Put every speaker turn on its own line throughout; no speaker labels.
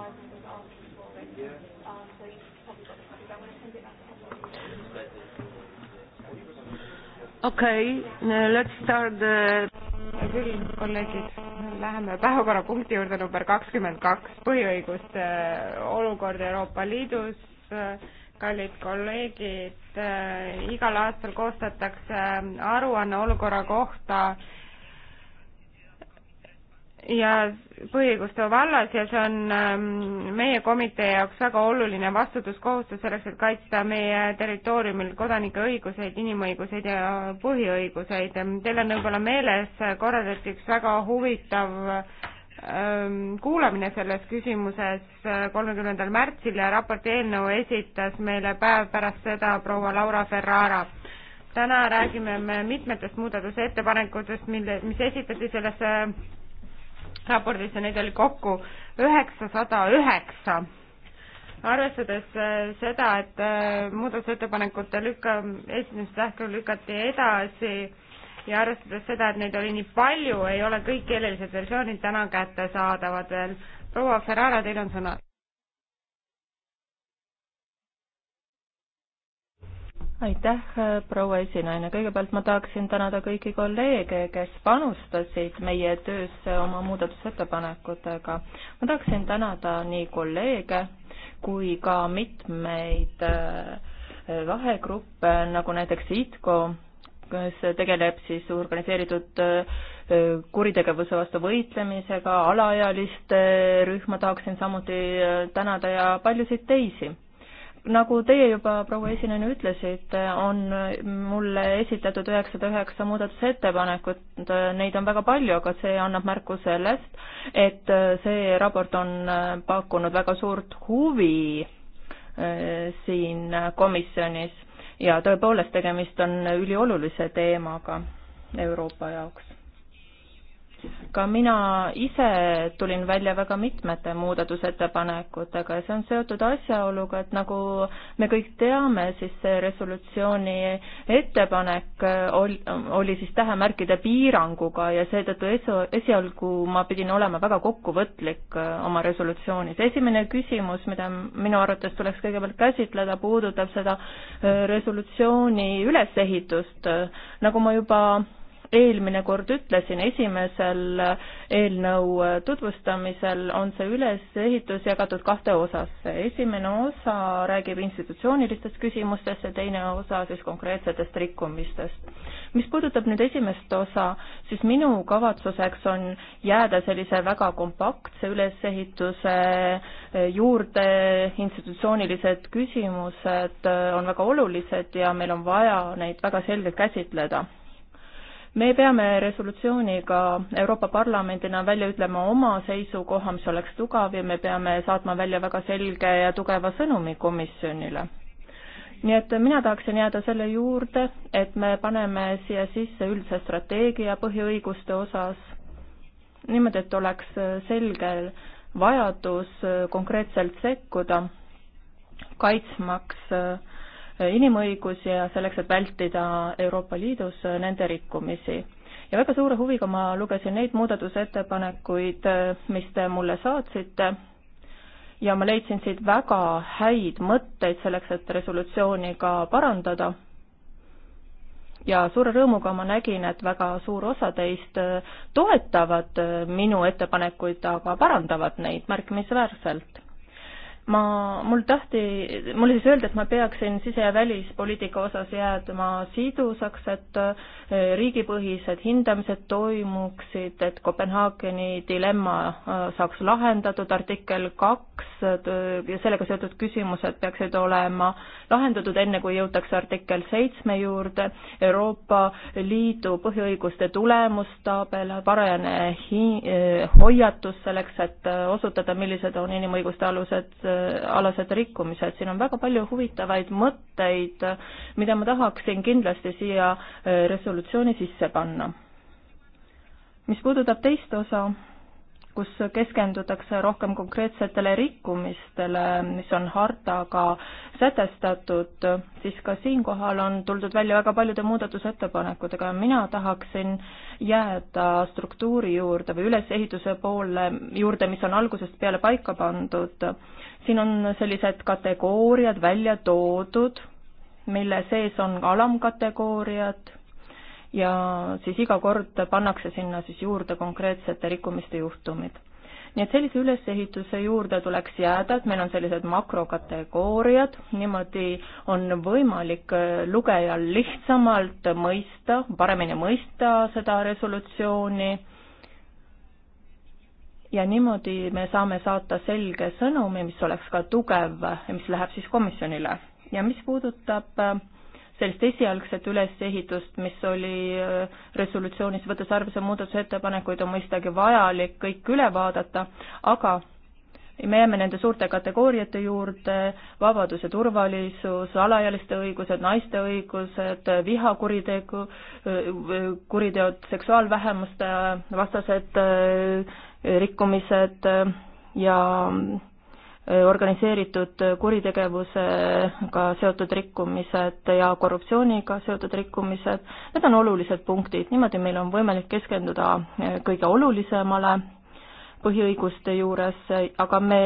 Garden was asking for it. Yeah. Um, so you probably got the copy, but I'm going to send it back to everyone. okei
okay,, uh, let's start the. küll, kolleegid, läheme päevakorrapunkti juurde number kakskümmend kaks, põhiõiguste äh, olukord Euroopa Liidus. kallid kolleegid, äh, igal aastal koostatakse äh, aruanne olukorra kohta äh, ja põhiõiguste vallas ja see on ähm, meie komitee jaoks väga oluline vastutuskohustus selleks, et kaitsta meie territooriumil kodanike õiguseid, inimõiguseid ja põhiõiguseid. Teil on võib-olla meeles korraldati üks väga huvitav ähm, kuulamine selles küsimuses äh, kolmekümnendal märtsil ja raporti eelnõu esitas meile päev pärast seda proua Laura Ferrara täna räägime me mitmetest muudatusettepanekutest, mille, mis esitati sellesse raportis ja neid oli kokku üheksasada üheksa. arvestades äh, seda, et äh, muudatusettepanekute lükka, esimest tähku lükati edasi ja arvestades seda, et neid oli nii palju, ei ole kõik keelelised versioonid täna kättesaadavad veel. proua Ferrara, teil on sõna
aitäh, äh, proua esinaine, kõigepealt ma tahaksin tänada kõiki kolleege, kes panustasid meie töösse oma muudatusettepanekutega. ma tahaksin tänada nii kolleege kui ka mitmeid äh, vahegruppe, nagu näiteks ITKO, kes tegeleb siis organiseeritud äh, kuritegevuse vastu võitlemisega, alaealiste rühma tahaksin samuti tänada ja paljusid teisi nagu teie juba, proua esineja, ütlesite, on mulle esitatud üheksasada üheksa muudatusettepanekut, neid on väga palju, aga see annab märku sellest, et see raport on pakkunud väga suurt huvi eh, siin komisjonis ja tõepoolest, tegemist on üliolulise teemaga Euroopa jaoks ka mina ise tulin välja väga mitmete muudatusettepanekutega ja see on seotud asjaoluga, et nagu me kõik teame, siis see resolutsiooni ettepanek oli, oli siis tähemärkide piiranguga ja seetõttu esu, esialgu ma pidin olema väga kokkuvõtlik äh, oma resolutsioonis. esimene küsimus, mida minu arvates tuleks kõigepealt käsitleda, puudutab seda äh, resolutsiooni ülesehitust. Äh, nagu ma juba eelmine kord ütlesin, esimesel eelnõu tutvustamisel on see ülesehitus jagatud kahte osasse. esimene osa räägib institutsioonilistest küsimustest ja teine osa siis konkreetsetest rikkumistest. mis puudutab nüüd esimest osa, siis minu kavatsuseks on jääda sellise väga kompaktse ülesehituse juurde, institutsioonilised küsimused on väga olulised ja meil on vaja neid väga selgelt käsitleda me peame resolutsiooniga Euroopa Parlamendina välja ütlema oma seisukoha, mis oleks tugev ja me peame saatma välja väga selge ja tugeva sõnumi komisjonile. nii et mina tahaksin jääda selle juurde, et me paneme siia sisse üldse strateegia põhiõiguste osas, niimoodi, et oleks selge vajadus konkreetselt sekkuda, kaitsmaks äh, inimõigusi ja selleks, et vältida Euroopa Liidus nende rikkumisi. ja väga suure huviga ma lugesin neid muudatusettepanekuid, mis te mulle saatsite ja ma leidsin siit väga häid mõtteid selleks, et resolutsiooni ka parandada. ja suure rõõmuga ma nägin, et väga suur osa teist toetavad minu ettepanekuid, aga parandavad neid märkimisväärselt ma, mul tahti, mulle siis öeldi, et ma peaksin sise- ja välispoliitika osas jäädma sidusaks, et eh, riigipõhised hindamised toimuksid, et Kopenhaageni dilemma eh, saaks lahendatud, artikkel kaks eh, ja sellega seotud küsimused peaksid olema lahendatud, enne kui jõutakse artikkel seitsme juurde, Euroopa Liidu põhiõiguste tulemustabel, varajane hi-, hoiatus selleks, et osutada, millised on inimõiguste alused, alased rikkumised, siin on väga palju huvitavaid mõtteid, mida ma tahaksin kindlasti siia äh, resolutsiooni sisse panna. mis puudutab teist osa, kus keskendutakse rohkem konkreetsetele rikkumistele, mis on hartaga sätestatud, siis ka siinkohal on tuldud välja väga paljude muudatusettepanekutega ja mina tahaksin jääda struktuuri juurde või ülesehituse poole juurde, mis on algusest peale paika pandud. siin on sellised kategooriad välja toodud, mille sees on alamkategooriad ja siis iga kord pannakse sinna siis juurde konkreetsete rikkumiste juhtumid. nii et sellise ülesehituse juurde tuleks jääda, et meil on sellised makrokategooriad, niimoodi on võimalik lugejal lihtsamalt mõista, paremini mõista seda resolutsiooni ja niimoodi me saame saata selge sõnumi, mis oleks ka tugev ja mis läheb siis komisjonile. ja mis puudutab äh, sellist esialgset ülesehitust, mis oli äh, resolutsioonis, võttes arvesse muudatusettepanekuid, on mõistagi vajalik kõik üle vaadata, aga me jääme nende suurte kategooriate juurde, vabadus ja turvalisus, alaealiste õigused, naiste õigused, vihakuritegu, äh, kuriteod, seksuaalvähemuste vastased äh, rikkumised ja Äh, organiseeritud kuritegevusega seotud rikkumised ja korruptsiooniga seotud rikkumised, need on olulised punktid, niimoodi meil on võimalik keskenduda äh, kõige olulisemale põhiõiguste juures, aga me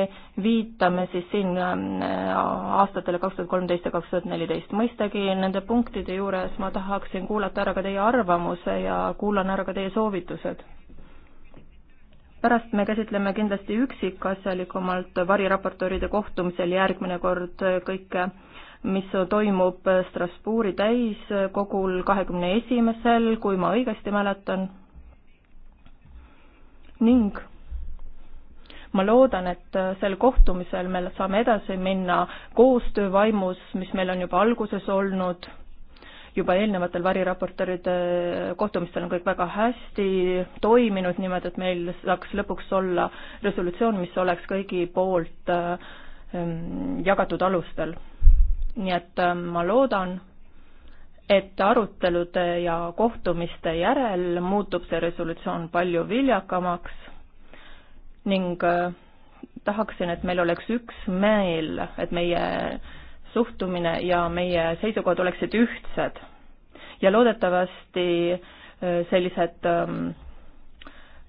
viitame siis siin äh, aastatele kaks tuhat kolmteist ja kaks tuhat neliteist. mõistagi nende punktide juures ma tahaksin kuulata ära ka teie arvamuse ja kuulan ära ka teie soovitused pärast me käsitleme kindlasti üksikasjalikumalt variraportööride kohtumisel järgmine kord kõike, mis toimub Strasbourgi täiskogul kahekümne esimesel, kui ma õigesti mäletan. ning ma loodan, et sel kohtumisel me saame edasi minna koostöövaimus, mis meil on juba alguses olnud juba eelnevatel variraportorite kohtumistel on kõik väga hästi toiminud, niimoodi et meil saaks lõpuks olla resolutsioon, mis oleks kõigi poolt ähm, jagatud alustel. nii et ähm, ma loodan, et arutelude ja kohtumiste järel muutub see resolutsioon palju viljakamaks ning äh, tahaksin, et meil oleks üks meel, et meie suhtumine ja meie seisukohad oleksid ühtsed. ja loodetavasti äh, sellised ähm,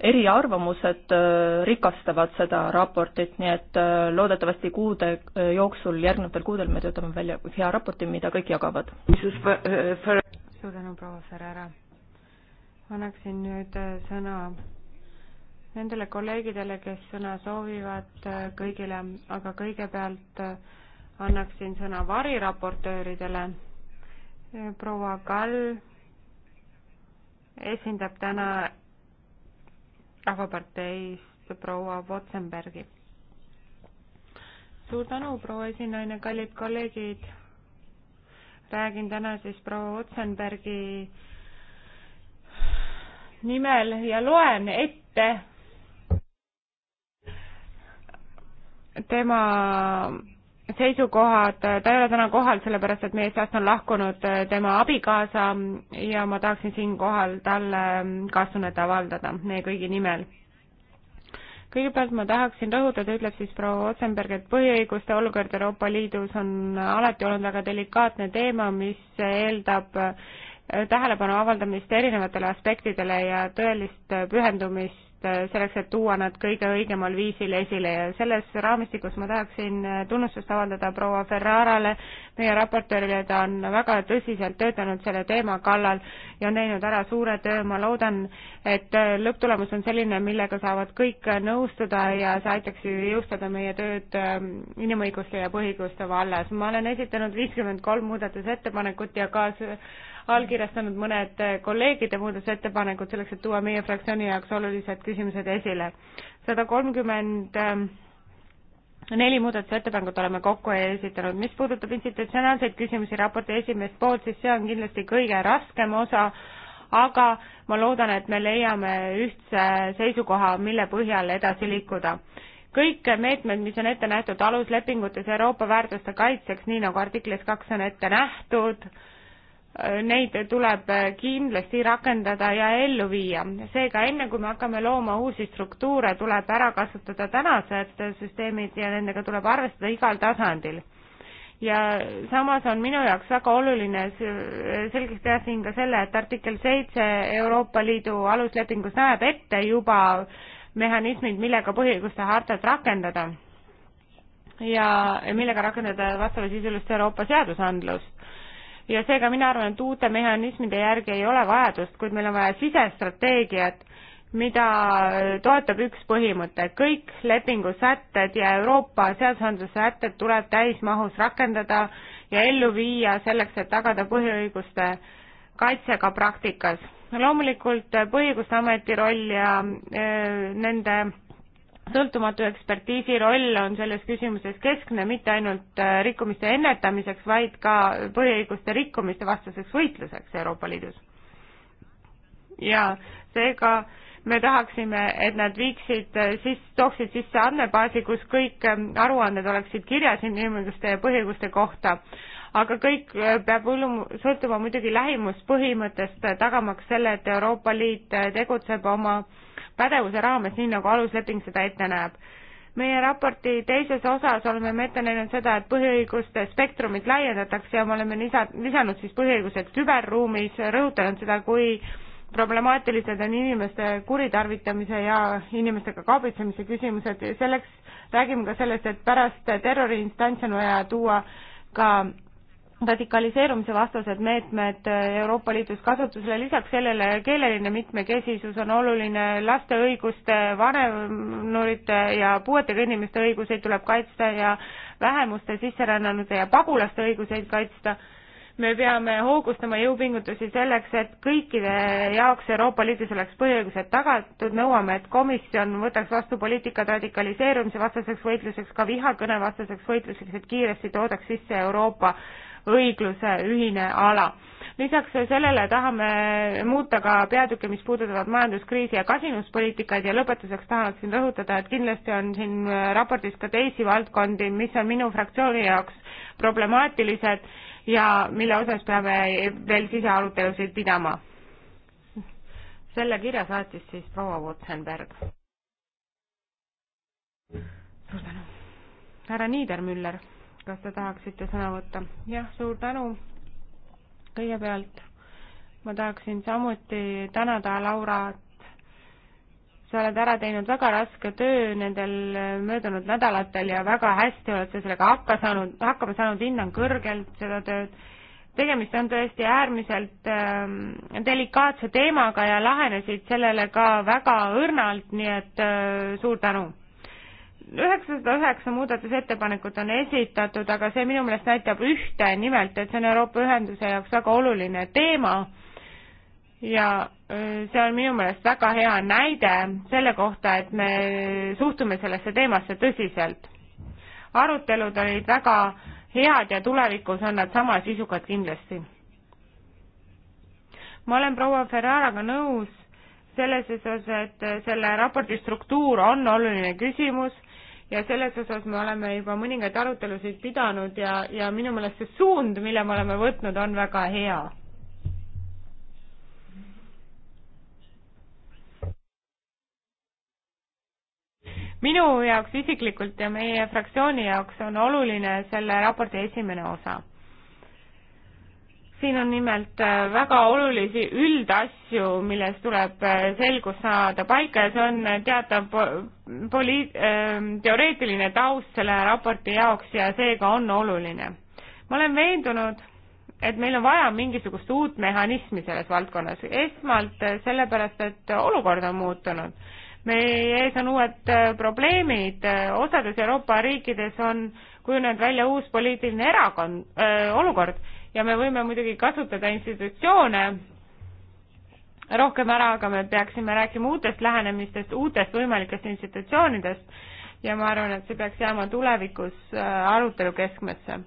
eriarvamused äh, rikastavad seda raportit, nii et äh, loodetavasti kuude jooksul, järgnevatel kuudel me töötame välja hea raporti, mida kõik jagavad. suur
tänu, proua Ferrera. annaksin nüüd sõna nendele kolleegidele, kes sõna soovivad kõigile, aga kõigepealt äh, annaksin sõna variraportööridele. proua Kall esindab täna Rahvaparteist proua Votsenbergi. suur tänu, proua esinaine, kallid kolleegid. räägin täna siis proua Votsenbergi nimel ja loen ette tema seisukohad, ta ei ole täna kohal, sellepärast et meie seast on lahkunud äh, tema abikaasa ja ma tahaksin siinkohal talle ähm, kaastunnet avaldada meie kõigi nimel. kõigepealt ma tahaksin rõhutada, ütleb siis proua Otsenberg, et põhiõiguste olukord Euroopa Liidus on alati olnud väga delikaatne teema, mis eeldab äh, tähelepanu avaldamist erinevatele aspektidele ja tõelist äh, pühendumist Äh, selleks, et tuua nad kõige õigemal viisil esile ja selles raamistikus ma tahaksin äh, tunnustust avaldada proua Ferrarale, meie raportöörile, ta on väga tõsiselt töötanud selle teema kallal ja on teinud ära suure töö, ma loodan, et äh, lõpptulemus on selline, millega saavad kõik nõustuda ja see aitaks jõustada meie tööd ähm, inimõiguste ja põhiõiguste vallas. ma olen esitanud viiskümmend kolm muudatusettepanekut ja ka allkirjastanud mõned eh, kolleegide muudatusettepanekud selleks, et tuua meie fraktsiooni jaoks olulised küsimused esile. sada kolmkümmend eh, neli muudatusettepanekut oleme kokku esitanud. mis puudutab institutsionaalseid küsimusi raporti esimest poolt, siis see on kindlasti kõige raskem osa, aga ma loodan, et me leiame ühtse seisukoha, mille põhjal edasi liikuda kõik meetmed, mis on ette nähtud aluslepingutes Euroopa väärtuste kaitseks, nii nagu artiklis kaks on ette nähtud äh,, Äh, neid tuleb äh, kindlasti rakendada ja ellu viia. seega enne, kui me hakkame looma uusi struktuure, tuleb ära kasutada tänased süsteemid ja nendega tuleb arvestada igal tasandil. ja samas on minu jaoks väga oluline selgeks teha siin ka selle, et artikkel seitse Euroopa Liidu aluslepingus näeb ette juba mehhanismid, millega põhiõiguste hartat rakendada ja millega rakendada vastavasisulist Euroopa seadusandlust ja seega mina arvan, et uute mehhanismide järgi ei ole vajadust, kuid meil on vaja sisestrateegiat, mida toetab üks põhimõte, kõik lepingusätted ja Euroopa seadusandluse sätted tuleb täismahus rakendada ja ellu viia selleks, et tagada põhiõiguste kaitse ka praktikas. loomulikult Põhiõiguste Ameti roll ja öö, äh, nende sõltumatu ekspertiisi roll on selles küsimuses keskne mitte ainult äh, rikkumiste ennetamiseks, vaid ka põhiõiguste rikkumiste vastaseks võitluseks Euroopa Liidus. ja seega me tahaksime, et nad viiksid äh, siis, tooksid sisse andmebaasi, kus kõik ähm, aruanded oleksid kirjas inimõiguste ja põhiõiguste kohta. aga kõik äh, peab sõltuma muidugi lähimuspõhimõttest, tagamaks selle, et Euroopa Liit tegutseb oma äh, pädevuse raames, nii nagu alusleping seda ette näeb. meie raporti teises osas oleme me ette näinud seda, et põhiõiguste spektrumit laiendatakse ja me oleme lisa, lisanud siis põhiõigused küberruumis, rõhutanud seda, kui problemaatilised on inimeste kuritarvitamise ja inimestega kaubitsemise küsimused, selleks räägime ka sellest, et pärast terroriinstantsi on vaja tuua ka radikaliseerumise vastased meetmed Euroopa Liidus kasutusele, lisaks sellele keeleline mitmekesisus on oluline, laste õiguste, vanemurite ja puuetega inimeste õiguseid tuleb kaitsta ja vähemuste, sisserännanute ja pagulaste õiguseid kaitsta. me peame hoogustama jõupingutusi selleks, et kõikide jaoks Euroopa Liidus oleks põhiõigused tagatud, nõuame, et komisjon võtaks vastu poliitikad radikaliseerumise vastaseks võitluseks, ka vihakõne vastaseks võitluseks, et kiiresti toodaks sisse Euroopa õigluse ühine ala lisaks sellele tahame muuta ka peatükke, mis puudutavad majanduskriisi ja kasinuspoliitikaid ja lõpetuseks tahaksin rõhutada, et kindlasti on siin raportis ka teisi valdkondi, mis on minu fraktsiooni jaoks problemaatilised ja mille osas peame veel sisearutelusid pidama. selle kirja saatis siis proua Wotsenberg. suur tänu. härra Niidermüller kas te tahaksite sõna võtta? jah, suur tänu. kõigepealt ma tahaksin samuti tänada Laurat. sa oled ära teinud väga raske töö nendel möödunud nädalatel ja väga hästi oled sa sellega hakka saanud, hakkama saanud, hindan kõrgelt seda tööd. tegemist on tõesti äärmiselt ähm, delikaatse teemaga ja lahenesid sellele ka väga õrnalt, nii et äh, suur tänu üheksasada üheksa muudatusettepanekut on esitatud, aga see minu meelest näitab ühte, nimelt et see on Euroopa Ühenduse jaoks väga oluline teema ja äh, see on minu meelest väga hea näide selle kohta, et me suhtume sellesse teemasse tõsiselt. arutelud olid väga head ja tulevikus on nad sama sisukad kindlasti. ma olen proua Ferraraga nõus selles osas, et selle raporti struktuur on oluline küsimus ja selles osas me oleme juba mõningaid arutelusid pidanud ja, ja minu meelest see suund, mille me oleme võtnud, on väga hea. minu jaoks isiklikult ja meie fraktsiooni jaoks on oluline selle raporti esimene osa siin on nimelt äh, väga olulisi üldasju, milles tuleb äh, selgus saada paika ja see on teatav poli-, ähm, teoreetiline taust selle raporti jaoks ja seega on oluline. ma olen veendunud, et meil on vaja mingisugust uut mehhanismi selles valdkonnas, esmalt äh, sellepärast, et olukord on muutunud. meie ees on uued probleemid, osades Euroopa riikides on kujunenud välja uus poliitiline erakond, olukord ja me võime muidugi kasutada institutsioone rohkem ära, aga me peaksime rääkima uutest lähenemistest, uutest võimalikest institutsioonidest ja ma arvan, et see peaks jääma tulevikus äh, arutelu keskmesse.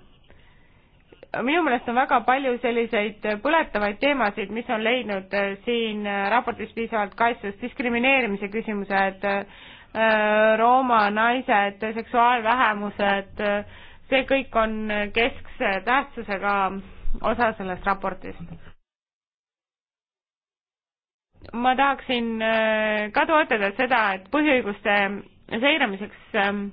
minu meelest on väga palju selliseid põletavaid teemasid, mis on leidnud äh, siin äh, raportis piisavalt kaitsust, diskrimineerimise küsimused, Rooma naised, seksuaalvähemused, see kõik on keskse tähtsusega osa sellest raportist. ma tahaksin äh, ka toetada seda, et põhiõiguste seiramiseks ähm,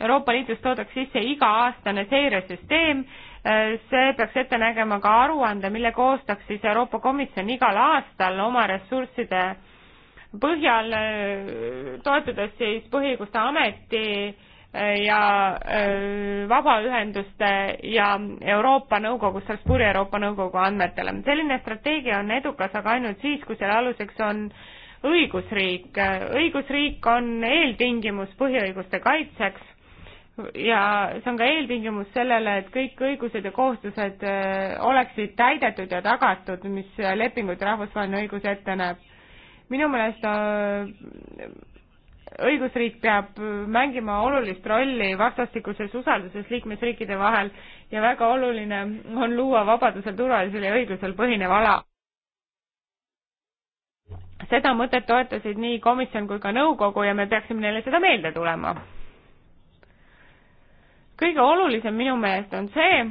Euroopa Liidus toodaks sisse iga-aastane seiresüsteem, äh, see peaks ette nägema ka aruande, mille koostaks siis Euroopa Komisjon igal aastal oma ressursside põhjal, äh, toetudes siis Põhiõiguste Ameti äh, ja vabaühenduste ja Euroopa Nõukogu, Strasbourgi Euroopa Nõukogu andmetele. selline strateegia on edukas aga ainult siis, kui selle aluseks on õigusriik. õigusriik on eeltingimus põhiõiguste kaitseks ja see on ka eeltingimus sellele, et kõik õigused ja kohustused oleksid täidetud ja tagatud, mis lepingud rahvusvaheline õigus ette näeb. minu meelest õigusriik peab mängima olulist rolli vastastikuses usalduses liikmesriikide vahel ja väga oluline on luua vabadusel, turvalisel ja õiglusel põhinev ala. seda mõtet toetasid nii komisjon kui ka nõukogu ja me peaksime neile seda meelde tulema. kõige olulisem minu meelest on see,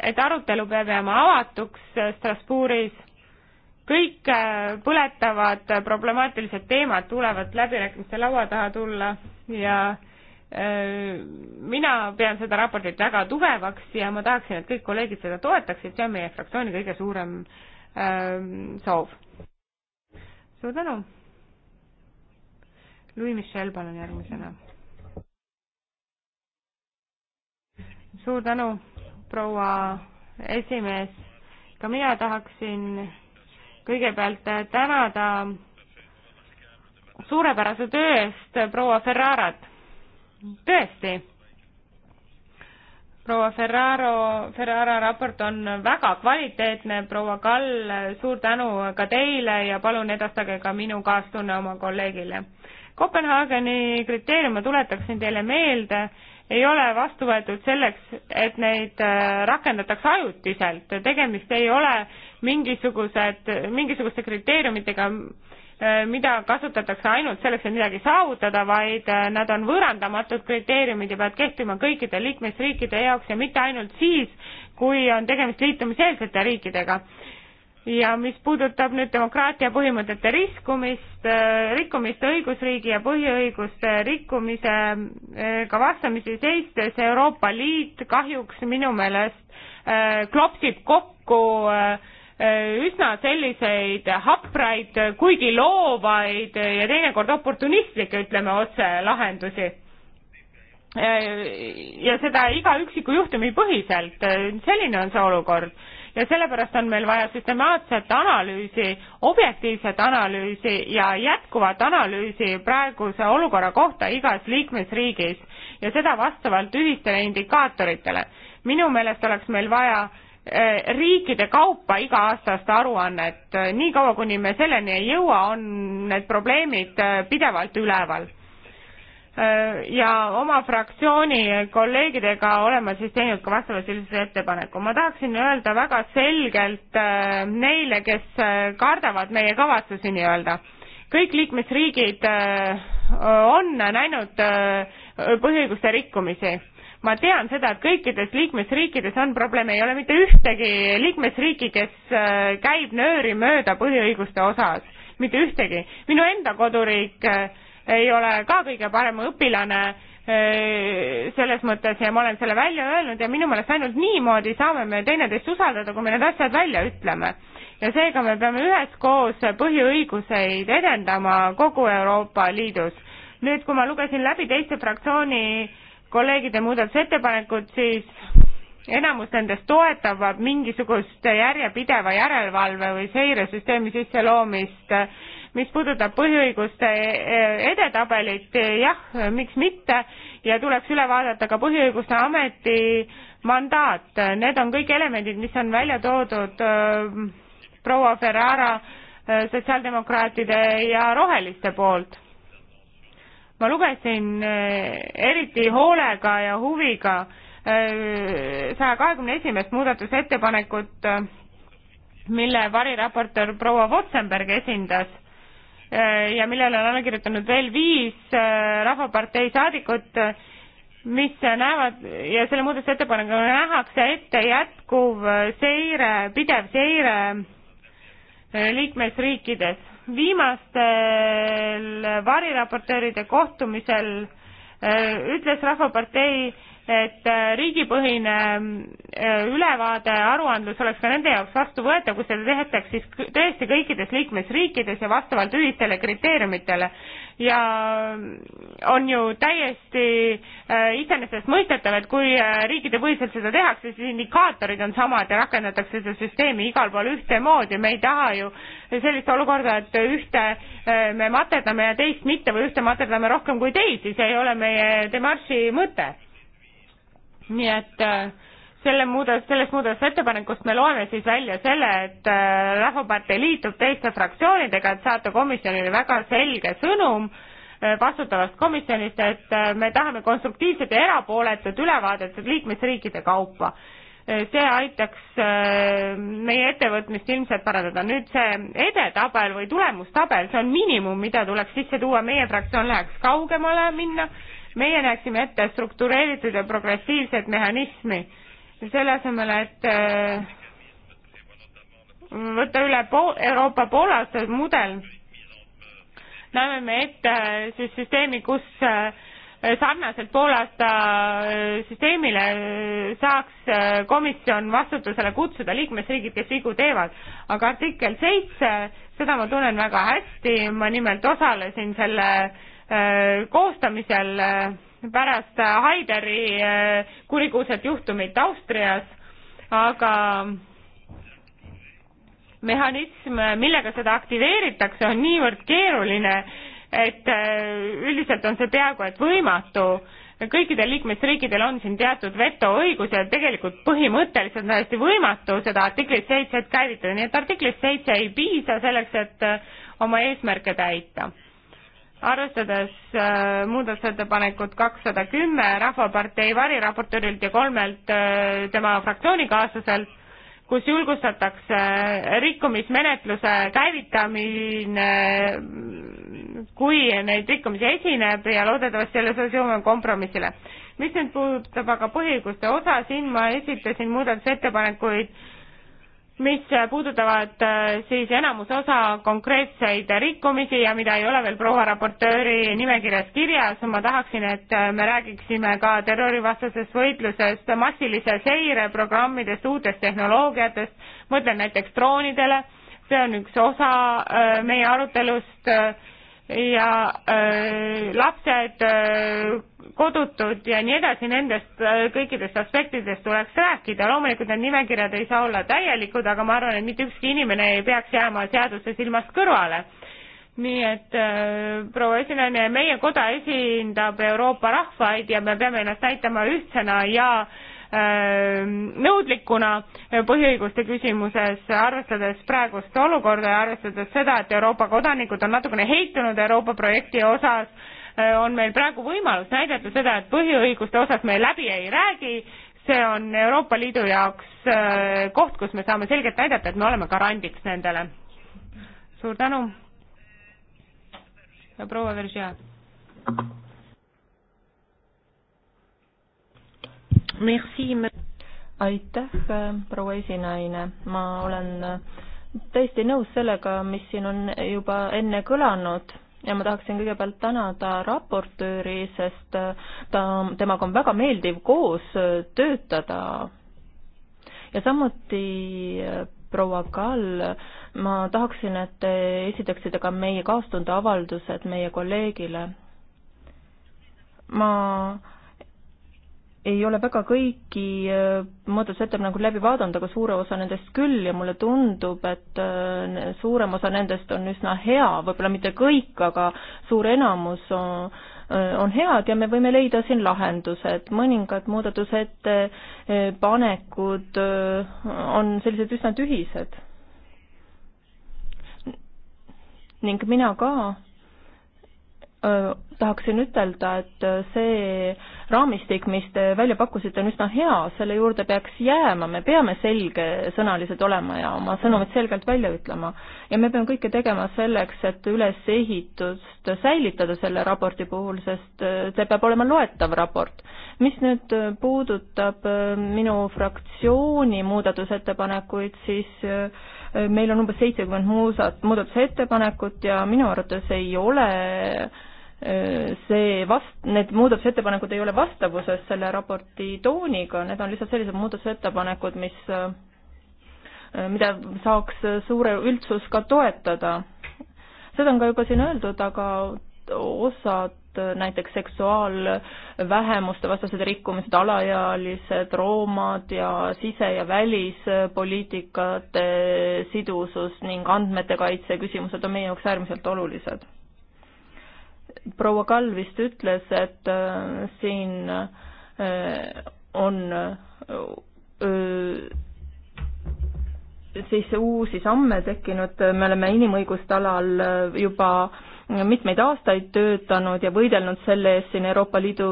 et arutelu peab jääma avatuks Strasbourgis kõik äh, põletavad problemaatilised teemad tulevad läbirääkimiste laua taha tulla ja äh, mina pean seda raportit väga tugevaks ja ma tahaksin, et kõik kolleegid seda toetaksid, see on meie fraktsiooni kõige suurem ähm, soov. suur tänu. Louis-Michel, palun järgmisena. suur tänu, proua esimees. ka mina tahaksin kõigepealt äh, tänada suurepärase töö eest proua Ferrarat. tõesti, proua Ferraro, Ferrara raport on väga kvaliteetne, proua Kall, suur tänu ka teile ja palun edastage ka minu kaastunne oma kolleegile. Kopenhaageni kriteeriume tuletaksin teile meelde, ei ole vastu võetud selleks, et neid äh, rakendatakse ajutiselt, tegemist ei ole äh, mingisugused, mingisuguste kriteeriumitega, äh, mida kasutatakse ainult selleks, et midagi saavutada, vaid äh, nad on võõrandamatud kriteeriumid ja peavad kehtima kõikide liikmesriikide jaoks ja mitte ainult siis, kui on tegemist liitumiseelsete riikidega. ja mis puudutab nüüd demokraatia põhimõtete riskumist, äh, rikkumist õigusriigi ja põhiõiguste rikkumisega vastamisi seistes, Euroopa Liit kahjuks minu meelest klopsib kokku äh, Äh, üsna selliseid hapraid, kuigi loovaid ja teinekord oportunistlikke, ütleme otse, lahendusi. Äh, ja seda iga üksiku juhtumi põhiselt, äh, selline on see olukord ja sellepärast on meil vaja süstemaatset analüüsi, objektiivset analüüsi ja jätkuvat analüüsi praeguse olukorra kohta igas liikmesriigis ja seda vastavalt ühistele indikaatoritele. minu meelest oleks meil vaja Eh, riikide kaupa iga-aastast aruannet. Eh, niikaua, kuni me selleni ei jõua, on need probleemid eh, pidevalt üleval. ja oma fraktsiooni kolleegidega olen ma siis teinud ka vastavasisulise ettepaneku. ma tahaksin öelda väga selgelt neile, kes kardavad meie kavatsusi nii-öelda kõik liikmesriigid on näinud põhiõiguste rikkumisi ma tean seda, et kõikides liikmesriikides on probleeme, ei ole mitte ühtegi liikmesriiki, kes äh, käib nööri mööda põhiõiguste osas, mitte ühtegi. minu enda koduriik äh, ei ole ka kõige parem õpilane äh, selles mõttes ja ma olen selle välja öelnud ja minu meelest ainult niimoodi saame me teineteist usaldada, kui me need asjad välja ütleme. ja seega me peame üheskoos põhiõiguseid edendama kogu Euroopa Liidus. nüüd, kui ma lugesin läbi teiste fraktsiooni äh, kolleegide muudatusettepanekud, siis enamus nendest toetavad mingisugust järjepideva järelevalve või seiresüsteemi sisseloomist. mis puudutab põhiõiguste eh, edetabelit, eh, jah, miks mitte, ja tuleks üle vaadata ka Põhiõiguste Ameti mandaat, need on kõik elemendid, mis on välja toodud eh, proua Ferrara sotsiaaldemokraatide ja roheliste poolt ma lugesin eh, eriti hoolega ja huviga eh, saja kahekümne esimest muudatusettepanekut, eh, mille variraportöör proua Votsenberg esindas ja millele on alla kirjutanud veel viis Rahvapartei saadikut, mis näevad ja selle muudatusettepanekuga nähakse ette jätkuv seire, pidev seire liikmesriikides viimastel variraportööride kohtumisel äh, ütles Rahvapartei, et äh, riigipõhine äh, ülevaade, aruandlus oleks ka nende jaoks vastuvõetav, kui seda tehetaks siis tõesti kõikides liikmesriikides ja vastavalt ühistele kriteeriumitele. ja on ju täiesti äh, iseenesestmõistetav, et kui riikidepõhiselt seda tehakse, siis indikaatorid on samad ja rakendatakse seda süsteemi igal pool ühtemoodi, me ei taha ju sellist olukorda, et ühte me materdame ja teist mitte või ühte materdame rohkem kui teisi, see ei ole meie demarši mõte nii et äh, selle muudes, sellest muudatusettepanekust me loeme siis välja selle, et äh, Rahvapartei liitub teiste fraktsioonidega, et saata komisjonile väga selge sõnum äh, vastutavast komisjonist, et me tahame konstruktiivset ja erapooletut ülevaadet liikmesriikide kaupa. see aitaks meie ettevõtmist ilmselt parandada. nüüd see edetabel või tulemustabel, see on miinimum, mida tuleks sisse tuua, meie fraktsioon läheks kaugemale minna meie näeksime ette struktureeritud ja progressiivset mehhanismi, selle asemel, et äh, võtta üle po-, Euroopa poolaastase mudel, näeme me ette äh, siis süsteemi, kus äh, sarnaselt poolaasta süsteemile saaks komisjon vastutusele kutsuda liikmesriigid, kes vigu teevad. aga artikkel seitse, seda ma tunnen väga hästi, ma nimelt osalesin selle äh, Äh, koostamisel äh, pärast Haideri äh, kurikuulsat juhtumit Austrias, aga mehhanism, millega seda aktiveeritakse, on niivõrd keeruline, et üldiselt on see peaaegu et võimatu. kõikidel liikmesriikidel on siin teatud vetoõigus ja tegelikult põhimõtteliselt on täiesti võimatu seda artiklit seitset käivitada, nii et artiklist seitse ei piisa selleks, et oma eesmärke täita arvestades äh, muudatusettepanekut kakssada kümme Rahvapartei variraportöörilt ja kolmelt äh, tema fraktsioonikaaslaselt, kus julgustatakse äh, rikkumismenetluse käivitamine, äh, kui neid rikkumisi esineb ja loodetavasti selles osas jõuame kompromissile. mis nüüd puudutab aga põhiõiguste osa, siin ma esitasin muudatusettepanekuid mis puudutavad äh, siis enamuse osa konkreetseid rikkumisi ja mida ei ole veel proua raportööri nimekirjas kirjas, ma tahaksin, et äh, me räägiksime ka terrorivastasest võitlusest, massilise seire programmidest, uutest tehnoloogiatest, mõtlen näiteks droonidele, see on üks osa äh, meie arutelust ja äh, lapsed äh,, kodutud ja nii edasi, nendest äh, kõikidest aspektidest tuleks rääkida, loomulikult need nimekirjad ei saa olla täielikud, aga ma arvan, et mitte ükski inimene ei peaks jääma seaduse silmast kõrvale. nii et äh, proua esinaine, meie koda esindab Euroopa rahvaid ja me peame ennast näitama ühtsena ja äh, Ehm, nõudlikuna põhiõiguste küsimuses, arvestades praegust olukorda ja arvestades seda, et Euroopa kodanikud on natukene heitunud Euroopa projekti osas, eh, on meil praegu võimalus näidata seda, et põhiõiguste osas me läbi ei räägi, see on Euroopa Liidu jaoks eh, koht, kus me saame selgelt näidata, et me oleme garandiks nendele. suur tänu. proua Veržia. aitäh,
äh, proua esinaine, ma olen äh, täiesti nõus sellega, mis siin on juba enne kõlanud ja ma tahaksin kõigepealt tänada raportööri, sest äh, ta, temaga on väga meeldiv koos töötada. ja samuti proua Kall, ma tahaksin, et te esitaksite ka meie kaastunde avaldused meie kolleegile. ma ei ole väga kõiki äh, muudatusettepanekuid läbi vaadanud, aga suure osa nendest küll ja mulle tundub, et äh, suurem osa nendest on üsna hea, võib-olla mitte kõik, aga suur enamus on, äh, on head ja me võime leida siin lahendused. mõningad muudatusettepanekud on sellised üsna tühised. ning mina ka tahaksin ütelda, et see raamistik, mis te välja pakkusite, on üsna hea, selle juurde peaks jääma, me peame selgesõnalised olema ja oma sõnumid selgelt välja ütlema. ja me peame kõike tegema selleks, et ülesehitust säilitada selle raporti puhul, sest see peab olema loetav raport. mis nüüd puudutab minu fraktsiooni muudatusettepanekuid, siis meil on umbes seitsekümmend muusat-, muudatusettepanekut ja minu arvates ei ole Äh, see vast-, need muudatusettepanekud ei ole vastavuses selle raporti tooniga, need on lihtsalt sellised muudatusettepanekud, mis, äh, äh, mida saaks suure üldsus ka toetada. seda on ka juba siin öeldud, aga osad näiteks seksuaalvähemuste vastased rikkumised, alaealised, roomad ja sise- ja välispoliitikate sidusus ning andmete kaitse küsimused on meie jaoks äärmiselt olulised proua Kalvist ütles, et äh, siin äh, on äh, siis uusi samme tekkinud, me oleme inimõiguste alal juba mitmeid aastaid töötanud ja võidelnud selle eest siin Euroopa Liidu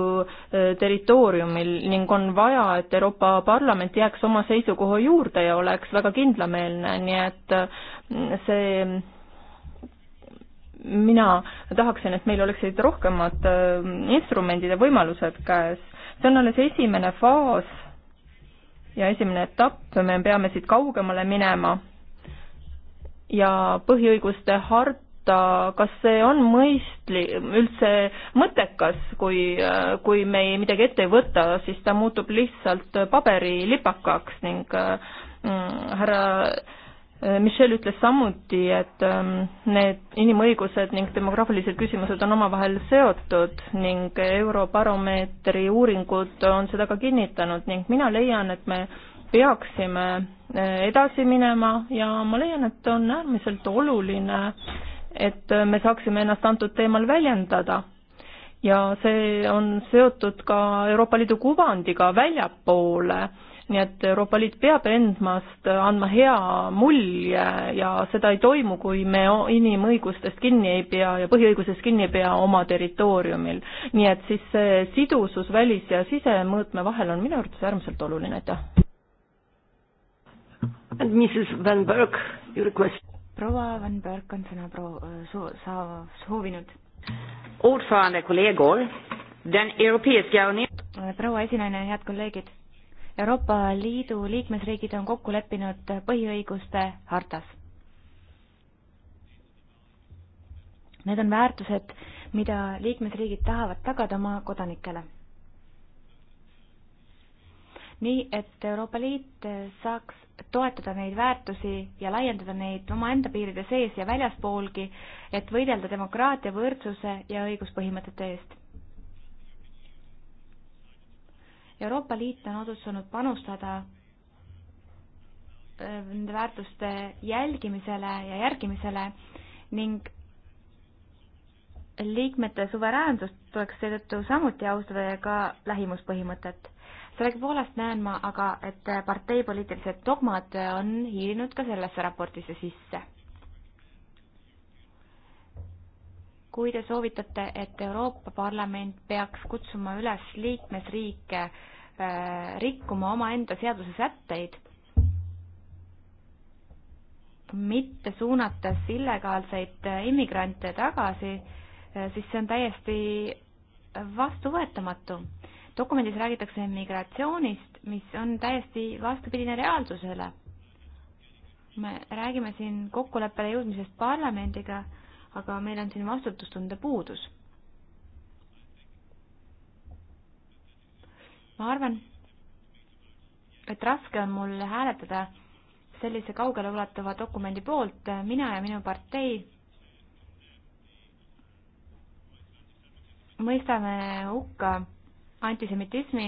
territooriumil ning on vaja, et Euroopa Parlament jääks oma seisukoha juurde ja oleks väga kindlameelne, nii et see mina tahaksin, et meil oleksid rohkemad äh, instrumendid ja võimalused käes. see on alles esimene faas ja esimene etapp, me peame siit kaugemale minema. ja põhiõiguste harta, kas see on mõistlik, üldse mõttekas, kui, äh, kui me ei midagi ette ei võta, siis ta muutub lihtsalt paberilipakaks ning äh, mm, härra äh, Äh, Michel ütles samuti, et ähm, need inimõigused ning demograafilised küsimused on omavahel seotud ning Eurobaromeetri uuringud on seda ka kinnitanud ning mina leian, et me peaksime äh, edasi minema ja ma leian, et on äärmiselt oluline, et äh, me saaksime ennast antud teemal väljendada. ja see on seotud ka Euroopa Liidu kuvandiga väljapoole nii et Euroopa Liit peab endast andma hea mulje ja seda ei toimu, kui me inimõigustest kinni ei pea ja põhiõigusest kinni ei pea oma territooriumil. nii et siis see sidusus välis- ja sisemõõtme vahel on minu arvates äärmiselt oluline, aitäh. And Mrs Van Berg, you request.
proua Van Berg on sõna pro-, soo-, saa-, soovinud.
ordförande kolleegor, den europeiska unionen.
proua esinaine, head kolleegid Euroopa Liidu liikmesriigid on kokku leppinud põhiõiguste hartas. Need on väärtused, mida liikmesriigid tahavad tagada oma kodanikele. nii et Euroopa Liit saaks toetada neid väärtusi ja laiendada neid omaenda piiride sees ja väljaspoolgi, et võidelda demokraatia, võrdsuse ja õiguspõhimõtete eest Euroopa Liit on otsustanud panustada äh, nende väärtuste jälgimisele ja järgimisele ning liikmete suveräänsust tuleks seetõttu samuti austada ja ka lähimuspõhimõtet. sellegipoolest näen ma aga, et parteipoliitilised dogmad on hiilinud ka sellesse raportisse sisse kui te soovitate, et Euroopa Parlament peaks kutsuma üles liikmesriike äh, rikkuma omaenda seaduse sätteid, mitte suunates illegaalseid äh, immigrante tagasi, äh, siis see on täiesti vastuvõetamatu. dokumendis räägitakse migratsioonist, mis on täiesti vastupidine reaalsusele. me räägime siin kokkuleppele jõudmisest parlamendiga aga meil on siin vastutustunde puudus. ma arvan, et raske on mul hääletada sellise kaugeleulatuva dokumendi poolt, mina ja minu partei mõistame hukka antisemitismi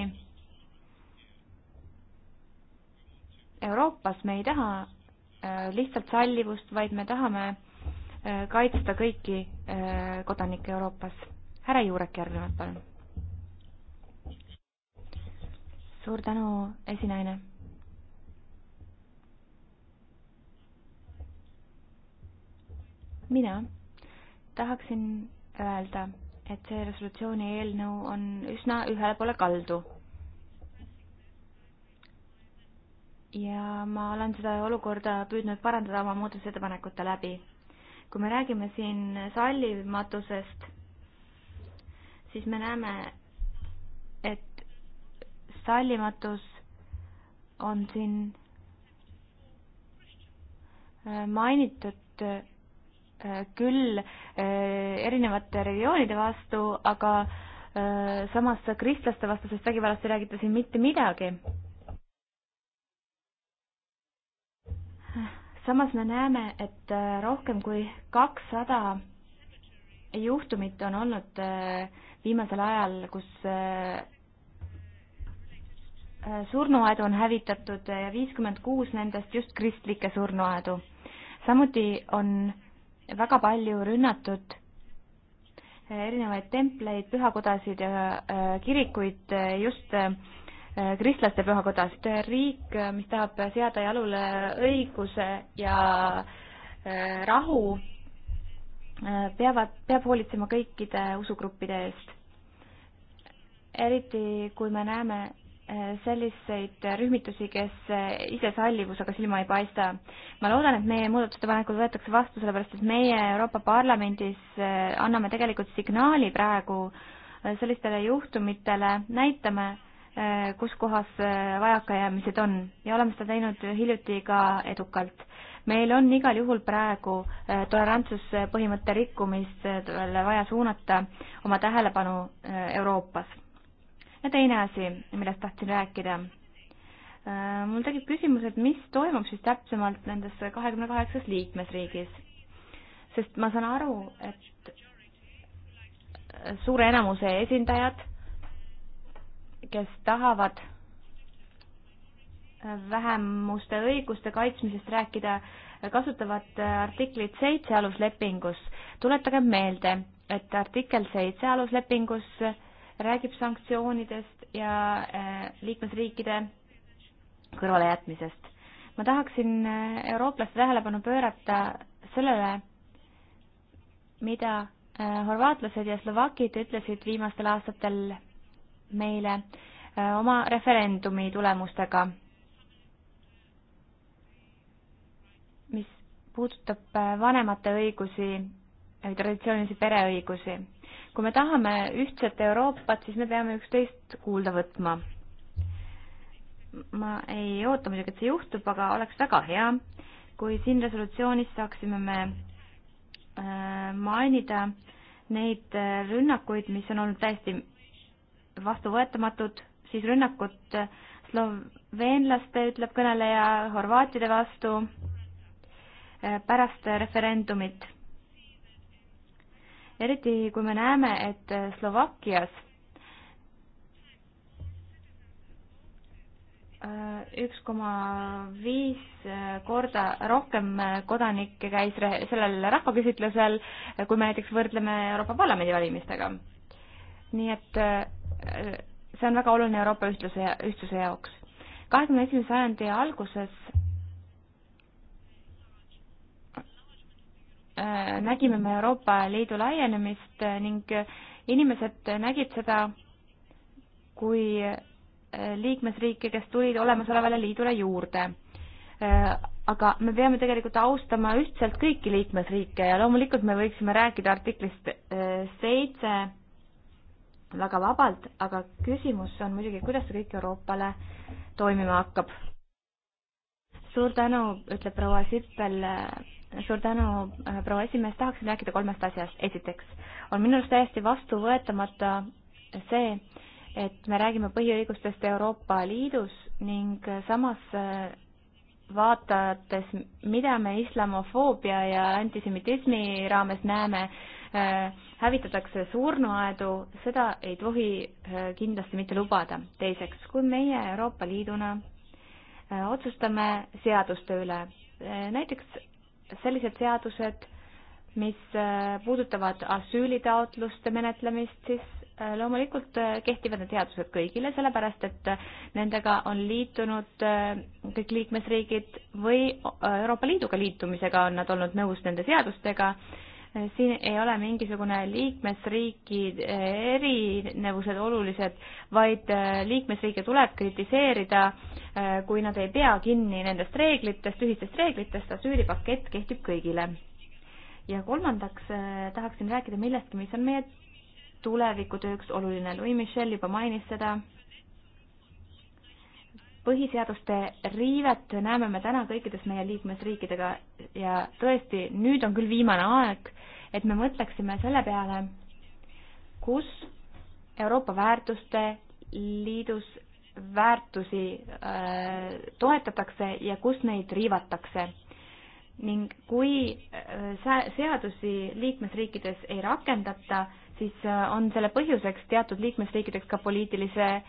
Euroopas me ei taha äh, lihtsalt sallivust, vaid me tahame Äh, kaitsta kõiki äh, kodanikke Euroopas. härra Juurek järgnevalt, palun. suur tänu, esinaine. mina tahaksin öelda, et see resolutsiooni eelnõu on üsna ühele poole kaldu. ja ma olen seda olukorda püüdnud parandada oma muudatusettepanekute läbi kui me räägime siin sallimatusest, siis me näeme, et sallimatus on siin äh, mainitud äh, küll äh, erinevate regioonide vastu, aga samas kristlaste vastasest vägivallast ei räägita siin mitte midagi samas me näeme, et äh, rohkem kui kakssada juhtumit on olnud äh, viimasel ajal, kus äh, surnuaedu on hävitatud ja viiskümmend kuus nendest just kristlikke surnuaedu. samuti on väga palju rünnatud erinevaid templeid, pühakodasid ja kirikuid just Äh, kristlaste pühakodast. riik, äh, mis tahab seada jalule õiguse ja äh, rahu, peavad, peab hoolitsema kõikide usugruppide eest. eriti, kui me näeme selliseid rühmitusi, kes ise sallivusega silma ei paista. ma loodan, et meie muudatusettepanekud võetakse vastu, sellepärast et meie Euroopa Parlamendis anname tegelikult signaali praegu sellistele juhtumitele, näitame, Äh, kus kohas äh, vajakajäämised on ja oleme seda teinud hiljuti ka edukalt. meil on igal juhul praegu äh, tolerantsuspõhimõtte rikkumisele vaja suunata oma tähelepanu Euroopas. ja teine asi, millest tahtsin rääkida. mul tekib küsimus, et mis toimub siis täpsemalt nendes kahekümne kaheksas liikmesriigis? sest ma saan aru, et suure enamuse esindajad kes tahavad vähemuste õiguste kaitsmisest rääkida, kasutavad artiklit seitse aluslepingus. tuletage meelde, et artikkel seitse aluslepingus räägib sanktsioonidest ja äh, liikmesriikide kõrvalejätmisest. ma tahaksin äh, eurooplaste tähelepanu pöörata sellele, mida äh, horvaatlased ja slovakid ütlesid viimastel aastatel meile äh, oma referendumi tulemustega, mis puudutab äh, vanemate õigusi, traditsioonilisi pereõigusi. kui me tahame ühtset Euroopat, siis me peame üksteist kuulda võtma. ma ei oota muidugi, et see juhtub, aga oleks väga hea, kui siin resolutsioonis saaksime me äh, mainida neid rünnakuid, mis on olnud täiesti vastuvõetamatud, siis rünnakud äh, sloveenlaste, ütleb kõneleja, horvaatide vastu äh, pärast referendumit. eriti kui me näeme, et äh, Slovakkias üks koma viis korda rohkem kodanikke käis sellel rahvaküsitlusel, kui me näiteks võrdleme Euroopa Parlamendi valimistega. nii et see on väga oluline Euroopa ühtluse, ühtsuse jaoks. kahekümne esimese sajandi alguses äh, nägime me Euroopa Liidu laienemist äh, ning äh, inimesed nägid seda kui liikmesriike, kes tulid olemasolevale liidule juurde. aga me peame tegelikult austama ühtselt kõiki liikmesriike ja loomulikult me võiksime rääkida artiklist seitse äh, väga vabalt, aga küsimus on muidugi, kuidas see kõik Euroopale toimima hakkab. suur tänu, ütleb proua Sippel, suur tänu, äh, proua esimees, tahaksin rääkida kolmest asjast. esiteks on minu arust täiesti vastuvõetamata see, et me räägime põhiõigustest Euroopa Liidus ning samas äh, vaadates, mida me islamofoobia ja antisemitismi raames näeme, Äh, hävitatakse surnuaedu, seda ei tohi äh, kindlasti mitte lubada. teiseks, kui meie Euroopa Liiduna äh, otsustame seaduste üle, näiteks sellised seadused, mis puudutavad asüülitaotluste menetlemist, siis loomulikult kehtivad need seadused kõigile, sellepärast et nendega on liitunud kõik liikmesriigid või Euroopa Liiduga liitumisega on nad olnud nõus nende seadustega siin ei ole mingisugune liikmesriiki erinevused olulised, vaid äh, liikmesriike tuleb kritiseerida, äh, kui nad ei pea kinni nendest reeglitest, ühistest reeglitest, asüülipakett kehtib kõigile. ja kolmandaks äh, tahaksin rääkida millestki, mis on meie tulevikutööks oluline, Louis Michel juba mainis seda, põhiseaduste riivet näeme me täna kõikides meie liikmesriikidega ja tõesti, nüüd on küll viimane aeg et me mõtleksime selle peale, kus Euroopa väärtuste liidus väärtusi äh, toetatakse ja kus neid riivatakse. ning kui äh, seadusi liikmesriikides ei rakendata, siis äh, on selle põhjuseks teatud liikmesriikideks ka poliitilise äh,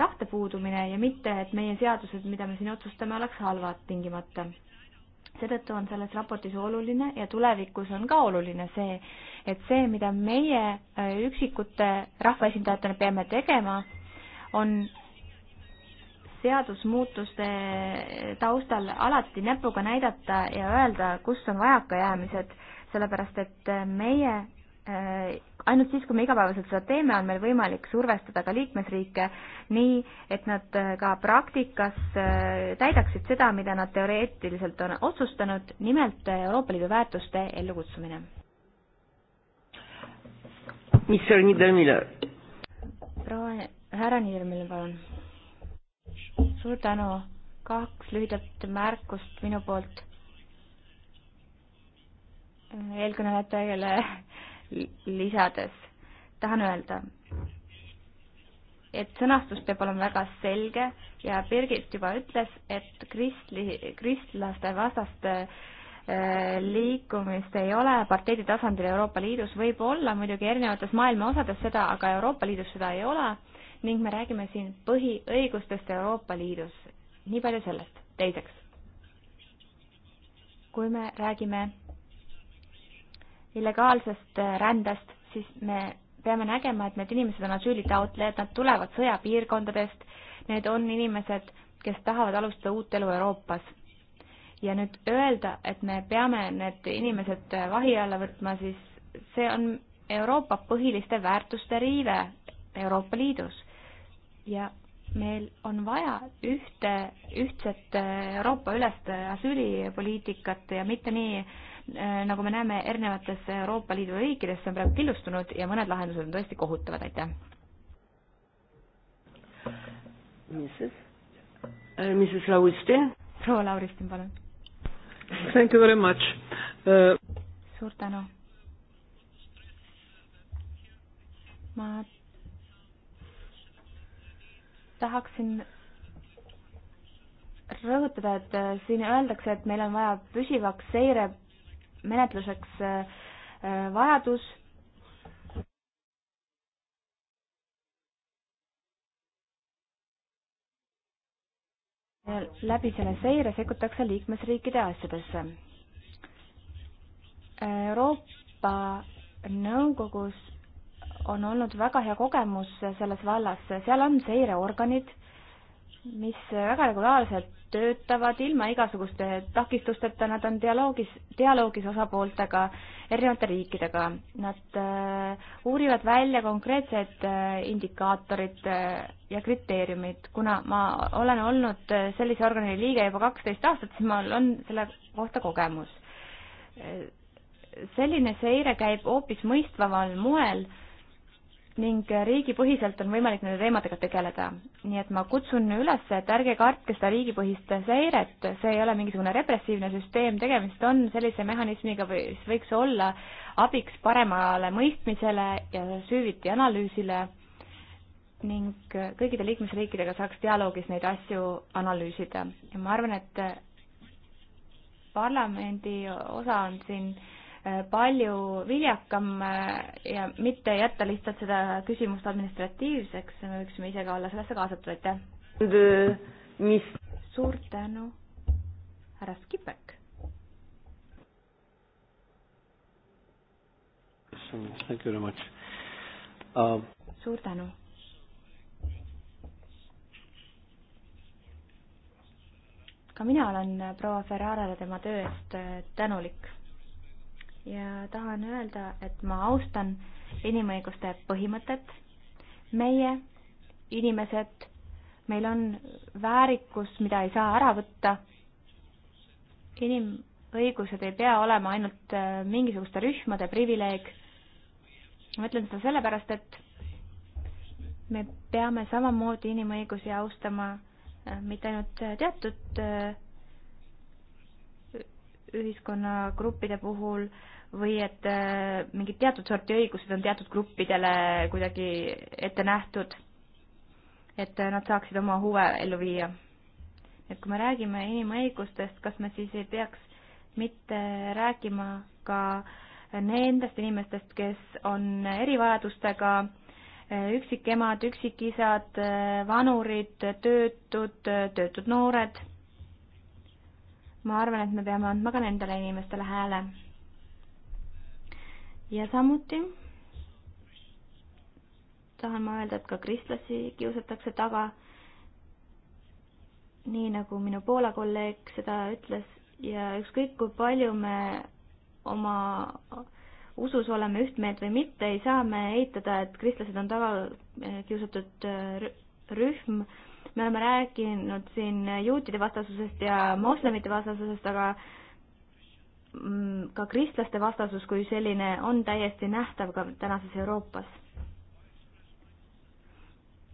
tahte puudumine ja mitte, et meie seadused, mida me siin otsustame, oleks halvad tingimata seetõttu on selles raportis oluline ja tulevikus on ka oluline see, et see, mida meie äh, üksikute rahvaesindajatena peame tegema, on seadusmuutuste taustal alati näpuga näidata ja öelda, kus on vajakajäämised, sellepärast et äh, meie äh, ainult siis, kui me igapäevaselt seda teeme, on meil võimalik survestada ka liikmesriike nii, et nad äh, ka praktikas äh, täidaksid seda, mida nad teoreetiliselt on otsustanud, nimelt äh, Euroopa Liidu väärtuste ellukutsumine.
mis on Niedermüller?
proua, härra Niedermüller, palun. suur tänu, kaks lühidat märkust minu poolt eelkõnelejatele lisades tahan öelda, et sõnastus peab olema väga selge ja Birgit juba ütles, et kristli, kristlaste vastaste äh, liikumist ei ole parteide tasandil Euroopa Liidus, võib olla muidugi erinevates maailma osades seda, aga Euroopa Liidus seda ei ole ning me räägime siin põhiõigustest Euroopa Liidus. nii palju sellest. teiseks, kui me räägime illegaalsest äh, rändest, siis me peame nägema, et need inimesed on asüülitaotlejad, nad tulevad sõjapiirkondadest, need on inimesed, kes tahavad alustada uut elu Euroopas. ja nüüd öelda, et me peame need inimesed äh, vahi alla võtma, siis see on Euroopa põhiliste väärtuste riive Euroopa Liidus. ja meil on vaja ühte, ühtset äh, Euroopa-ülest asüülipoliitikat ja mitte nii äh, Eh, nagu me näeme, erinevates Euroopa Liidu riikides on praegu killustunud ja mõned lahendused on tõesti kohutavad, aitäh.
Mrs. Eh, Mrs Lauristin. proua Lauristin, palun. Thank you very much uh.... suur
tänu. ma tahaksin rõhutada, et siin öeldakse, et meil on vaja püsivaks seire menetluseks äh, äh, vajadus. läbi selle seire sekkutakse liikmesriikide asjadesse. Euroopa Nõukogus on olnud väga hea kogemus selles vallas, seal on seireorganid mis väga regulaarselt töötavad ilma igasuguste takistusteta, nad on dialoogis, dialoogis osapooltega, erinevate riikidega. Nad äh, uurivad välja konkreetsed äh, indikaatorid äh, ja kriteeriumid. kuna ma olen olnud äh, sellise organi liige juba kaksteist aastat, siis mul on selle kohta kogemus äh,. selline seire käib hoopis mõistvamal moel äh, ning riigipõhiselt on võimalik nende teemadega tegeleda. nii et ma kutsun üles, et ärge kartke seda riigipõhist seiret, see ei ole mingisugune repressiivne süsteem, tegemist on sellise mehhanismiga, mis võiks olla abiks paremale mõistmisele ja süüviti analüüsile ning kõikide liikmesriikidega saaks dialoogis neid asju analüüsida ja ma arvan, et parlamendi osa on siin äh, Äh, palju viljakam äh, ja mitte jätta lihtsalt seda küsimust administratiivseks, me võiksime ise ka olla sellesse kaasatud, aitäh. mis? suur tänu, härra Skipek.
Thank you very much uh....
suur tänu. ka mina olen proua Ferrarale tema töö eest äh, tänulik ja tahan öelda, et ma austan inimõiguste põhimõtet. meie inimesed, meil on väärikus, mida ei saa ära võtta. inimõigused ei pea olema ainult äh, mingisuguste rühmade privileeg. ma ütlen seda sellepärast, et me peame samamoodi inimõigusi austama äh, mitte ainult äh, teatud ühiskonnagruppide puhul või et äh, mingid teatud sorti õigused on teatud gruppidele kuidagi ette nähtud, et äh, nad saaksid oma huve ellu viia. et kui me räägime inimõigustest, kas me siis ei peaks mitte rääkima ka nendest inimestest, kes on erivajadustega, äh, üksikemad, üksikisad, vanurid, töötud, töötud noored ma arvan, et me peame andma ka nendele inimestele hääle. ja samuti tahan ma öelda, et ka kristlasi kiusatakse taga. nii nagu minu Poola kolleeg seda ütles ja ükskõik kui palju me oma usus oleme üht meelt või mitte, ei saa me eitada, et kristlased on taga eh, kiusatud eh, rühm me oleme rääkinud siin juutide vastasusest ja moslemite vastasusest, aga mm, ka kristlaste vastasus kui selline on täiesti nähtav ka tänases Euroopas.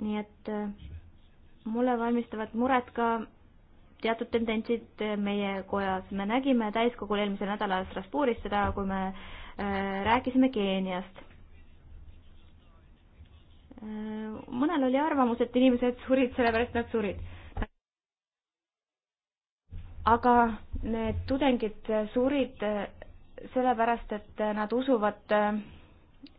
nii et äh, mulle valmistavad muret ka teatud tendentsid meie kojas. me nägime täiskogul eelmisel nädalal Strasbourgis seda, kui me äh, rääkisime Keeniast Äh, mõnel oli arvamus, et inimesed surid sellepärast, nad surid. aga need tudengid surid äh, sellepärast, et nad usuvad äh,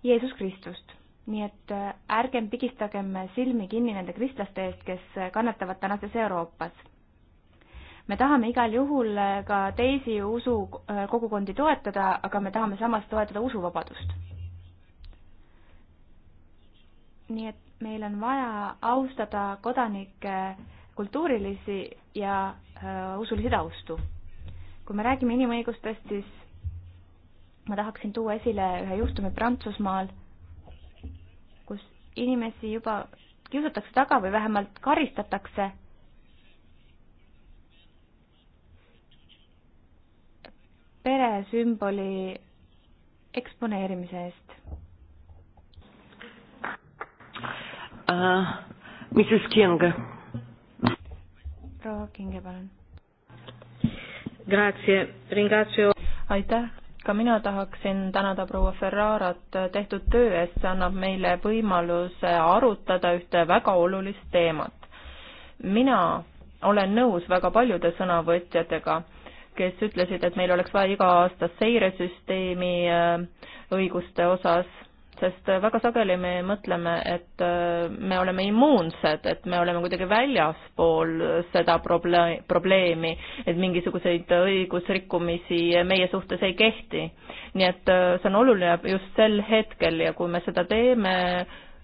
Jeesus Kristust. nii et ärgem pigistagem silmi kinni nende kristlaste eest, kes kannatavad tänases Euroopas. me tahame igal juhul ka teisi usukogukondi toetada, aga me tahame samas toetada usuvabadust nii et meil on vaja austada kodanike kultuurilisi ja äh, usulisi taustu. kui me räägime inimõigustest, siis ma tahaksin tuua esile ühe juhtumi Prantsusmaal, kus inimesi juba kiusatakse taga või vähemalt karistatakse. peresümboli eksponeerimise eest.
uh,. Mrs King.
proua Kinge, palun.
Grazie, ringrazio. aitäh, ka mina tahaksin tänada proua Ferrarat tehtud töö eest, see annab meile võimaluse arutada ühte väga olulist teemat. mina olen nõus väga paljude sõnavõtjatega kes ütlesid, et meil oleks vaja iga-aastast seiresüsteemi äh, õiguste osas sest äh, väga sageli me mõtleme, et äh, me oleme immuunsed, et me oleme kuidagi väljaspool äh, seda proble-, probleemi, et mingisuguseid õigusrikkumisi meie suhtes ei kehti. nii et see on oluline just sel hetkel ja kui me seda teeme,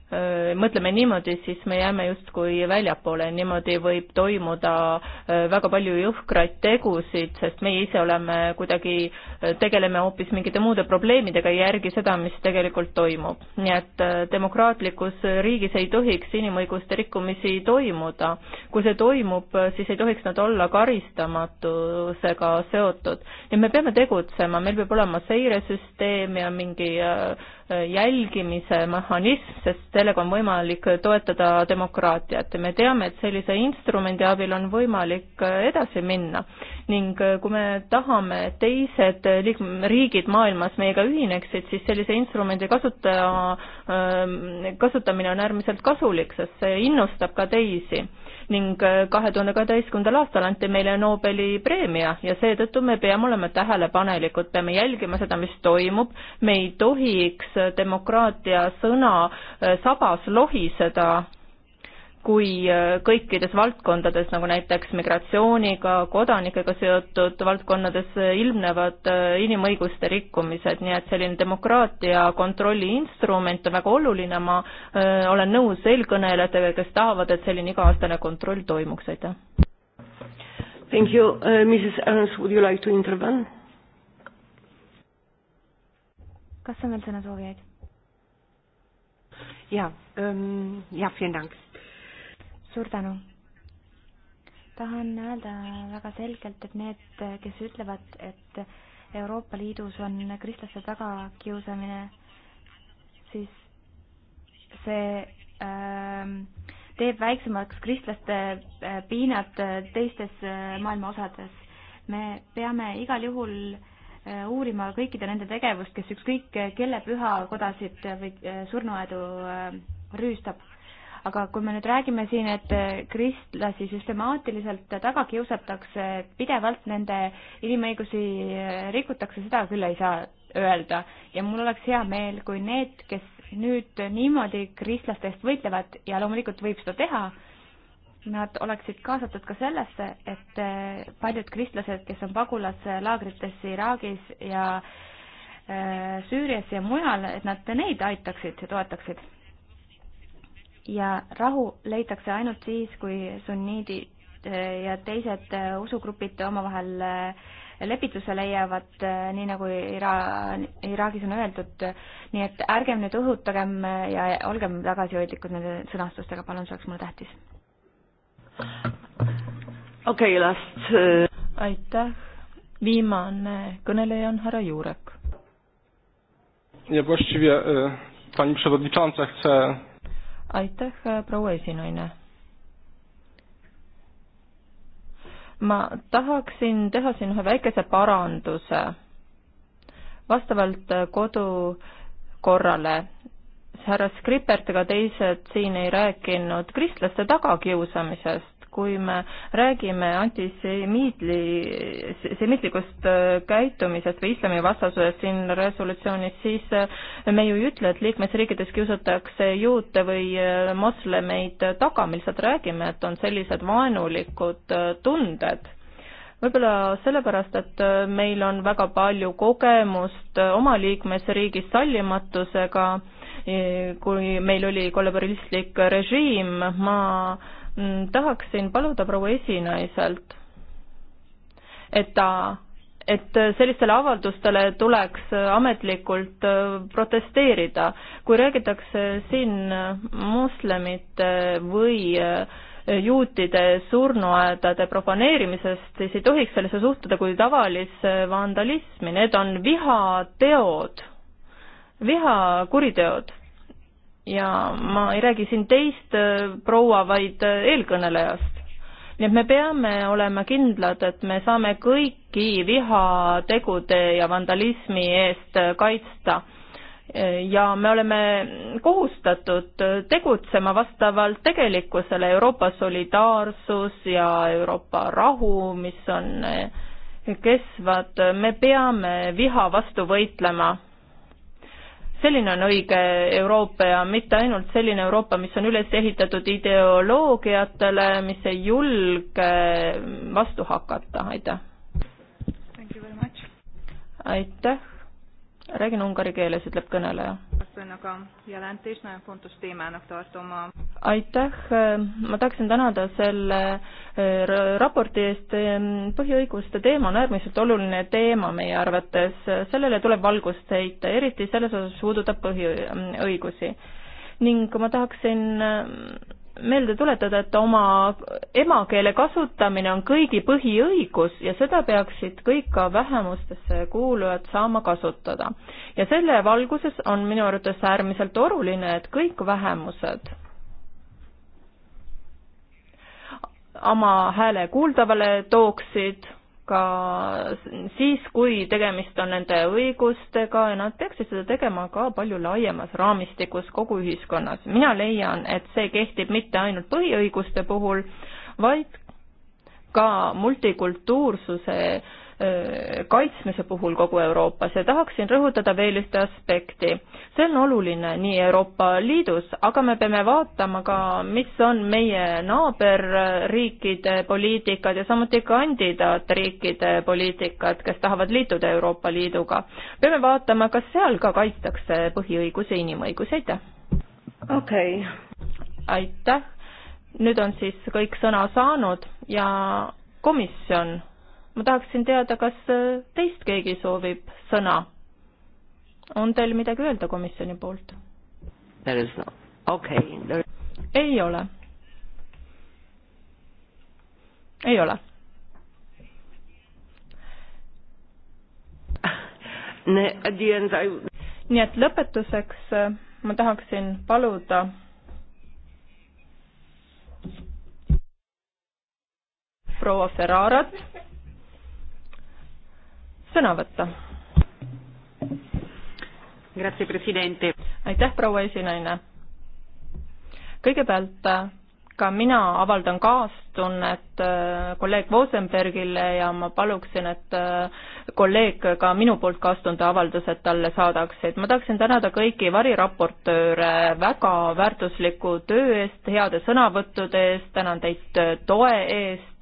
Äh, mõtleme niimoodi, siis me jääme justkui väljapoole, niimoodi võib toimuda äh, väga palju jõhkraid tegusid, sest meie ise oleme kuidagi, äh, tegeleme hoopis mingite muude probleemidega, ei järgi seda, mis tegelikult toimub. nii et demokraatlikus riigis ei tohiks inimõiguste rikkumisi toimuda. kui see toimub, siis ei tohiks nad olla karistamatusega seotud. nii et me peame tegutsema, meil peab olema seiresüsteem ja mingi äh, jälgimise mehhanism, sest sellega on võimalik toetada demokraatiat ja me teame, et sellise instrumendi abil on võimalik edasi minna. ning kui me tahame, et teised liik-, riigid maailmas meiega ühineksid, siis sellise instrumendi kasutaja, ähm, kasutamine on äärmiselt kasulik, sest see innustab ka teisi ning äh, kahe tuhande kaheteistkümnendal aastal anti meile Nobeli preemia ja seetõttu me peame olema tähelepanelikud, peame jälgima seda, mis toimub, me ei tohiks demokraatia sõna äh, sabas lohiseda kui äh, kõikides valdkondades, nagu näiteks migratsiooniga, kodanikega seotud valdkonnades äh, ilmnevad äh, inimõiguste rikkumised, nii et selline demokraatia kontrolli instrument on väga oluline, ma olen nõus eelkõnelejatega, kes tahavad, et selline iga-aastane kontroll toimuks, aitäh. Thank you
uh,, Mrs Ernst, would you like to intervene?
kas on veel sõnasoovijaid?
jaa, um, jaa,
vielen Dank suur tänu. tahan öelda väga selgelt, et need, kes ütlevad, et Euroopa Liidus on kristlaste tagakiusamine, siis see ähm, teeb väiksemaks kristlaste äh, piinad äh, teistes äh, maailma osades. me peame igal juhul uurima kõikide nende tegevust, kes ükskõik kelle pühakodasid või surnuaedu rüüstab aga kui me nüüd räägime siin, et kristlasi süstemaatiliselt taga kiusatakse, pidevalt nende inimõigusi rikutakse, seda küll ei saa öelda. ja mul oleks hea meel, kui need, kes nüüd niimoodi kristlaste eest võitlevad ja loomulikult võib seda teha, nad oleksid kaasatud ka sellesse, et paljud kristlased, kes on pagulaslaagrites Iraagis ja äh, Süürias ja mujal, et nad neid aitaksid ja toetaksid ja rahu leitakse ainult siis, kui sunniidid eh, ja teised eh, usugrupid omavahel eh, lepituse leiavad, nii nagu Ira-, Iraagis on öeldud, nii et ärgem nüüd õhutagem ja olgem tagasihoidlikud nende sõnastustega, palun, see oleks mulle tähtis.
okei
okay,, las aitäh, viimane kõneleja on härra Juurek.
ja, pani przewodnicząca chce
aitäh, äh, proua esinaine. ma tahaksin teha siin ühe väikese paranduse. vastavalt äh, kodukorrale härra Skripert ega teised siin ei rääkinud kristlaste tagakiusamisest, kui me räägime antisemiitli, semiitlikust äh, käitumisest või islamivastasusest siin resolutsioonis, siis äh, me ju ei ütle, et liikmesriikides kiusatakse juute või äh, moslemeid taga, me lihtsalt räägime, et on sellised vaenulikud tunded võib-olla sellepärast, et meil on väga palju kogemust oma liikmesriigis sallimatusega, kui meil oli kollaboristlik režiim, ma Mm, tahaksin paluda proua esinaiselt, et ta, et sellistele avaldustele tuleks ametlikult äh, protesteerida. kui räägitakse siin moslemite või äh, juutide surnuaedade profaneerimisest, siis ei tohiks sellesse suhtuda kui tavalisse vandalismi, need on vihateod, vihakuriteod ja ma ei räägi siin teist äh, proua, vaid äh, eelkõnelejast. nii et me peame olema kindlad, et me saame kõiki vihategude ja vandalismi eest äh, kaitsta. ja me oleme kohustatud tegutsema vastavalt tegelikkusele, Euroopa solidaarsus ja Euroopa rahu, mis on kesvad, me peame viha vastu võitlema selline on õige Euroopa ja mitte ainult selline Euroopa, mis on üles ehitatud ideoloogiatele, mis ei julge vastu hakata, aitäh. aitäh räägin ungari keeles, ütleb kõneleja. aitäh, ma tahaksin tänada selle e, raporti eest. E, põhiõiguste teema on äärmiselt oluline teema meie arvates, sellele tuleb valgust heita, eriti selles osas, mis puudutab põhiõigusi. ning ma tahaksin meelde tuletada, et oma emakeele kasutamine on kõigi põhiõigus ja seda peaksid kõik ka vähemustesse kuulujad saama kasutada. ja selle valguses on minu arvates äärmiselt oluline, et kõik vähemused oma hääle kuuldavale tooksid ka siis, kui tegemist on nende õigustega ja nad peaksid seda tegema ka palju laiemas raamistikus kogu ühiskonnas. mina leian, et see kehtib mitte ainult põhiõiguste puhul, vaid ka multikultuursuse äh, kaitsmise puhul kogu Euroopas ja tahaksin rõhutada veel ühte aspekti. see on oluline nii Euroopa Liidus, aga me peame vaatama ka, mis on meie naaberriikide poliitikad ja samuti kandidaatriikide poliitikad, kes tahavad liituda Euroopa Liiduga. peame vaatama, kas seal ka kaitstakse põhiõigusi ja inimõigusi, aitäh!
okei okay..
aitäh! nüüd on siis kõik sõna saanud ja komisjon ma tahaksin teada, kas äh, teist keegi soovib sõna? on teil midagi öelda komisjoni poolt?
No. Okay. There... ei ole. ei ole. I...
nii et lõpetuseks äh, ma tahaksin paluda proua Ferrarat sõna võtta. aitäh, proua esinaine. kõigepealt äh, ka mina avaldan kaastunnet äh, kolleeg Vosenbergile ja ma paluksin, et äh, kolleeg ka minu poolt kaastunde avaldused talle saadaksid. ma tahaksin tänada kõiki variraportööre väga väärtusliku töö eest, heade sõnavõttude eest, tänan teid toe eest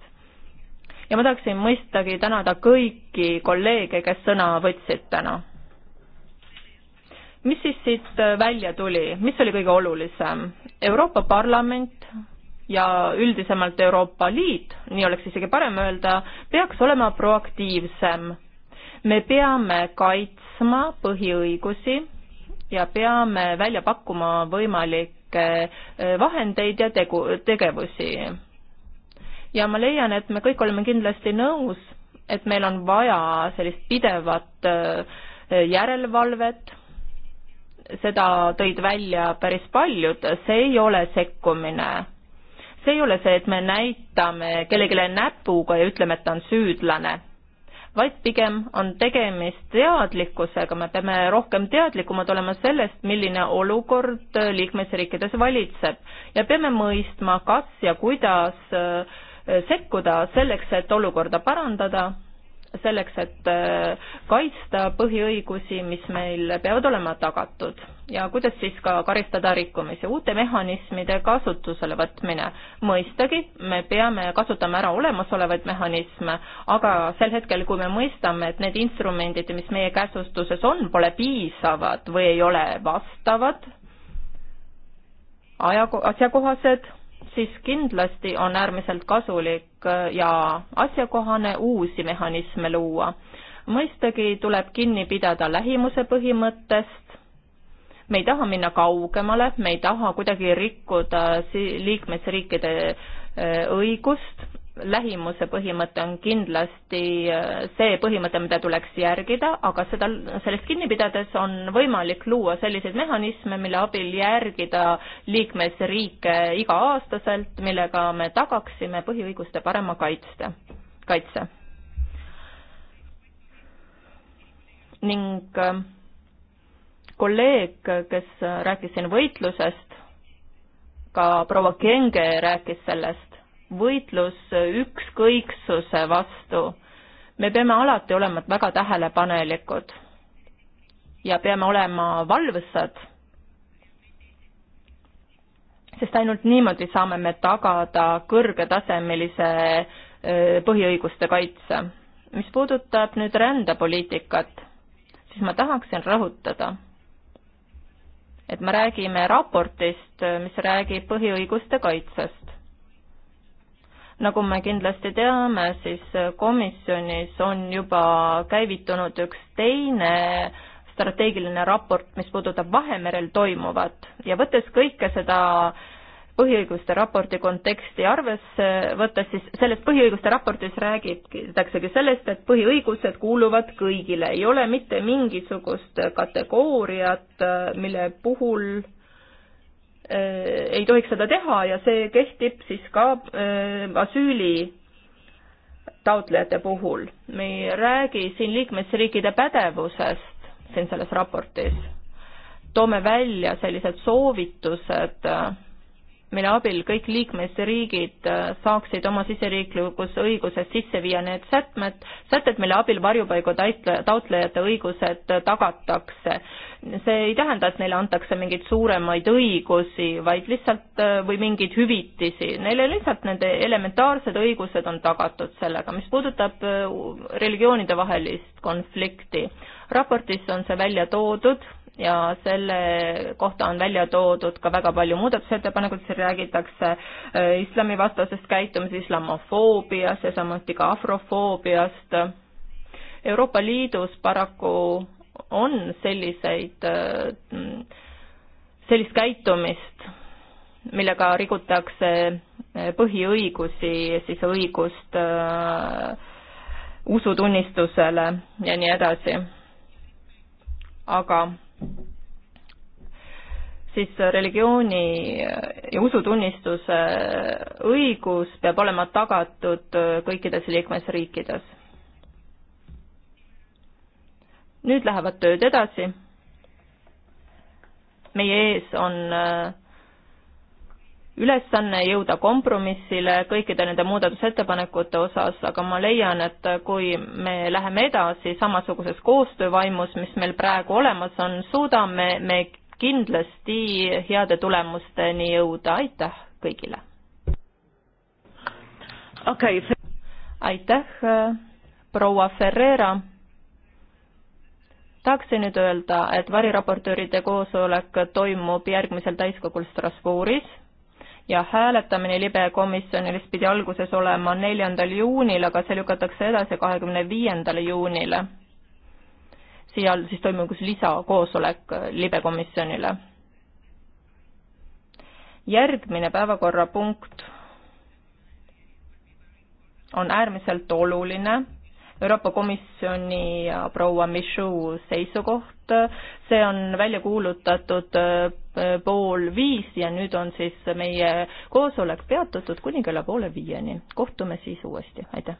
ja ma tahaksin mõistagi tänada kõiki kolleege, kes sõna võtsid täna. mis siis siit äh, välja tuli, mis oli kõige olulisem? Euroopa Parlament ja üldisemalt Euroopa Liit, nii oleks isegi parem öelda, peaks olema proaktiivsem. me peame kaitsma põhiõigusi ja peame välja pakkuma võimalikke äh, vahendeid ja tegu, tegevusi ja ma leian, et me kõik oleme kindlasti nõus, et meil on vaja sellist pidevat äh, järelevalvet, seda tõid välja päris paljud, see ei ole sekkumine. see ei ole see, et me näitame kellelegi näpuga ja ütleme, et ta on süüdlane vaid pigem on tegemist teadlikkusega, me peame rohkem teadlikumad olema sellest, milline olukord liikmesriikides valitseb ja peame mõistma, kas ja kuidas äh, sekkuda selleks, et olukorda parandada, selleks, et äh, kaitsta põhiõigusi, mis meil peavad olema tagatud ja kuidas siis ka karistada rikkumisi. uute mehhanismide kasutusele võtmine, mõistagi, me peame kasutama ära olemasolevaid mehhanisme, aga sel hetkel, kui me mõistame, et need instrumendid, mis meie käsutuses on, pole piisavad või ei ole vastavad, aja, asjakohased siis kindlasti on äärmiselt kasulik ja asjakohane uusi mehhanisme luua. mõistagi tuleb kinni pidada lähimuse põhimõttest, me ei taha minna kaugemale, me ei taha kuidagi rikkuda liikmesriikide äh, õigust lähimuse põhimõte on kindlasti äh, see põhimõte, mida tuleks järgida, aga seda, sellest kinni pidades on võimalik luua selliseid mehhanisme, mille abil järgida liikmesriike iga-aastaselt, millega me tagaksime põhiõiguste parema kaitste, kaitse. ning äh, kolleeg, kes rääkis siin võitlusest, ka proua Genge rääkis sellest, võitlus ükskõiksuse vastu. me peame alati olema väga tähelepanelikud ja peame olema valvsad, sest ainult niimoodi saame me tagada kõrgetasemelise põhiõiguste kaitse. mis puudutab nüüd rändepoliitikat, siis ma tahaksin rõhutada, et me räägime raportist, mis räägib põhiõiguste kaitsest nagu me kindlasti teame, siis komisjonis on juba käivitunud üks teine strateegiline raport, mis puudutab Vahemerel toimuvat ja võttes kõike seda põhiõiguste raporti konteksti arvesse võttes, siis selles põhiõiguste raportis räägitaksegi sellest, et põhiõigused kuuluvad kõigile, ei ole mitte mingisugust kategooriat, mille puhul Äh, ei tohiks seda teha ja see kehtib siis ka äh, asüüli taotlejate puhul. me ei räägi siin liikmesriikide pädevusest siin selles raportis. toome välja sellised soovitused äh, mille abil kõik liikmesriigid äh, saaksid oma siseriiklikus õiguses sisse viia need sätmed, sätted, mille abil varjupaigu taotlejate õigused äh, tagatakse. see ei tähenda, et neile antakse mingeid suuremaid õigusi, vaid lihtsalt, äh, või mingeid hüvitisi, neile lihtsalt nende elementaarsed õigused on tagatud sellega, mis puudutab religioonide vahelist konflikti. raportis on see välja toodud ja selle kohta on välja toodud ka väga palju muudatusettepanekuid, seal räägitakse äh, islamivastasest käitumisest, islamofoobiast ja samuti ka afrofoobiast. Euroopa Liidus paraku on selliseid, äh, sellist käitumist, millega rigutakse äh, põhiõigusi, siis õigust usutunnistusele ja nii edasi. aga siis religiooni ja usutunnistuse õigus peab olema tagatud kõikides liikmesriikides. nüüd lähevad tööd edasi. meie ees on äh, ülesanne jõuda kompromissile kõikide nende muudatusettepanekute osas, aga ma leian, et kui me läheme edasi samasuguses koostöövaimus, mis meil praegu olemas on, suudame me kindlasti heade tulemusteni jõuda, aitäh kõigile! okei okay.. aitäh, proua Ferreira! tahaksin nüüd öelda, et variraportööride koosolek toimub järgmisel täiskogul Strasbourgis ja hääletamine libe komisjonis pidi alguses olema neljandal juunil, aga see lükatakse edasi kahekümne viiendale juunile. siia all siis toimub üks lisakoosolek libe komisjonile. järgmine päevakorrapunkt on äärmiselt oluline Euroopa Komisjoni ja proua Michu seisukoht. see on välja kuulutatud äh, pool viis ja nüüd on siis meie koosolek peatatud kuni kella poole viieni. kohtume siis uuesti, aitäh!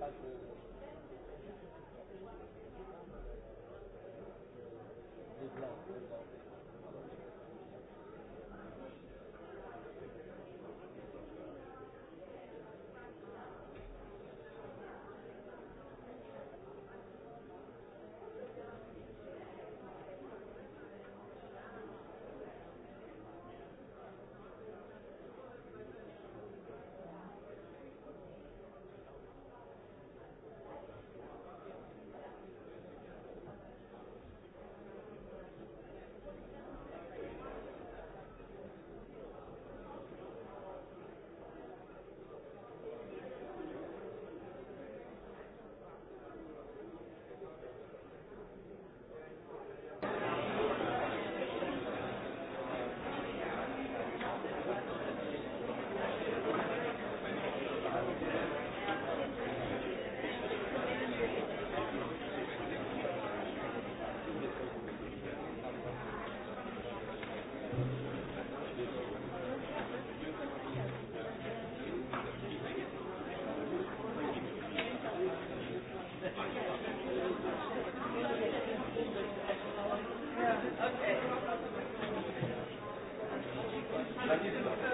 Thank you.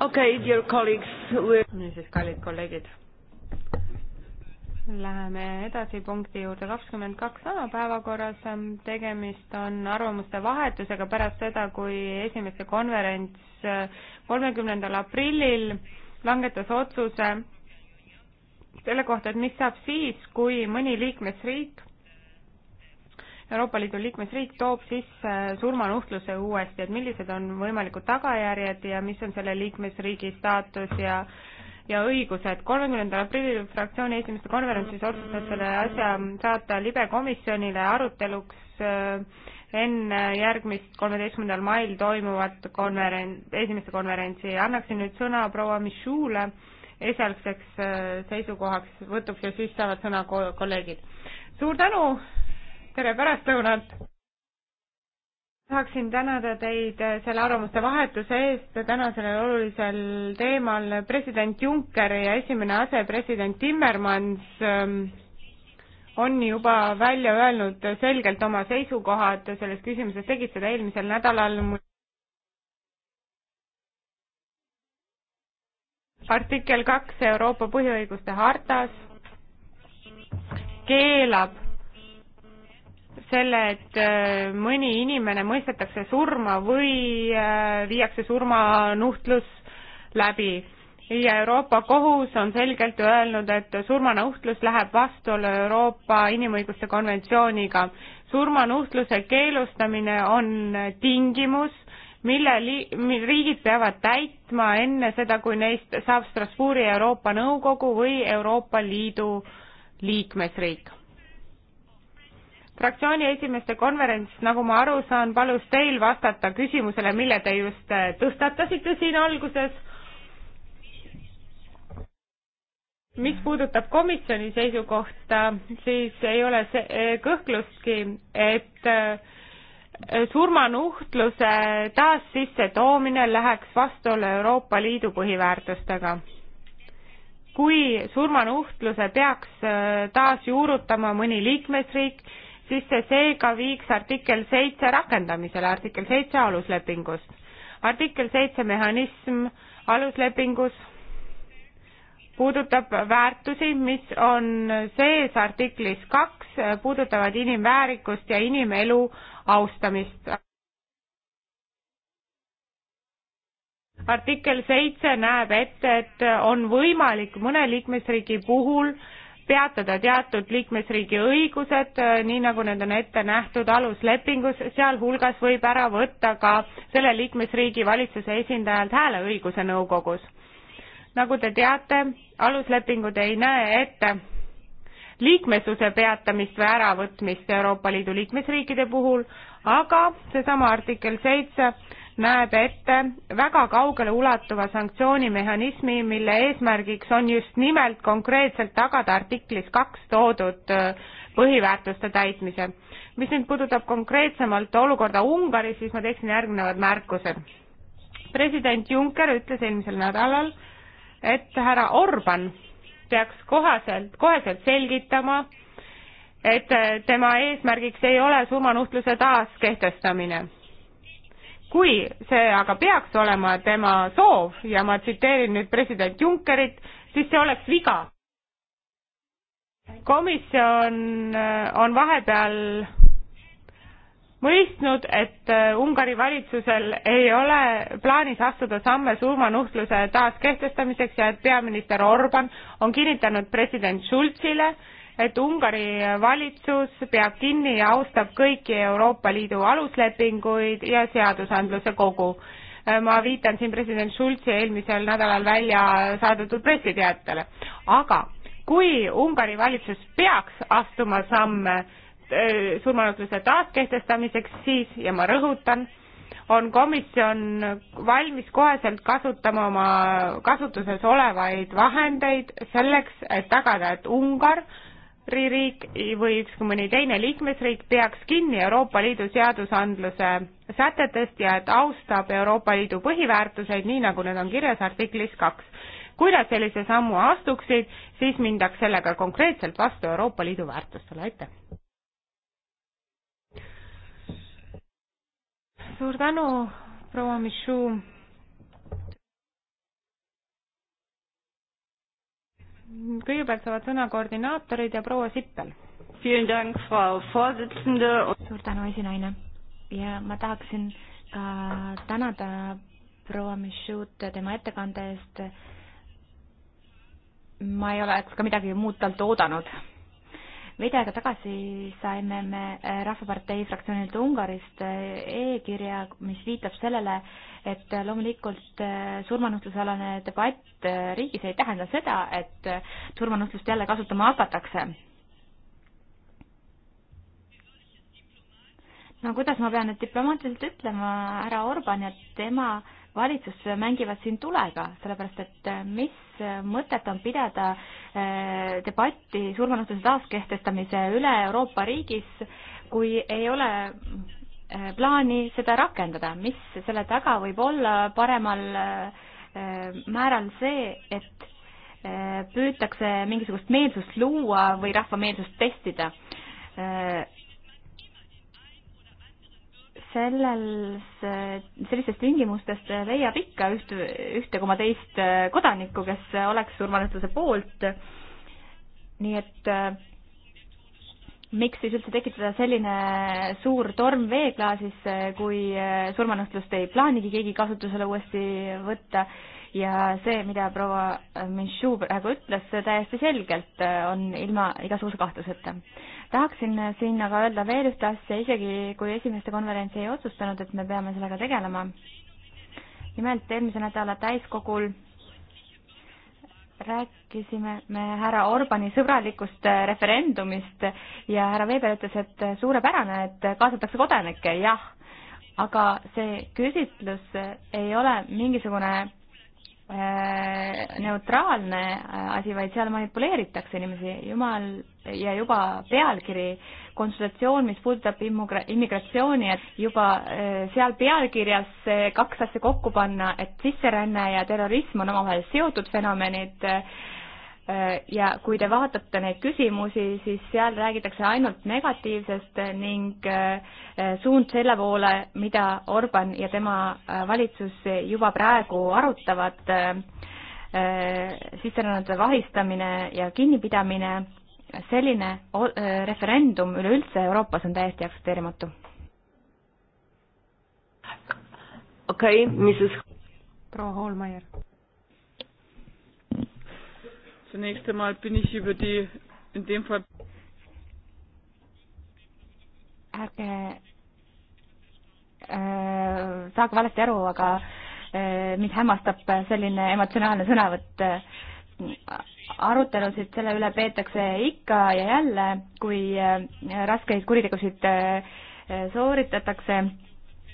okei okay,, dear colleagues we.... niisiis, kallid kolleegid. Läheme edasi punkti juurde kakskümmend kaks A päevakorras. tegemist on arvamuste vahetusega pärast seda, kui esimeste konverents äh, kolmekümnendal aprillil langetas otsuse selle kohta, et mis saab siis, kui mõni liikmesriik Euroopa Liidu liikmesriik toob sisse surmanuhtluse uuesti, et millised on võimalikud tagajärjed ja mis on selle liikmesriigi staatus ja ja õigused. kolmekümnendal aprillil fraktsiooni esimeste konverentsis otsustas selle asja saata libe komisjonile aruteluks äh, enne järgmist, kolmeteistkümnendal mail toimuvat konverents, esimeste konverentsi. annaksin nüüd sõna proua Michule esialgseks äh, seisukohaks võtuks ja siis saavad sõna kolleegid. suur tänu, tere pärastlõunat! tahaksin tänada teid selle arvamuste vahetuse eest täna sellel olulisel teemal. president Juncker ja esimene asepresident Timmermans ähm, on juba välja öelnud selgelt oma seisukohad selles küsimuses, tegid seda eelmisel nädalal. artikkel kaks Euroopa põhiõiguste hartas keelab selle, et äh, mõni inimene mõistetakse surma või äh, viiakse surmanuhtlus läbi ja Euroopa Kohus on selgelt öelnud, et surmanuhtlus läheb vastuollu Euroopa Inimõiguste konventsiooniga. surmanuhtluse keelustamine on tingimus, mille li-, riigid peavad täitma enne seda, kui neist saab Strasbourgi Euroopa Nõukogu või Euroopa Liidu liikmesriik fraktsiooni esimeeste konverents, nagu ma aru saan, palus teil vastata küsimusele, mille te just äh, tõstatasite siin alguses. mis puudutab komisjoni seisukohta, siis ei ole äh, kõhklustki, et äh, surmanuhtluse taas sissetoomine läheks vastuollu Euroopa Liidu põhiväärtustega kui surmanuhtluse peaks taas juurutama mõni liikmesriik, sisse, seega viiks artikkel seitse rakendamisele, artikkel seitse aluslepingust. artikkel seitse mehhanism aluslepingus puudutab väärtusi, mis on sees artiklis kaks, puudutavad inimväärikust ja inimelu austamist. artikkel seitse näeb ette, et on võimalik mõne liikmesriigi puhul äh, peatada teatud liikmesriigi õigused, äh, nii nagu need on ette nähtud aluslepingus, sealhulgas võib ära võtta ka selle liikmesriigi valitsuse esindajalt hääleõiguse nõukogus. nagu te teate, aluslepingud ei näe ette liikmesuse peatamist või äravõtmist Euroopa Liidu liikmesriikide puhul, aga seesama artikkel seitse 7 näeb ette väga kaugele ulatuva sanktsioonimehhanismi, mille eesmärgiks on just nimelt konkreetselt tagada artiklis kaks toodud äh, põhiväärtuste täitmise. mis nüüd puudutab konkreetsemalt olukorda Ungaris, siis ma teeksin järgnevad märkused. president Juncker ütles eelmisel nädalal, et härra Orban peaks kohaselt, koheselt selgitama, et äh, tema eesmärgiks ei ole surmanuhtluse taaskehtestamine kui see aga peaks olema tema soov ja ma tsiteerin nüüd president Junckerit, siis see oleks viga. komisjon äh, on vahepeal mõistnud, et äh, Ungari valitsusel ei ole plaanis astuda samme surmanuhtluse taaskehtestamiseks ja et peaminister Orban on kinnitanud president Schulzile, et Ungari valitsus peab kinni ja austab kõiki Euroopa Liidu aluslepinguid ja seadusandluse kogu. ma viitan siin president Schulzi eelmisel nädalal välja saadetud pressiteatele. aga kui Ungari valitsus peaks astuma samme äh, surmanutluse taaskehtestamiseks, siis, ja ma rõhutan, on komisjon valmis koheselt kasutama oma kasutuses olevaid vahendeid selleks, et tagada, et Ungar äh, riik või ükskõik mõni teine liikmesriik peaks kinni Euroopa Liidu seadusandluse sätetest ja et austab Euroopa Liidu põhiväärtuseid, nii nagu need on kirjas artiklis kaks. kui nad sellise sammu astuksid, siis mindaks sellega konkreetselt vastu Euroopa Liidu väärtustele, aitäh! suur tänu, proua Michu! kõigepealt saavad sõna koordinaatorid ja proua Sippel. suur tänu, esinaine. ja ma tahaksin ka
äh, tänada proua Michaud tema ettekande eest. ma ei oleks ka midagi muud talt oodanud veidi aega tagasi saime me eh, Rahvapartei fraktsioonilt Ungarist eh, e-kirja, mis viitab sellele, et loomulikult eh, surmanuhtlusalane debatt riigis ei tähenda seda, et surmanuhtlust jälle kasutama hakatakse. no kuidas ma pean nüüd diplomaatiliselt ütlema härra Orban ja tema valitsus mängivad siin tulega, sellepärast et äh, mis äh, mõtet on pidada äh, debatti surmanuhtluse taaskehtestamise üle Euroopa riigis, kui ei ole plaani seda rakendada, mis selle taga võib olla paremal määral see, et püütakse mingisugust meelsust luua või rahva meelsust testida selles, sellistest tingimustest leiab ikka üht, ühte koma teist kodanikku, kes oleks surmanuhtluse poolt. nii et äh, miks siis üldse tekitada selline suur torm veeklaasis, kui äh, surmanuhtlust ei plaanigi keegi kasutusele uuesti võtta ja see, mida proua Michu praegu ütles, täiesti selgelt äh, on ilma igasuguse kahtluseta. tahaksin siin aga öelda veel ühte asja, isegi kui esimeste konverents ei otsustanud, et me peame sellega tegelema. nimelt eelmise nädala täiskogul rääkisime me härra Orbani sõbralikust äh, referendumist ja härra Weber ütles, et äh, suurepärane, et kaasatakse kodanikke, jah aga see küsitlus ei ole mingisugune Äh, neutraalne äh, asi, vaid seal manipuleeritakse inimesi, jumal, ja juba pealkiri, konsultatsioon, mis puudutab immigra-, immigratsiooni, et juba äh, seal pealkirjas kaks asja kokku panna, et sisseränne ja terrorism on omavahel seotud fenomenid, Äh, ja kui te vaatate neid küsimusi, siis seal räägitakse ainult negatiivsest ning äh, suund selle poole, mida Orban ja tema äh, valitsus juba praegu arutavad, sisserännanute vahistamine ja kinnipidamine, selline referendum üleüldse Euroopas on täiesti aktsepteerimatu.
okei okay,, mis siis? proua Hoolmeier
Zunächst einmal bin ich über die in dem Fall
ärge äh, saage valesti aru, aga äh, mind hämmastab selline emotsionaalne sõnavõtt äh, arutelusid selle üle peetakse ikka ja jälle, kui äh, raskeid kuritegusid äh, sooritatakse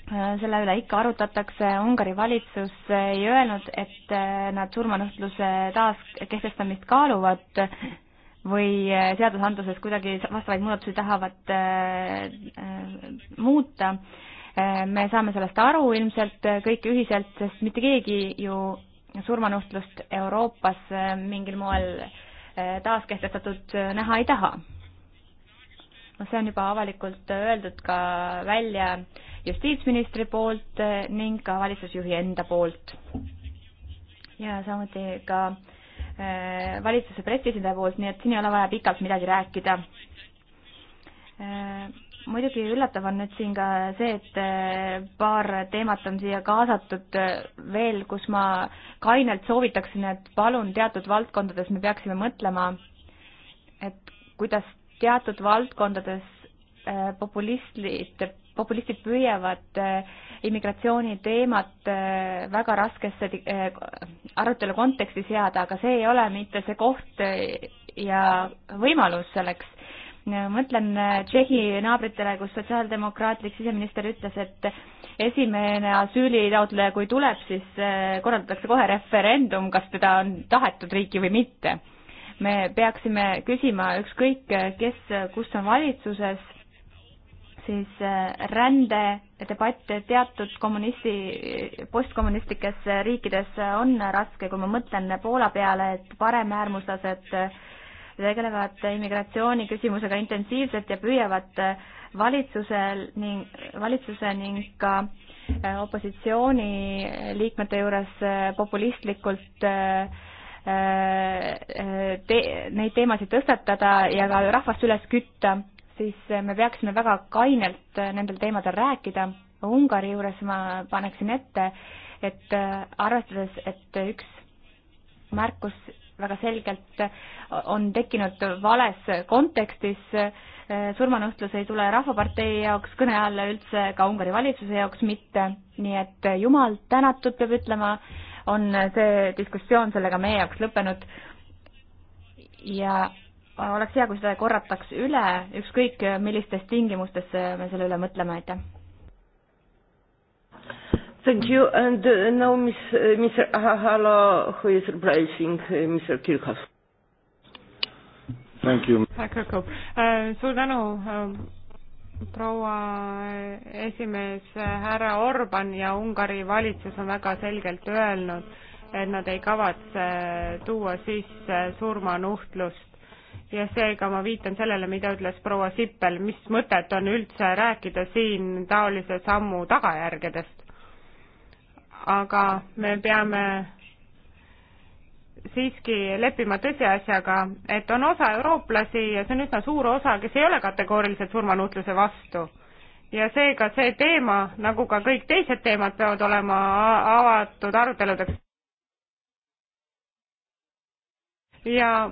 Äh, selle üle ikka arutatakse, Ungari valitsus ei öelnud, et äh, nad surmanuhtluse taaskehtestamist kaaluvad või äh, seadusandluses kuidagi vastavaid muudatusi tahavad muuta. me saame sellest aru ilmselt kõik ühiselt, sest mitte keegi ju surmanuhtlust Euroopas mingil moel taaskehtestatud näha ei taha noh, see on juba avalikult öeldud ka välja justiitsministri poolt ning ka valitsusjuhi enda poolt. ja samuti ka äh, valitsuse pressiesindaja poolt, nii et siin ei ole vaja pikalt midagi rääkida. Äh, muidugi üllatav on nüüd siin ka see, et äh, paar teemat on siia kaasatud veel, kus ma kainelt soovitaksin, et palun teatud valdkondades me peaksime mõtlema, et kuidas teatud valdkondades äh, populistid, populistid püüavad äh, immigratsiooni teemat äh, väga raskesse arutelu konteksti seada, aga see ei ole mitte see koht ja võimalus selleks. mõtlen Tšehhi naabritele, kus sotsiaaldemokraatlik siseminister ütles, et esimene asüülitaotleja, kui tuleb, siis korraldatakse kohe referendum, kas teda on tahetud riiki või mitte me peaksime küsima ükskõik, kes, kus on valitsuses, siis äh, rändedebatt teatud kommunisti, postkommunistlikes riikides on raske, kui ma mõtlen Poola peale, et paremäärmuslased äh, tegelevad immigratsiooniküsimusega intensiivselt ja püüavad äh, valitsusel ning, valitsuse ning ka opositsiooniliikmete juures populistlikult äh, te, neid teemasid tõstatada ja ka rahvast üles kütta, siis me peaksime väga kainelt nendel teemadel rääkida. Ungari juures ma paneksin ette, et arvestades, et üks märkus väga selgelt on tekkinud vales kontekstis, surmanuhtlus ei tule Rahvapartei jaoks kõne alla üldse, ka Ungari valitsuse jaoks mitte, nii et jumal tänatud, peab ütlema, on see diskussioon sellega meie jaoks lõppenud ja oleks hea, kui seda korrataks üle, ükskõik millistes tingimustes me selle üle mõtleme, aitäh.
Thank you and uh, now miss, uh, Mr. Ahala who is replacing uh, Mr. Kirchhoff.
Thank you. Uh, suur tänu uh, proua esimees, härra Orban ja Ungari valitsus on väga selgelt öelnud, et nad ei kavatse tuua sisse surmanuhtlust ja seega ma viitan sellele, mida ütles proua Sippel, mis mõtet on üldse rääkida siin taolise sammu tagajärgedest. aga me peame siiski leppima tõsiasjaga, et on osa eurooplasi ja see on üsna suur osa, kes ei ole kategooriliselt surmanuhtluse vastu. ja seega see teema, nagu ka kõik teised teemad, peavad olema avatud aruteludeks. ja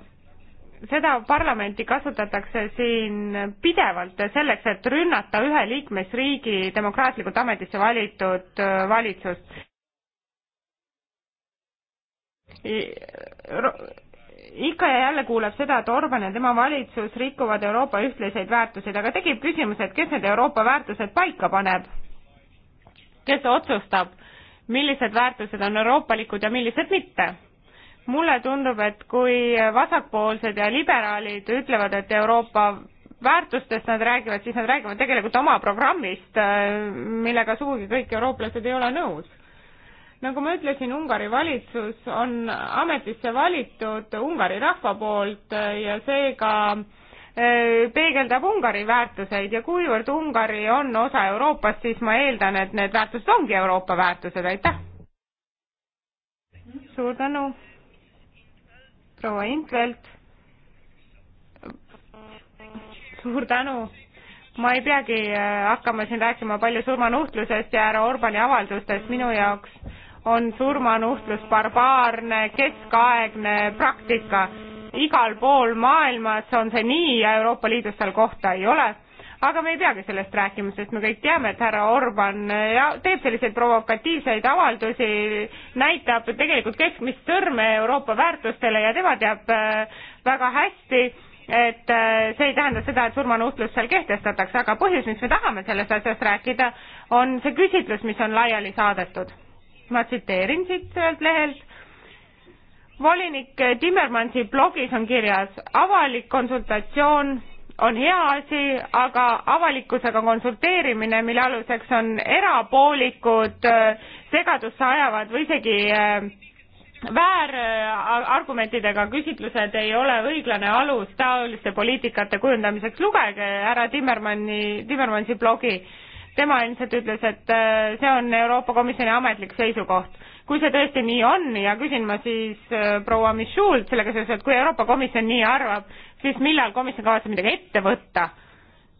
seda parlamenti kasutatakse siin pidevalt selleks, et rünnata ühe liikmesriigi demokraatlikult ametisse valitud äh, valitsust ikka ja jälle kuuleb seda, et Orban ja tema valitsus rikuvad Euroopa ühtlaseid väärtuseid, aga tekib küsimus, et kes need Euroopa väärtused paika paneb? kes otsustab, millised väärtused on euroopalikud ja millised mitte? mulle tundub, et kui vasakpoolsed ja liberaalid ütlevad, et Euroopa väärtustest nad räägivad, siis nad räägivad tegelikult oma programmist, millega sugugi kõik eurooplased ei ole nõus nagu ma ütlesin, Ungari valitsus on ametisse valitud Ungari rahva poolt äh, ja seega äh, peegeldab Ungari väärtuseid ja kuivõrd Ungari on osa Euroopast, siis ma eeldan, et need väärtused ongi Euroopa väärtused, aitäh! suur tänu, proua Intvelt. suur tänu. ma ei peagi äh, hakkama siin rääkima palju surmanuhtlusest ja härra Orbani avaldustest, minu jaoks on surmanuhtlus barbaarne keskaegne praktika. igal pool maailmas on see nii ja Euroopa Liidus seal kohta ei ole. aga me ei peagi sellest rääkima, sest me kõik teame, et härra Orban teeb selliseid provokatiivseid avaldusi, näitab tegelikult keskmist sõrme Euroopa väärtustele ja tema teab äh, väga hästi, et äh, see ei tähenda seda, et surmanuhtlus seal kehtestatakse, aga põhjus, miks me tahame sellest asjast rääkida, on see küsitlus, mis on laiali saadetud ma tsiteerin siit sellelt lehelt. volinik Timmermansi blogis on kirjas, avalik konsultatsioon on hea asi, aga avalikkusega konsulteerimine, mille aluseks on erapoolikud, segadusse ajavad või isegi äh, väärargumentidega küsitlused ei ole õiglane alus taoliste poliitikate kujundamiseks. lugege härra Timmermanni, Timmermansi blogi tema ilmselt ütles, et äh, see on Euroopa Komisjoni ametlik seisukoht. kui see tõesti nii on ja küsin ma siis äh, proua Michult sellega seoses, et kui Euroopa Komisjon nii arvab, siis millal komisjon kavatseb midagi ette võtta?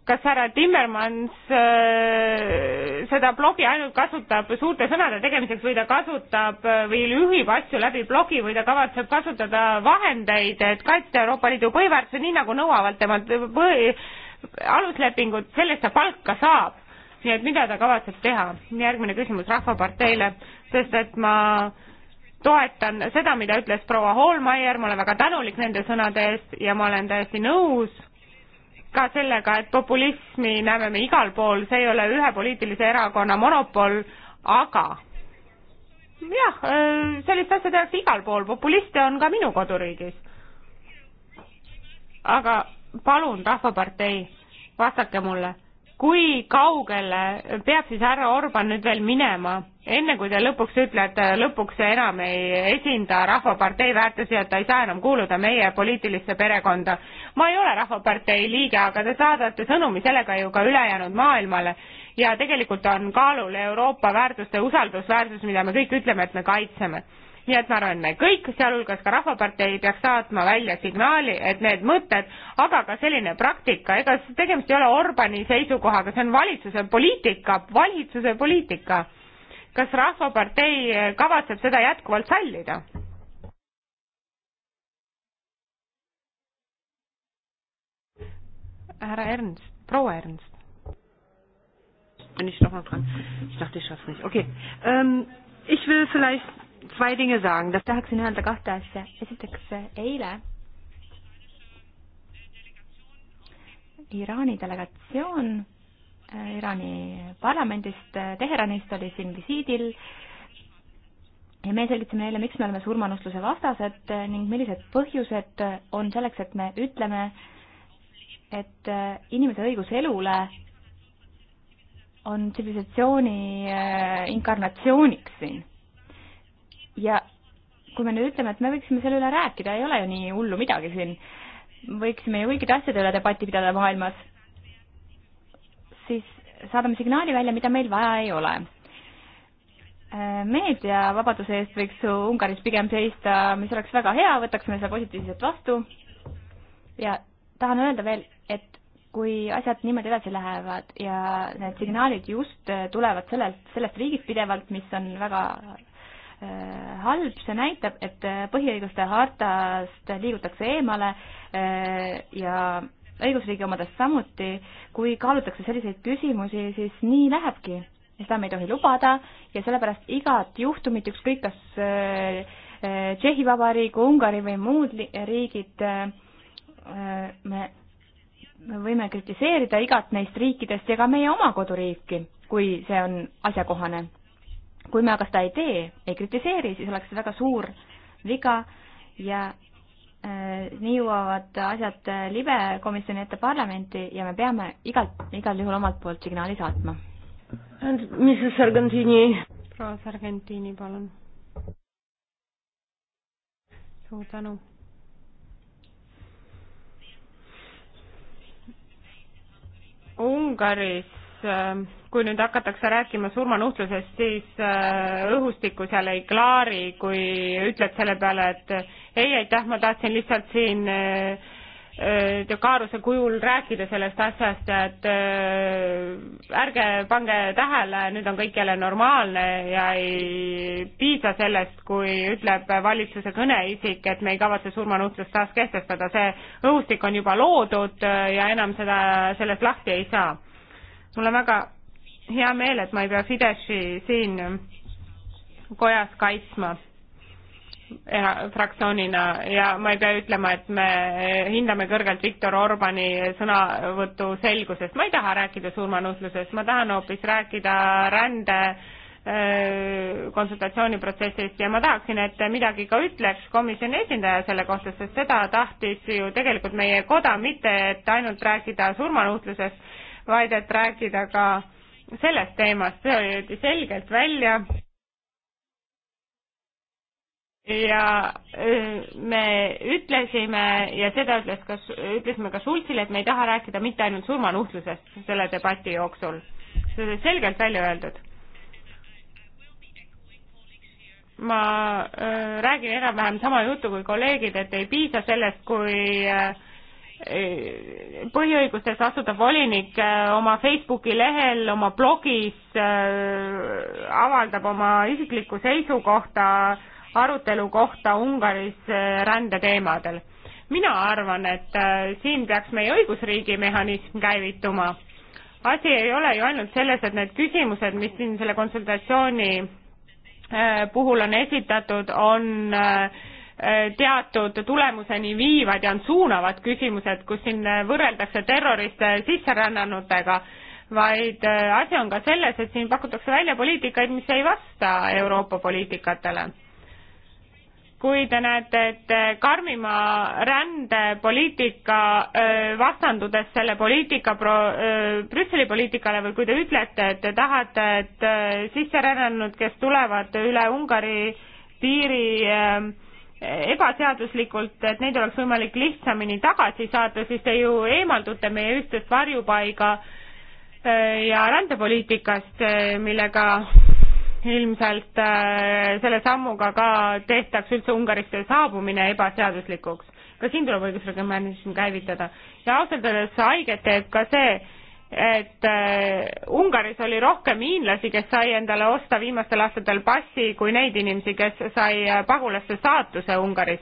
kas härra Timmermans äh, seda blogi ainult kasutab suurte sõnade tegemiseks või ta kasutab äh, või juhib asju läbi blogi või ta kavatseb kasutada vahendeid, et kaitsta Euroopa Liidu põhiväärtusi, nii nagu nõuavad temalt põhi, aluslepingud, sellest ta palka saab nii et mida ta kavatseb teha? järgmine küsimus Rahvaparteile, sest et ma toetan seda, mida ütles proua Hoolmeier, ma olen väga tänulik nende sõnade eest ja ma olen täiesti nõus ka sellega, et populismi näeme me igal pool, see ei ole ühe poliitilise erakonna monopol, aga jah, sellist asja tehakse igal pool, populiste on ka minu koduriigis. aga palun, Rahvapartei, vastake mulle kui kaugele peab siis härra Orban nüüd veel minema, enne kui ta lõpuks ütleb, et lõpuks enam ei esinda Rahvapartei väärtusi ja ta ei saa enam kuuluda meie poliitilisse perekonda. ma ei ole Rahvapartei liige, aga te saadate sõnumi sellega ju ka ülejäänud maailmale ja tegelikult on kaalul Euroopa väärtuste usaldusväärsus, mida me kõik ütleme, et me kaitseme nii et ma arvan, et me kõik, sealhulgas ka Rahvapartei, peaks saatma välja signaali, et need mõtted, aga ka selline praktika, ega tegemist ei ole Orbani seisukohaga, see on valitsuse poliitika, valitsuse poliitika. kas Rahvapartei kavatseb seda jätkuvalt sallida? härra Ernst,
proua Ernst. Wenn ich nochmal fragen. Ich dachte, ich schaffe es nicht. Okay. Ähm, ich will vielleicht tahaksin öelda kahte asja. esiteks,
eile Iraani delegatsioon äh, Iraani parlamendist, äh, Teheranist oli siin visiidil ja me selgitasime neile, miks me oleme surmanuhtluse vastased äh, ning millised põhjused on selleks, et me ütleme, et inimese õigus elule on tsivilisatsiooni
inkarnatsiooniks
siin ja kui me nüüd ütleme, et me võiksime selle üle rääkida, ei ole ju nii hullu midagi siin, võiksime ju kõikide asjade üle debatti pidada maailmas, siis saadame signaali välja, mida meil vaja ei ole. Äh, meediavabaduse eest võiks Ungaris pigem seista, mis oleks väga hea, võtaksime seda positiivselt vastu ja tahan öelda veel, et kui asjad niimoodi edasi lähevad ja need signaalid just tulevad sellelt, sellest riigist pidevalt, mis on väga Äh, halb, see näitab, et äh, põhiõiguste hartast liigutakse eemale äh, ja õigusriigi omadest samuti, kui kaalutakse selliseid küsimusi, siis nii lähebki. seda me ei tohi lubada ja sellepärast igat juhtumit, ükskõik kas Tšehhi Vabariik, Ungari või muud riigid, me võime kritiseerida igat neist riikidest ja ka meie oma koduriiki, kui see on asjakohane kui me aga seda ei tee, ei kritiseeri, siis oleks see väga suur viga ja äh, nii jõuavad asjad äh, libe komisjoni ette parlamenti ja me peame igalt, igal juhul omalt poolt signaali saatma.
mis siis Argentiini? proua Sargentini, palun. suur tänu. Ungaris äh, kui nüüd hakatakse rääkima surmanuhtlusest, siis äh, õhustikku seal ei klaari, kui ütled selle peale, et ei, aitäh, ma tahtsin lihtsalt siin äh, äh, Kaaruse kujul rääkida sellest asjast, et ärge pange tähele, nüüd on kõik jälle normaalne ja ei piisa sellest, kui ütleb valitsuse kõneisik, et me ei kavatse surmanuhtlust taas kehtestada, see õhustik on juba loodud ja enam seda, sellest lahti ei saa mul on väga hea meel, et ma ei pea Fideszi siin kojas kaitsma fraktsioonina ja ma ei pea ütlema, et me hindame kõrgelt Viktor Orbani sõnavõtu selgusest, ma ei taha rääkida surmanuhtlusest, ma tahan hoopis rääkida rände konsultatsiooniprotsessist ja ma tahaksin, et midagi ka ütleks komisjoni esindaja selle kohta, sest seda tahtis ju tegelikult meie koda, mitte et ainult rääkida surmanuhtlusest, vaid et rääkida ka äh, sellest teemast, see öeldi selgelt välja. ja me ütlesime ja seda ütles ka, ütlesime ka Schultzile, et me ei taha rääkida mitte ainult surmanuhtlusest selle debati jooksul. see oli selgelt välja öeldud. ma äh, räägin enam-vähem sama juttu kui kolleegid, et ei piisa sellest, kui äh, Eh, põhiõigustest vastutav volinik eh, oma Facebooki lehel, oma blogis eh, avaldab oma isiklikku seisukohta arutelu kohta Ungaris rände teemadel. mina arvan, et siin peaks meie õigusriigi mehhanism käivituma. asi ei ole ju ainult selles, et need küsimused, mis siin selle konsultatsiooni puhul on esitatud, on äh, Äh, teatud tulemuseni viivad ja on suunavad küsimused, kus siin äh, võrreldakse terroriste sisserännanutega, vaid äh, asi on ka selles, et siin pakutakse välja poliitikaid, mis ei vasta Euroopa poliitikatele. kui te näete, et karmima rändepoliitika vastandudes selle poliitika pro-, Brüsseli poliitikale või kui te ütlete, et te tahate, et sisserännanud, kes tulevad üle Ungari piiri äh, ebaseaduslikult, et neid oleks võimalik lihtsamini tagasi saata, siis te ju eemaldute meie ühtsest varjupaiga äh, ja rändepoliitikast, äh, millega ilmselt äh, selle sammuga ka tehtaks üldse Ungarisse saabumine ebaseaduslikuks. ka siin tuleb õigusregimenism käivitada. ja ausalt öeldes haiget teeb ka see, et äh, Ungaris oli rohkem hiinlasi, kes sai endale osta viimastel aastatel passi, kui neid inimesi, kes sai äh, pagulaste staatuse Ungaris.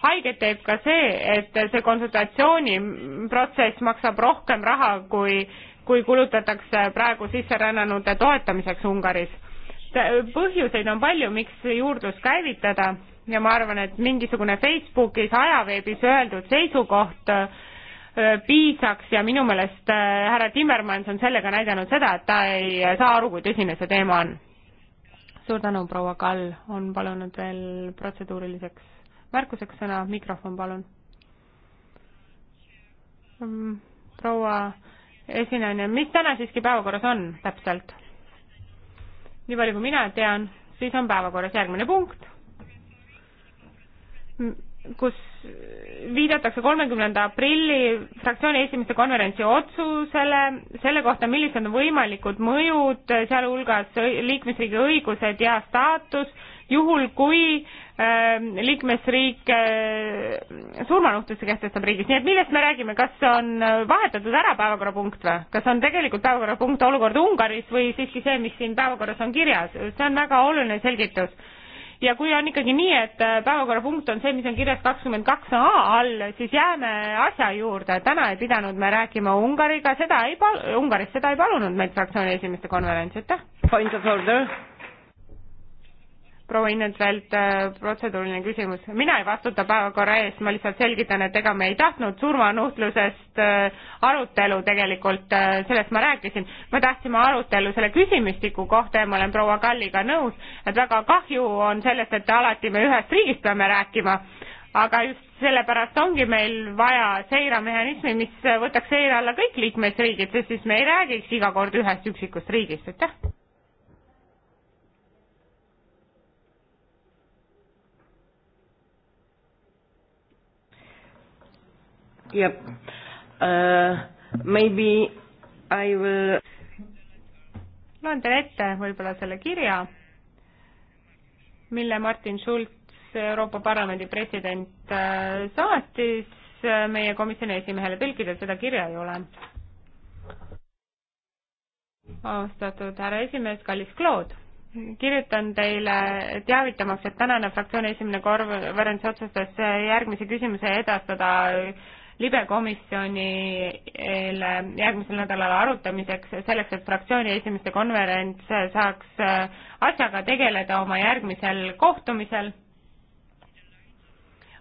haiget teeb ka see, et see konsultatsiooniprotsess maksab rohkem raha, kui, kui kulutatakse praegu sisserännanute toetamiseks Ungaris. põhjuseid on palju, miks juurdlus käivitada ja ma arvan, et mingisugune Facebookis ajaveebis öeldud seisukoht äh, Äh, piisaks ja minu meelest äh, härra Timmermans on sellega näidanud seda, et ta ei saa aru, kui tõsine see teema on. suur tänu, proua Kall on palunud veel protseduuriliseks märkuseks sõna, mikrofon palun. Mm, proua esinejana, mis täna siiski päevakorras on täpselt? nii palju, kui mina tean, siis on päevakorras järgmine punkt, kus viidatakse kolmekümnenda aprilli fraktsiooni esimeste konverentsi otsusele selle kohta, millised on võimalikud mõjud, sealhulgas liikmesriigi õigused ja staatus, juhul kui äh, liikmesriik äh, surmanuhtluse kehtestab riigis, nii et millest me räägime, kas on äh, vahetatud ära päevakorrapunkt või? kas on tegelikult päevakorrapunkt olukord Ungaris või siiski see, mis siin päevakorras on kirjas, see on väga oluline selgitus ja kui on ikkagi nii, et äh, päevakorrapunkt on see, mis on kirjas kakskümmend kaks A all, siis jääme asja juurde. täna ei pidanud me rääkima Ungariga, seda ei pal-, Ungarist seda ei palunud meilt fraktsiooni esimeeste konverents, aitäh. Point of order proua Innenfeld, äh, protseduuriline küsimus. mina ei vastuta päevakorra eest, ma lihtsalt selgitan, et ega me ei tahtnud surmanuhtlusest äh, arutelu tegelikult, äh, sellest ma rääkisin. me tahtsime arutelu selle küsimustiku kohta ja ma olen proua Kalliga nõus, et väga kahju on sellest, et alati me ühest riigist peame rääkima, aga just sellepärast ongi meil vaja seiramehhanismi, mis võtaks seire alla kõik liikmesriigid, sest siis me ei räägiks iga kord ühest üksikust riigist, aitäh.
Yep. Uh, maybe
I will loen teile ette võib-olla selle kirja, mille Martin Schulz, Euroopa Parlamendi president, äh, saatis äh, meie komisjoni esimehele, tõlkidel seda kirja ei ole. austatud härra esimees, kallis Claude, kirjutan teile teavitamaks, et tänane fraktsiooni esimene konverents otsustas järgmise küsimuse edastada libekomisjonile järgmisel nädalal arutamiseks, selleks et fraktsiooni esimeste konverents saaks äh, asjaga tegeleda oma järgmisel kohtumisel.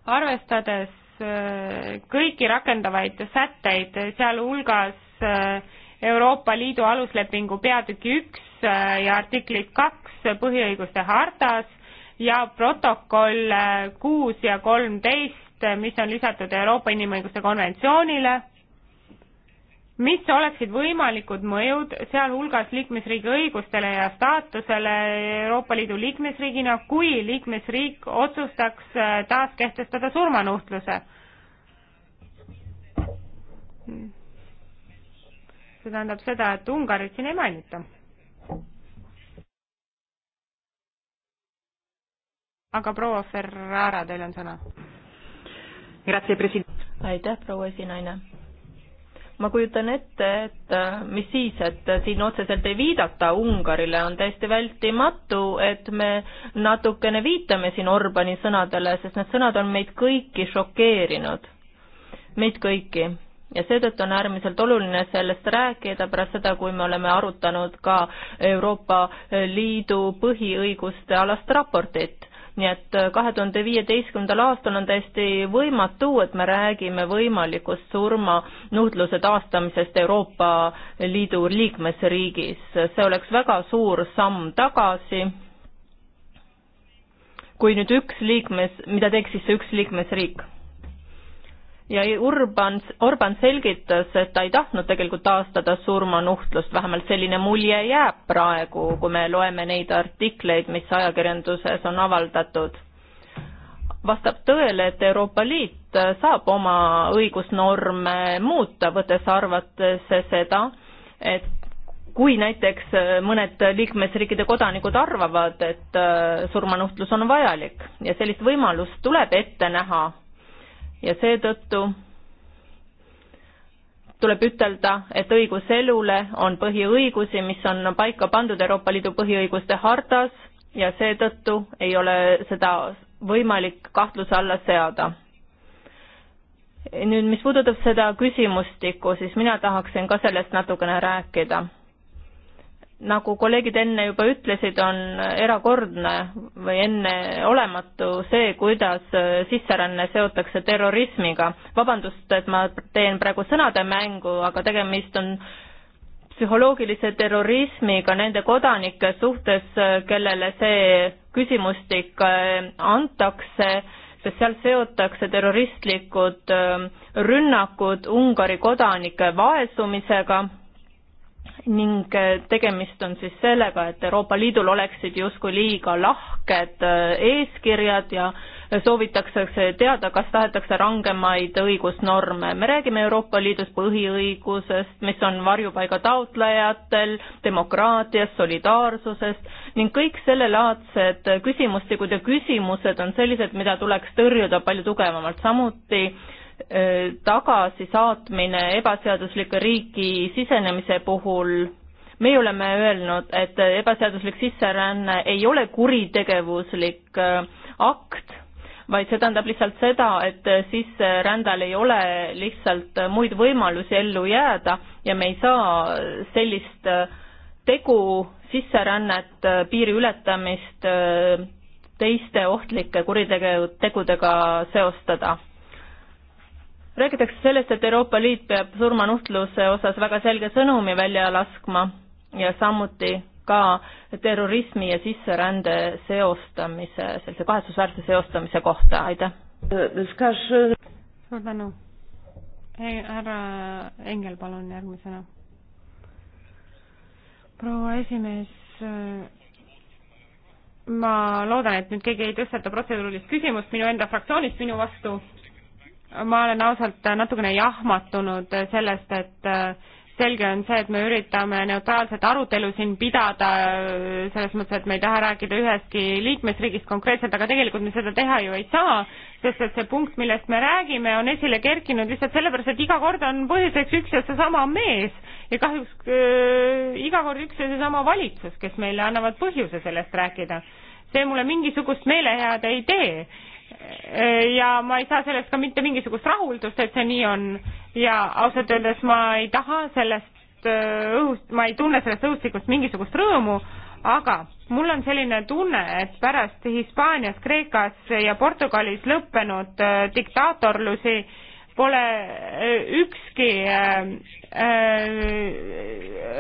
arvestades äh, kõiki rakendavaid sätteid, sealhulgas äh, Euroopa Liidu aluslepingu peatüki üks ja artiklit kaks põhiõiguste hartas ja protokoll kuus ja kolmteist punkt, eh, mis on lisatud Euroopa Inimõiguste konventsioonile, mis oleksid võimalikud mõjud, sealhulgas liikmesriigi õigustele ja staatusele Euroopa Liidu liikmesriigina, kui liikmesriik otsustaks eh, taaskehtestada surmanuhtluse? see tähendab seda, et Ungarit siin ei mainita. aga proua Ferrara, teil on sõna
aitäh, proua esinaine. ma kujutan ette, et äh, mis siis, et äh, siin otseselt ei viidata Ungarile, on täiesti vältimatu, et me natukene viitame siin Orbani sõnadele, sest need sõnad on meid kõiki šokeerinud. meid kõiki ja seetõttu on äärmiselt oluline sellest rääkida pärast seda, kui me oleme arutanud ka Euroopa Liidu põhiõiguste alast raportit nii et äh, kahe tuhande viieteistkümnendal aastal on täiesti võimatu, et me räägime võimalikust surmanuhtluse taastamisest Euroopa Liidu liikmesriigis. see oleks väga suur samm tagasi, kui nüüd üks liikmes, mida teeks siis see üks liikmesriik ja Urban, Orban selgitas, et ta ei tahtnud tegelikult taastada surmanuhtlust, vähemalt selline mulje jääb praegu, kui me loeme neid artikleid, mis ajakirjanduses on avaldatud. vastab tõele, et Euroopa Liit saab oma õigusnorme muuta, võttes arvatesse seda, et kui näiteks mõned liikmesriikide kodanikud arvavad, et surmanuhtlus on vajalik ja sellist võimalust tuleb ette näha ja seetõttu tuleb ütelda, et õigus elule on põhiõigusi, mis on paika pandud Euroopa Liidu põhiõiguste hartas ja seetõttu ei ole seda võimalik kahtluse alla seada. nüüd, mis puudutab seda küsimustikku, siis mina tahaksin ka sellest natukene rääkida nagu kolleegid enne juba ütlesid, on erakordne või enneolematu see, kuidas sisseränne seotakse terrorismiga. vabandust, et ma teen praegu sõnademängu, aga tegemist on psühholoogilise terrorismiga nende kodanike suhtes, kellele see küsimustik eh, antakse, sest seal seotakse terroristlikud eh, rünnakud Ungari kodanike vaesumisega ning eh, tegemist on siis sellega, et Euroopa Liidul oleksid justkui liiga lahked eh, eeskirjad ja soovitakse teada, kas tahetakse rangemaid õigusnorme. me räägime Euroopa Liidus põhiõigusest, mis on varjupaiga taotlejatel, demokraatiast, solidaarsusest ning kõik sellelaadsed küsimustikud ja küsimused on sellised, mida tuleks tõrjuda palju tugevamalt, samuti äh, Äh, tagasisaatmine ebaseadusliku riiki sisenemise puhul, meie oleme öelnud, et ebaseaduslik sisseränne ei ole kuritegevuslik äh, akt, vaid see tähendab lihtsalt seda, et sisserändajal ei ole lihtsalt muid võimalusi ellu jääda ja me ei saa sellist äh, tegu, sisserännet, piiri ületamist teiste ohtlike kuritegudega seostada räägitakse sellest, et Euroopa Liit peab surmanuhtluse osas väga selge sõnumi välja laskma ja samuti ka terrorismi ja sisserände seostamise, sellise kahetsusväärse seostamise kohta, aitäh.
suur tänu. härra Engel, palun järgmisena. proua esimees, ma loodan, et nüüd keegi ei tõstata protseduurilist küsimust minu enda fraktsioonist minu vastu ma olen ausalt natukene jahmatunud sellest, et äh, selge on see, et me üritame neutraalset arutelu siin pidada, äh, selles mõttes, et me ei taha rääkida ühestki liikmesriigist konkreetselt, aga tegelikult me seda teha ju ei saa, sest et see punkt, millest me räägime, on esile kerkinud lihtsalt sellepärast, et iga kord on põhjuseks üks ja seesama mees ja kahjuks äh, iga kord üks ja seesama valitsus, kes meile annavad põhjuse sellest rääkida. see mulle mingisugust meelehead ei tee Äh, ja ma ei saa sellest ka mitte mingisugust rahuldust, et see nii on ja ausalt öeldes ma ei taha sellest äh, õhust, ma ei tunne sellest õhustikust mingisugust rõõmu, aga mul on selline tunne, et pärast Hispaanias, Kreekas ja Portugalis lõppenud äh, diktaatorlusi pole ükski Äh,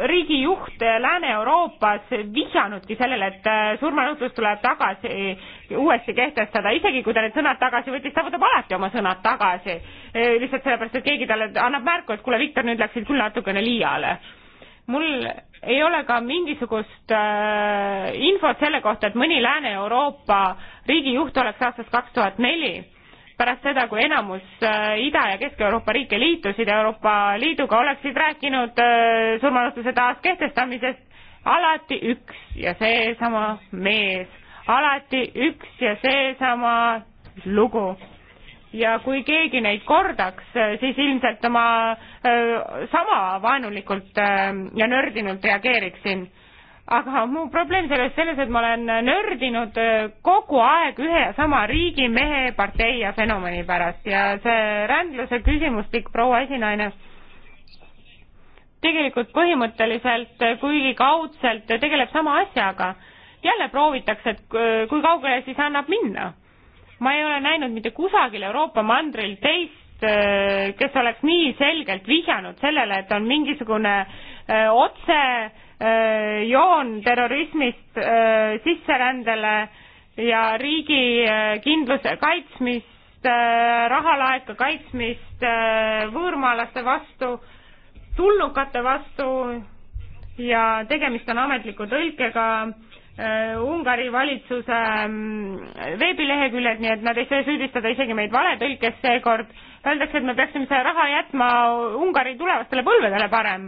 riigijuht Lääne-Euroopas vihjanudki sellele, et äh, surmanuhtlus tuleb tagasi, uuesti kehtestada, isegi kui ta need sõnad tagasi võttis, ta võtab alati oma sõnad tagasi. Äh, lihtsalt sellepärast, et keegi talle annab märku, et kuule, Viktor, nüüd läksid küll natukene liiale. mul ei ole ka mingisugust infot selle kohta, et mõni Lääne-Euroopa riigijuht oleks aastast kaks tuhat neli pärast seda, kui enamus äh, Ida- ja Kesk-Euroopa riike liitusid Euroopa Liiduga, oleksid rääkinud äh, surmanutuse taaskehtestamisest alati üks ja seesama mees, alati üks ja seesama lugu. ja kui keegi neid kordaks, äh, siis ilmselt ma sama vaenulikult ja nördinult reageeriksin aga mu probleem selles, selles, et ma olen nördinud kogu aeg ühe ja sama riigimehe partei ja fenomeni pärast ja see rändluse küsimustik, proua esinaine, tegelikult põhimõtteliselt kuigi kaudselt tegeleb sama asjaga. jälle proovitakse, et kui kaugele siis annab minna. ma ei ole näinud mitte kusagil Euroopa mandril teist kes oleks nii selgelt vihjanud sellele, et on mingisugune eh, otse Äh, joon terrorismist äh, sisserändele ja riigi äh, kindluse kaitsmist, rahalaeka kaitsmist võõrmaalaste vastu, tulnukate vastu ja tegemist on ametliku tõlkega Ungari valitsuse mm, veebileheküljed, nii et nad ei saa süüdistada isegi meid valetõlkes seekord. Öeldakse, et me peaksime selle raha jätma Ungari tulevastele põlvedele parem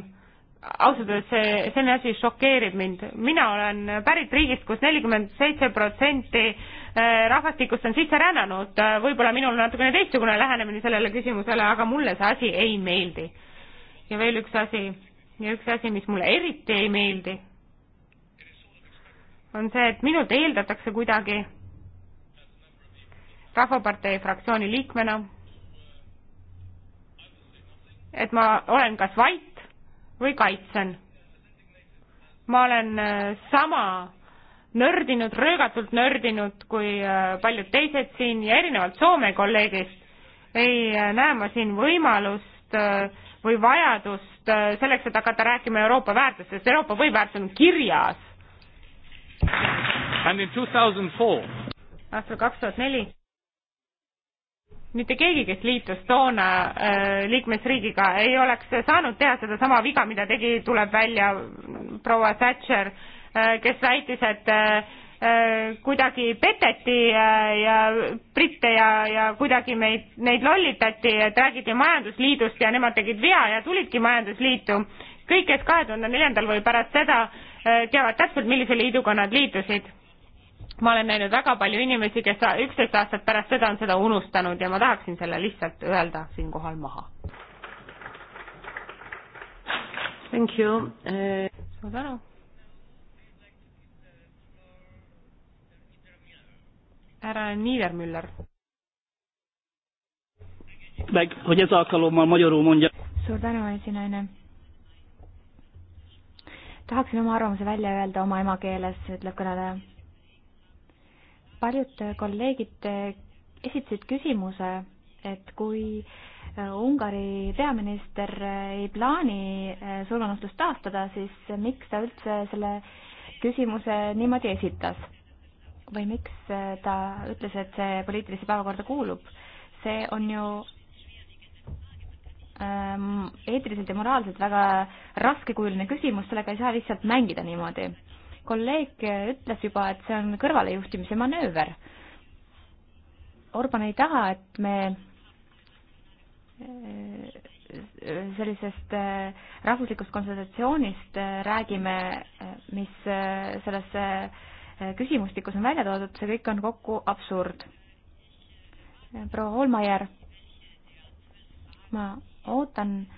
ausalt öeldes see, selline asi šokeerib mind. mina olen pärit riigist kus, kus nelikümmend seitse protsenti äh, rahvastikust on sisse rännanud, äh, võib-olla minul on natukene teistsugune lähenemine sellele küsimusele, aga mulle see asi ei meeldi. ja veel üks asi, ja üks asi, mis mulle eriti ei meeldi, on see, et minult eeldatakse kuidagi Rahvapartei fraktsiooni liikmena, et ma olen kas vait või kaitsen. ma olen äh, sama nördinud, röögatult nördinud kui äh, paljud teised siin ja erinevalt Soome kolleegist ei äh, näe ma siin võimalust või vajadust selleks, et hakata rääkima Euroopa väärtustest, Euroopa põhiväärtus on kirjas. aastal kaks tuhat neli mitte keegi, kes liitus toona äh, liikmesriigiga, ei oleks saanud teha sedasama viga, mida tegi, tuleb välja proua Thatcher, äh, kes väitis, et äh, kuidagi peteti ja britte ja, ja kuidagi meid, neid lollitati, et räägiti majandusliidust ja nemad tegid vea ja tulidki majandusliitu. kõik, kes kahe tuhande neljandal või pärast seda teavad täpselt, millise liiduga nad liitusid ma olen näinud väga palju inimesi, kes üksteist aastat pärast seda on seda unustanud ja ma tahaksin selle lihtsalt öelda siinkohal maha. Thank you eh.... suur tänu. härra Niidermüller.
Meg, hogy ez alkalommal magyarul mondja.
Suur tänu, esinaine.
tahaksin oma arvamuse välja öelda oma emakeeles, ütleb kõneleja paljud kolleegid esitasid küsimuse, et kui äh, Ungari peaminister äh, ei plaani äh, surmanuhtlust taastada, siis miks ta üldse selle küsimuse niimoodi esitas? või miks ta ütles, et see poliitilisse päevakorda kuulub? see on ju ähm, eetiliselt ja moraalselt väga raskekujuline küsimus, sellega ei saa lihtsalt mängida niimoodi kolleeg ütles juba, et see on kõrvalejuhtimise manööver. Orban ei taha, et me äh, sellisest äh, rahvuslikust konsultatsioonist äh, räägime, mis selles küsimustikus on välja toodud, see kõik on kokku absurd. proua Holmajärv, ma ootan äh,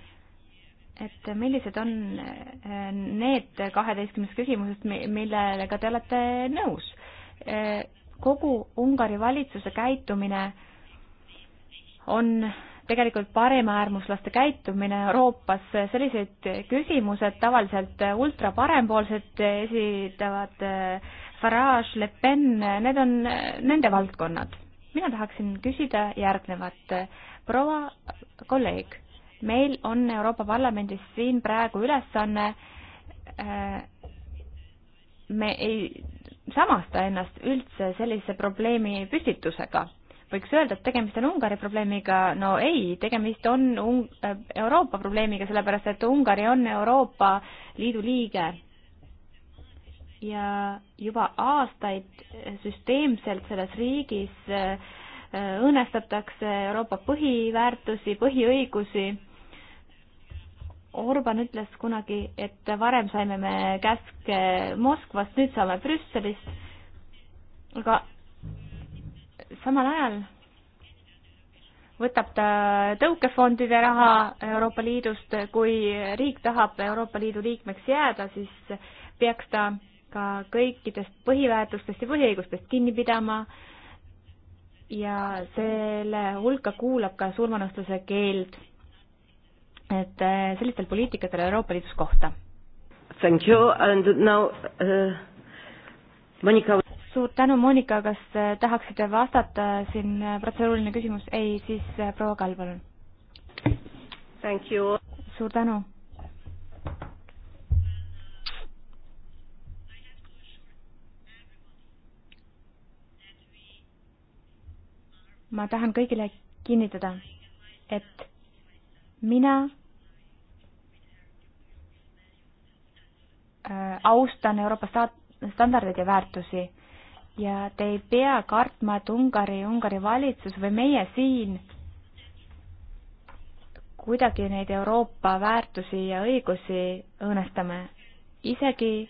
et millised on äh, need kaheteistkümnest küsimusest, millega te olete nõus? Äh, kogu Ungari valitsuse käitumine on tegelikult paremäärmuslaste käitumine Euroopas, sellised küsimused tavaliselt ultraparempoolsed esitavad äh, Farage, Le Pen, need on nende valdkonnad. mina tahaksin küsida järgnevat. proua kolleeg meil on Euroopa Parlamendis siin praegu ülesanne, äh, me ei samasta ennast üldse sellise probleemi püstitusega. võiks öelda, et tegemist on Ungari probleemiga, no ei, tegemist on Un-, äh, Euroopa probleemiga, sellepärast et Ungari on Euroopa Liidu liige ja juba aastaid süsteemselt selles riigis äh, õõnestatakse Euroopa põhiväärtusi, põhiõigusi Orban ütles kunagi, et varem saime me käske Moskvast, nüüd saame Brüsselist. aga samal ajal võtab ta tõukefondide raha Euroopa Liidust, kui riik tahab Euroopa Liidu liikmeks jääda, siis peaks ta ka kõikidest põhiväärtustest ja põhiõigustest kinni pidama ja selle hulka kuulab ka surmanuhtluse keeld et äh, sellistel poliitikatel Euroopa Liidus kohta.
Thank you and now uh, Monika. suur tänu,
Monika, kas äh, tahaksite vastata siin äh, protseduuriline küsimus? ei, siis proua Kall, palun. Thank you. suur tänu. ma tahan kõigile kinnitada, et mina Äh, austan Euroopa standardeid ja väärtusi ja te ei pea kartma, et Ungari, Ungari valitsus või meie siin kuidagi neid Euroopa väärtusi ja õigusi õõnestame. isegi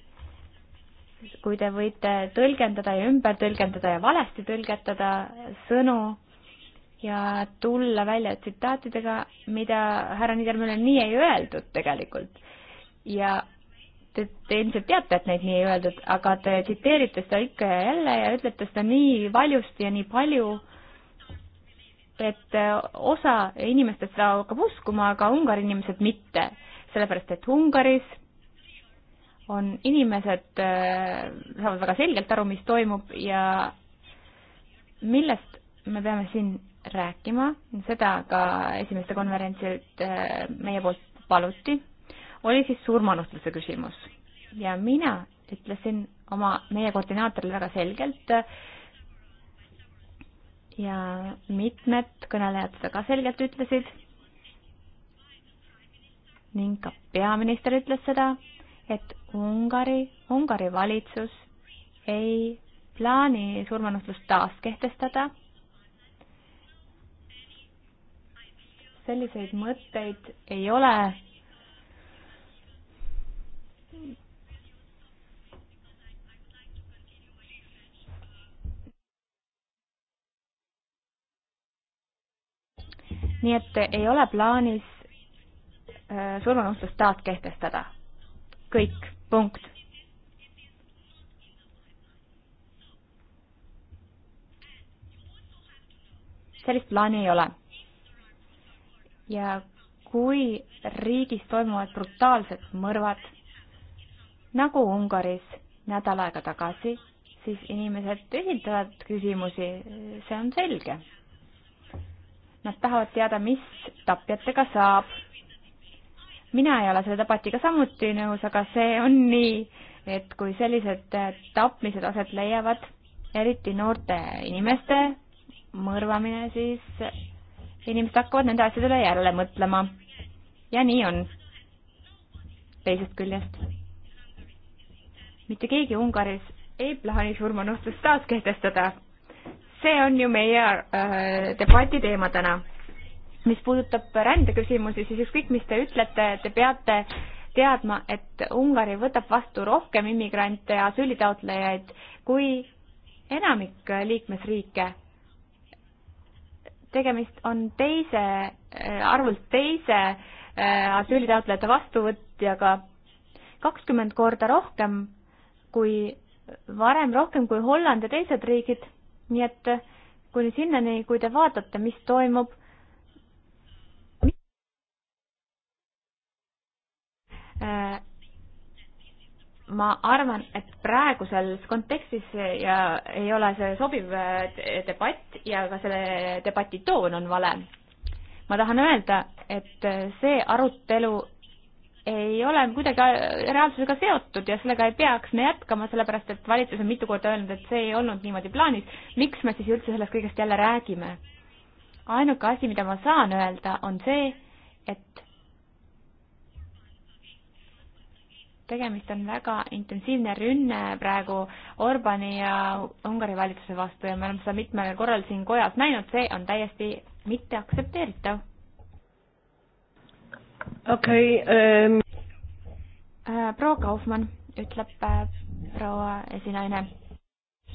kui te võite tõlgendada ja ümber tõlgendada ja valesti tõlgetada sõnu ja tulla välja tsitaatidega, mida härra Niedermüller nii ei öeldud tegelikult. ja te, te ilmselt teate, et neid nii ei öeldud, aga te tsiteerite seda ikka ja jälle ja ütlete seda nii valjusti ja nii palju, et äh, osa inimestest seda hakkab uskuma, aga Ungari inimesed mitte. sellepärast, et Ungaris on inimesed äh,, saavad väga selgelt aru, mis toimub ja millest me peame siin rääkima, seda ka esimeste konverentsilt äh, meie poolt paluti oli siis surmanuhtluse küsimus. ja mina ütlesin oma, meie koordinaatorile väga selgelt ja mitmed kõnelejad seda ka selgelt ütlesid ning ka peaminister ütles seda, et Ungari, Ungari valitsus ei plaani surmanuhtlust taaskehtestada. selliseid mõtteid ei ole nii et ei ole plaanis äh, surmanuhtlust taaskehtestada. kõik, punkt. sellist plaani ei ole. ja kui riigis toimuvad brutaalsed mõrvad, nagu Ungaris nädal aega tagasi, siis inimesed esitavad küsimusi, see on selge Nad tahavad teada, mis tapjatega saab. mina ei ole selle debatiga samuti nõus, aga see on nii, et kui sellised eh, tapmised aset leiavad, eriti noorte inimeste mõrvamine, siis inimesed hakkavad nende asjade üle jälle mõtlema. ja nii on. teisest küljest. mitte keegi Ungaris ei plaani surmanuhtlust taas kehtestada see on ju meie äh, debati teema täna. mis puudutab rändeküsimusi, siis ükskõik, mis te ütlete, te peate teadma, et Ungari võtab vastu rohkem immigrante ja asüülitaotlejaid kui enamik liikmesriike. tegemist on teise, äh, arvult teise äh, asüülitaotlejate vastuvõtjaga, kakskümmend korda rohkem kui varem, rohkem kui Holland ja teised riigid nii et eh, kuni sinnani, kui te vaatate, mis toimub, eh, ma arvan, et praeguses kontekstis ja ei ole see sobiv eh, debatt ja ka selle debati toon on vale. ma tahan öelda, et see arutelu ei ole kuidagi äh, reaalsusega seotud ja sellega ei peaks me jätkama, sellepärast et valitsus on mitu korda öelnud, et see ei olnud niimoodi plaanis. miks me siis üldse sellest kõigest jälle räägime? ainuke asi, mida ma saan öelda, on see, et tegemist on väga intensiivne rünne praegu Orbani ja Ungari valitsuse vastu ja me oleme seda mitmel korral siin kojas näinud, see on täiesti mitte aktsepteeritav
okei okay, um.... Ähm, äh,
proua Kaufmann, ütleb äh, proua esinaine.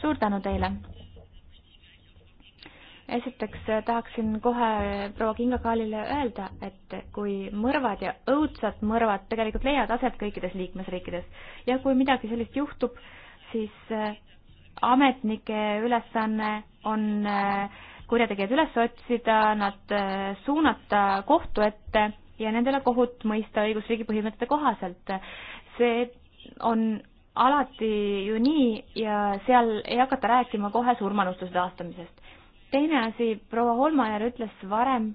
suur tänu teile. esiteks äh, tahaksin kohe proua Kingakaalile öelda, et kui mõrvad ja õudsad mõrvad tegelikult leiavad aset kõikides liikmesriikides ja kui midagi sellist juhtub, siis ametnike ülesanne on kurjategijad üles otsida, nad suunata kohtu ette ja nendele kohut mõista õigusriigi põhimõtete kohaselt. see on alati ju nii ja seal ei hakata rääkima kohe surmanustuse taastamisest. teine asi, proua Holmajärv ütles varem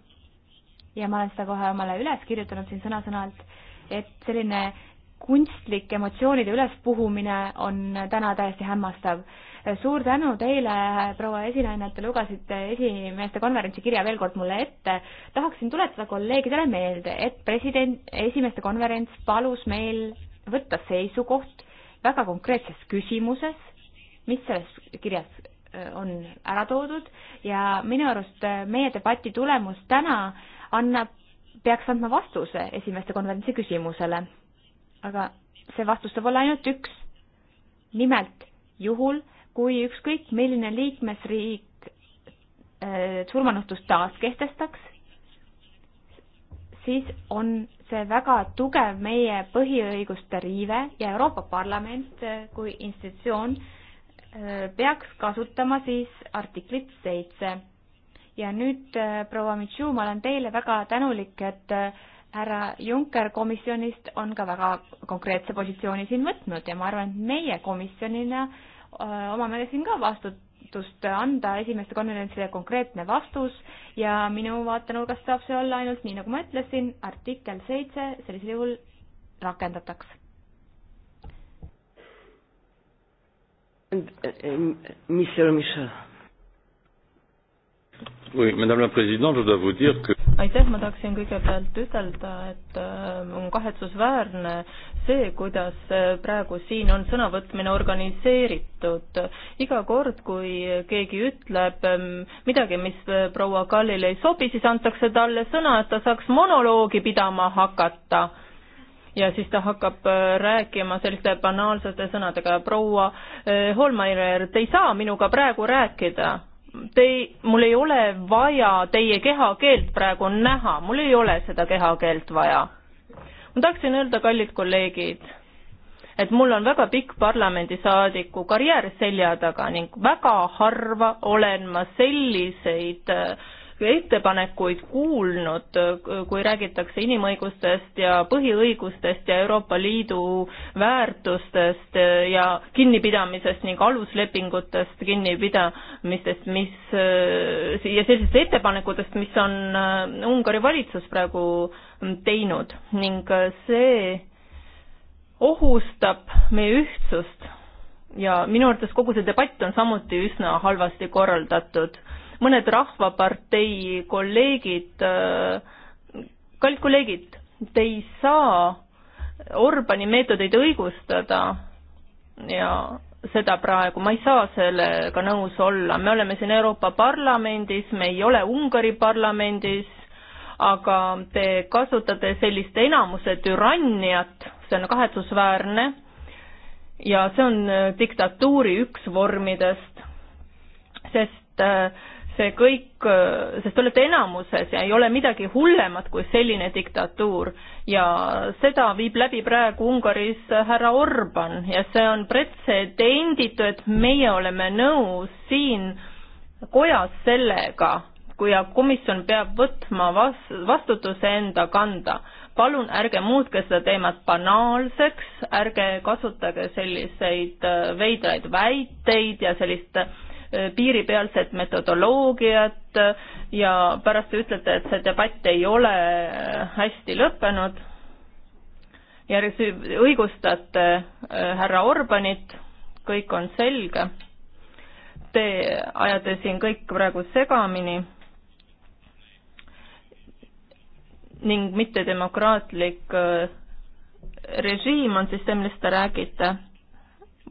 ja ma olen seda kohe omale üles kirjutanud siin sõna-sõnalt, et selline kunstlik emotsioonide ülespuhumine on täna täiesti hämmastav suur tänu teile, proua esinaine, et te lugesite esimeeste konverentsi kirja veel kord mulle ette. tahaksin tuletada kolleegidele meelde, et president, esimeeste konverents palus meil võtta seisukoht väga konkreetses küsimuses, mis selles kirjas äh, on ära toodud ja minu arust äh, meie debati tulemus täna annab, peaks andma vastuse esimeeste konverentsi küsimusele. aga see vastus saab olla ainult üks. nimelt juhul, kui ükskõik milline liikmesriik äh, surmanuhtlust taas kehtestaks, siis on see väga tugev meie põhiõiguste riive ja Euroopa Parlament äh, kui institutsioon äh, peaks kasutama siis artiklit seitse. ja nüüd, proua Michu, ma olen teile väga tänulik, et härra Juncker komisjonist on ka väga konkreetse positsiooni siin võtnud ja ma arvan, et meie komisjonina äh, Äh, omame siin ka vastutust anda esimeste konverentsile konkreetne vastus ja minu vaatenurgast saab see olla ainult nii, nagu ma ütlesin, artikkel seitse sellisel juhul rakendataks.
Uh, Monsieur Michel.
Oui, Madame la Présidente, je dois vous dire que
aitäh, ma tahaksin kõigepealt ütelda, et äh, on kahetsusväärne see, kuidas äh, praegu siin on sõnavõtmine organiseeritud. iga kord, kui keegi ütleb ähm, midagi, mis äh, proua Kallile ei sobi, siis antakse talle sõna, et ta saaks monoloogi pidama hakata ja siis ta hakkab rääkima selliste banaalsete sõnadega, proua Holmeier, te ei saa minuga praegu rääkida te, mul ei ole vaja teie kehakeelt praegu on näha, mul ei ole seda kehakeelt vaja. ma tahaksin öelda, kallid kolleegid, et mul on väga pikk parlamendisaadiku karjäär selja taga ning väga harva olen ma selliseid äh, ettepanekuid kuulnud, kui räägitakse inimõigustest ja põhiõigustest ja Euroopa Liidu väärtustest ja kinnipidamisest ning aluslepingutest kinnipidamistest, mis ja sellistest ettepanekutest, mis on äh, Ungari valitsus praegu teinud ning äh, see ohustab meie ühtsust ja minu arvates kogu see debatt on samuti üsna halvasti korraldatud mõned Rahvapartei kolleegid, kallid kolleegid, te ei saa Orbani meetodeid õigustada ja seda praegu, ma ei saa sellega nõus olla, me oleme siin Euroopa Parlamendis, me ei ole Ungari parlamendis, aga te kasutate sellist enamuse türanniat, see on kahetsusväärne ja see on diktatuuri üks vormidest, sest äh, see kõik, sest te olete enamuses ja ei ole midagi hullemat kui selline diktatuur ja seda viib läbi praegu Ungaris härra Orban ja see on pretsedenditu, et meie oleme nõus siin kojas sellega, kui komisjon peab võtma vas-, vastutuse enda kanda. palun ärge muutke seda teemat banaalseks, ärge kasutage selliseid äh, veidraid väiteid ja sellist äh, piiripealset metodoloogiat ja pärast te ütlete, et see debatt ei ole hästi lõppenud. järjest õigustate äh, härra Orbanit, kõik on selge. Te ajate siin kõik praegu segamini ning mittedemokraatlik äh, režiim on siis see, millest te räägite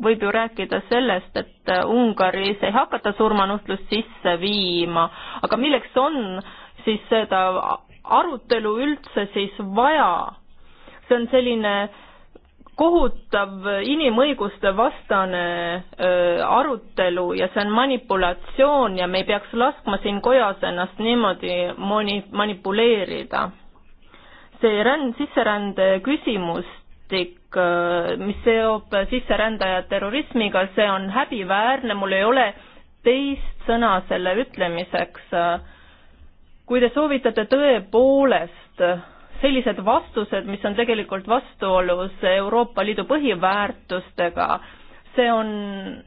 võib ju rääkida sellest, et äh, Ungaris ei hakata surmanuhtlust sisse viima, aga milleks on siis seda arutelu üldse siis vaja? see on selline kohutav inimõiguste vastane öö, äh, arutelu ja see on manipulatsioon ja me ei peaks laskma siin kojas ennast niimoodi moni-, manipuleerida. see ränd, sisserände küsimustik rünnak, äh, mis seob sisserändajad terrorismiga, see on häbiväärne, mul ei ole teist sõna selle ütlemiseks. kui te soovitate tõepoolest sellised vastused, mis on tegelikult vastuolus Euroopa Liidu põhiväärtustega, see on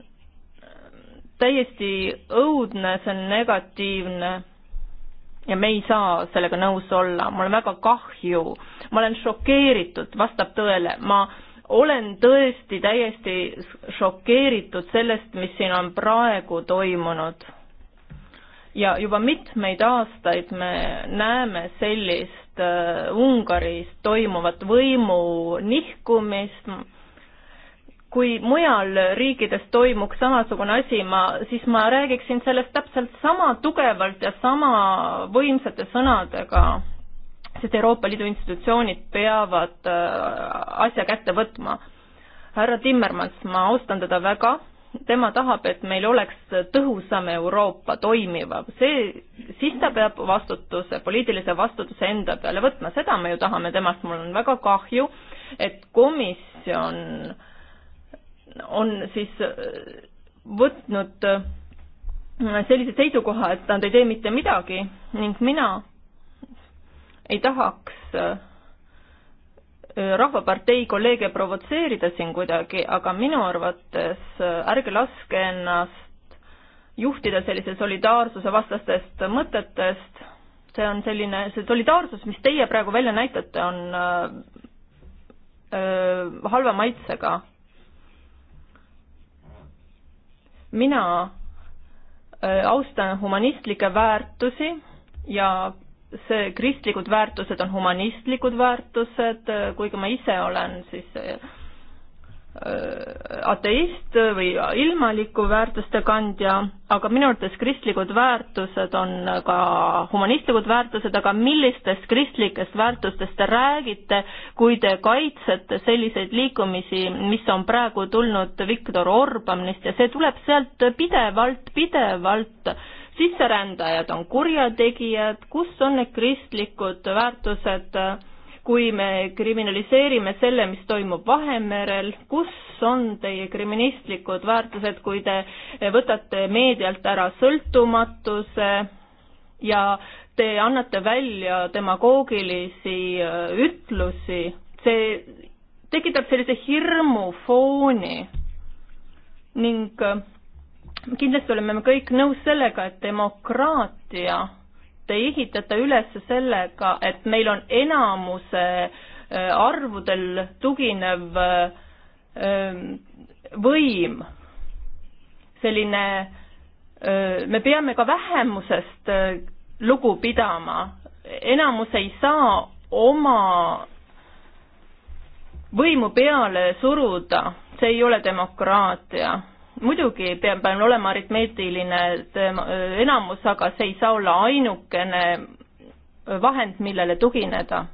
täiesti õudne, see on negatiivne ja me ei saa sellega nõus olla, mul on väga kahju, ma olen šokeeritud, vastab tõele, ma olen tõesti täiesti šokeeritud sellest, mis siin on praegu toimunud. ja juba mitmeid aastaid me näeme sellist äh, Ungaris toimuvat võimu nihkumist, kui mujal riikides toimuks samasugune asi, ma, siis ma räägiksin sellest täpselt sama tugevalt ja sama võimsate sõnadega, sest Euroopa Liidu institutsioonid peavad äh, asja kätte võtma. härra Timmermans, ma austan teda väga, tema tahab, et meil oleks tõhusam Euroopa, toimivam, see, siis ta peab vastutuse, poliitilise vastutuse enda peale võtma, seda me ju tahame temast, mul on väga kahju, et komisjon äh, on siis äh, võtnud äh, sellise seisukoha, et nad ei tee mitte midagi ning mina ei tahaks äh, Rahvapartei kolleege provotseerida siin kuidagi, aga minu arvates ärge laske ennast juhtida sellise solidaarsuse vastastest mõtetest, see on selline, see solidaarsus, mis teie praegu välja näitate, on öö, halva maitsega mina äh, austan humanistlikke väärtusi ja see, kristlikud väärtused on humanistlikud väärtused, äh, kuigi ma ise olen siis äh, Äh, ateist või ilmaliku väärtuste kandja, aga minu arvates kristlikud väärtused on ka humanistlikud väärtused, aga millistest kristlikest väärtustest te räägite, kui te kaitsete selliseid liikumisi, mis on praegu tulnud Viktor Orbanist ja see tuleb sealt pidevalt, pidevalt. sisserändajad on kurjategijad, kus on need kristlikud väärtused äh, kui me kriminaliseerime selle, mis toimub Vahemerel, kus on teie kriministlikud väärtused, kui te võtate meedialt ära sõltumatuse ja te annate välja demagoogilisi äh, ütlusi, see tekitab sellise hirmufooni ning äh, kindlasti oleme me kõik nõus sellega, et demokraatia ei ehitata üles sellega, et meil on enamuse äh, arvudel tuginev äh, ähm, võim, selline, äh, me peame ka vähemusest lugu pidama, enamus ei saa oma võimu peale suruda, see ei ole demokraatia muidugi peab olema aritmeetiline enamus, aga see ei saa olla ainukene vahend, millele tugineda.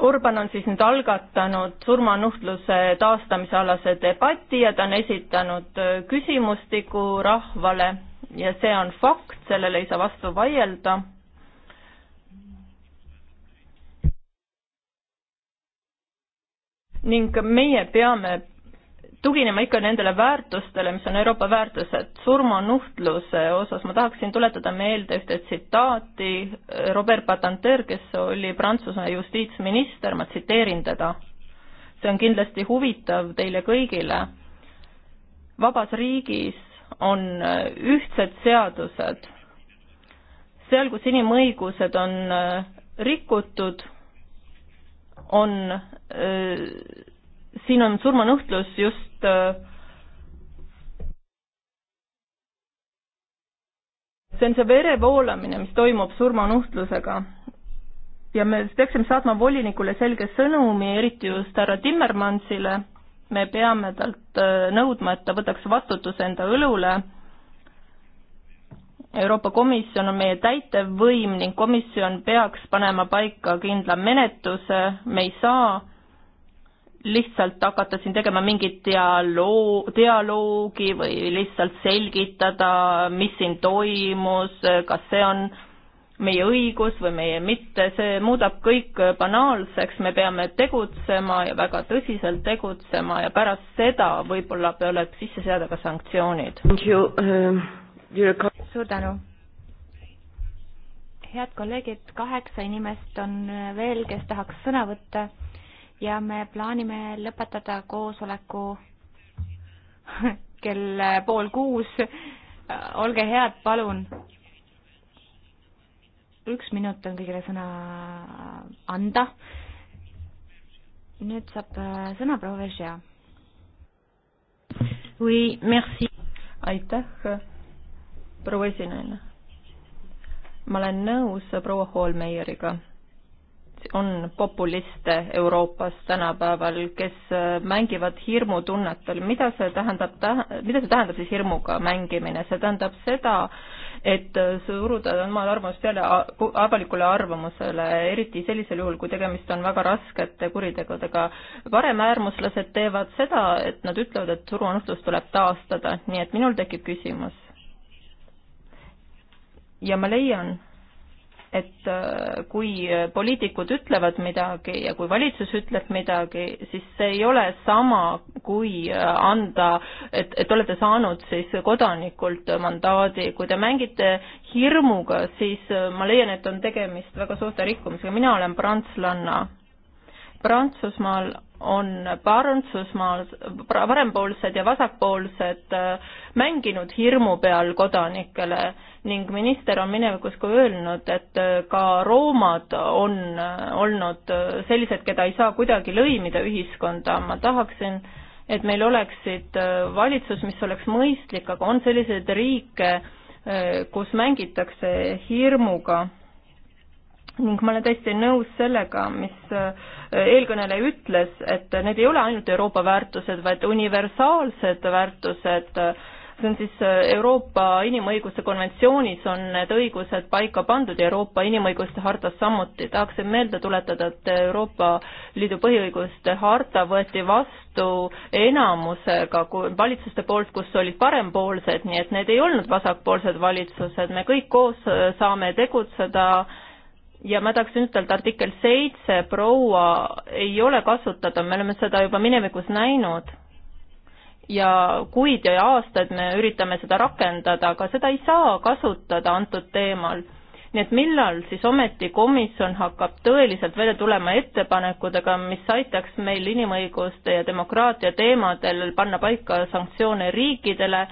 Orban on siis nüüd algatanud surmanuhtluse taastamise alase debati ja ta on esitanud küsimustiku rahvale ja see on fakt, sellele ei saa vastu vaielda ning meie peame tuginema ikka nendele väärtustele, mis on Euroopa väärtused. surmanuhtluse osas ma tahaksin tuletada meelde ühte tsitaati äh, Robert Patanter, kes oli Prantsuse justiitsminister, ma tsiteerin teda. see on kindlasti huvitav teile kõigile. vabas riigis on äh, ühtsed seadused. seal, kus inimõigused on äh, rikutud, on siin on surmanuhtlus just et äh, see on see vere voolamine, mis toimub surmanuhtlusega. ja me peaksime saatma volinikule selge sõnumi, eriti just härra Timmermansile, me peame talt äh, nõudma, et ta võtaks vastutuse enda õlule Euroopa Komisjon on meie täitevvõim ning komisjon peaks panema paika kindla menetluse, me ei saa lihtsalt hakata siin tegema mingit dialoo-, dialoogi või lihtsalt selgitada, mis siin toimus, kas see on meie õigus või meie mitte, see muudab kõik banaalseks, me peame tegutsema ja väga tõsiselt tegutsema ja pärast seda võib-olla tuleb sisse seada ka sanktsioonid. Um, suur tänu!
head kolleegid, kaheksa inimest on veel, kes tahaks sõna võtta ja me plaanime lõpetada koosoleku kell pool kuus. olge head, palun. üks minut on kõigile sõna anda.
nüüd saab äh, sõna proua Veržia. Oui, merci. aitäh, proua esinaine. ma olen nõus proua Hallmeieriga on populiste Euroopas tänapäeval, kes äh, mängivad hirmutunnetel. mida see tähendab, mida see tähendab siis hirmuga mängimine? see tähendab seda, et äh, suruda oma arvamus peale avalikule arvamusele, eriti sellisel juhul, kui tegemist on väga raskete kuritegudega. paremäärmuslased teevad seda, et nad ütlevad, et turuannustus tuleb taastada, nii et minul tekib küsimus. ja ma leian et äh, kui poliitikud ütlevad midagi ja kui valitsus ütleb midagi, siis see ei ole sama, kui äh, anda, et, et olete saanud siis kodanikult mandaadi, kui te mängite hirmuga, siis äh, ma leian, et on tegemist väga suurte rikkumisega, mina olen prantslanna. Prantsusmaal on Prantsusmaal parempoolsed ja vasakpoolsed äh, mänginud hirmu peal kodanikele ning minister on minevikus ka öelnud, et äh, ka roomad on äh, olnud sellised, keda ei saa kuidagi lõimida ühiskonda, ma tahaksin, et meil oleksid valitsus, mis oleks mõistlik, aga on selliseid riike, kus mängitakse hirmuga ning ma olen täiesti nõus sellega, mis
eelkõneleja
ütles, et need ei ole ainult Euroopa väärtused, vaid universaalsed väärtused, see on siis Euroopa Inimõiguste Konventsioonis on need õigused paika pandud ja Euroopa Inimõiguste hartas samuti. tahaksin meelde tuletada, et Euroopa Liidu põhiõiguste harta võeti vastu enamusega valitsuste poolt, kus olid parempoolsed, nii et need ei olnud vasakpoolsed valitsused, me kõik koos saame tegutseda äh, ja ma tahaksin ütelda, artikkel seitse proua ei ole kasutada, me oleme seda juba minevikus näinud ja kuid ja aastaid me üritame seda rakendada, aga seda ei saa kasutada antud teemal. nii et millal siis ometi komisjon hakkab tõeliselt välja tulema ettepanekutega, mis aitaks meil inimõiguste ja demokraatia teemadel panna paika sanktsioone riikidele,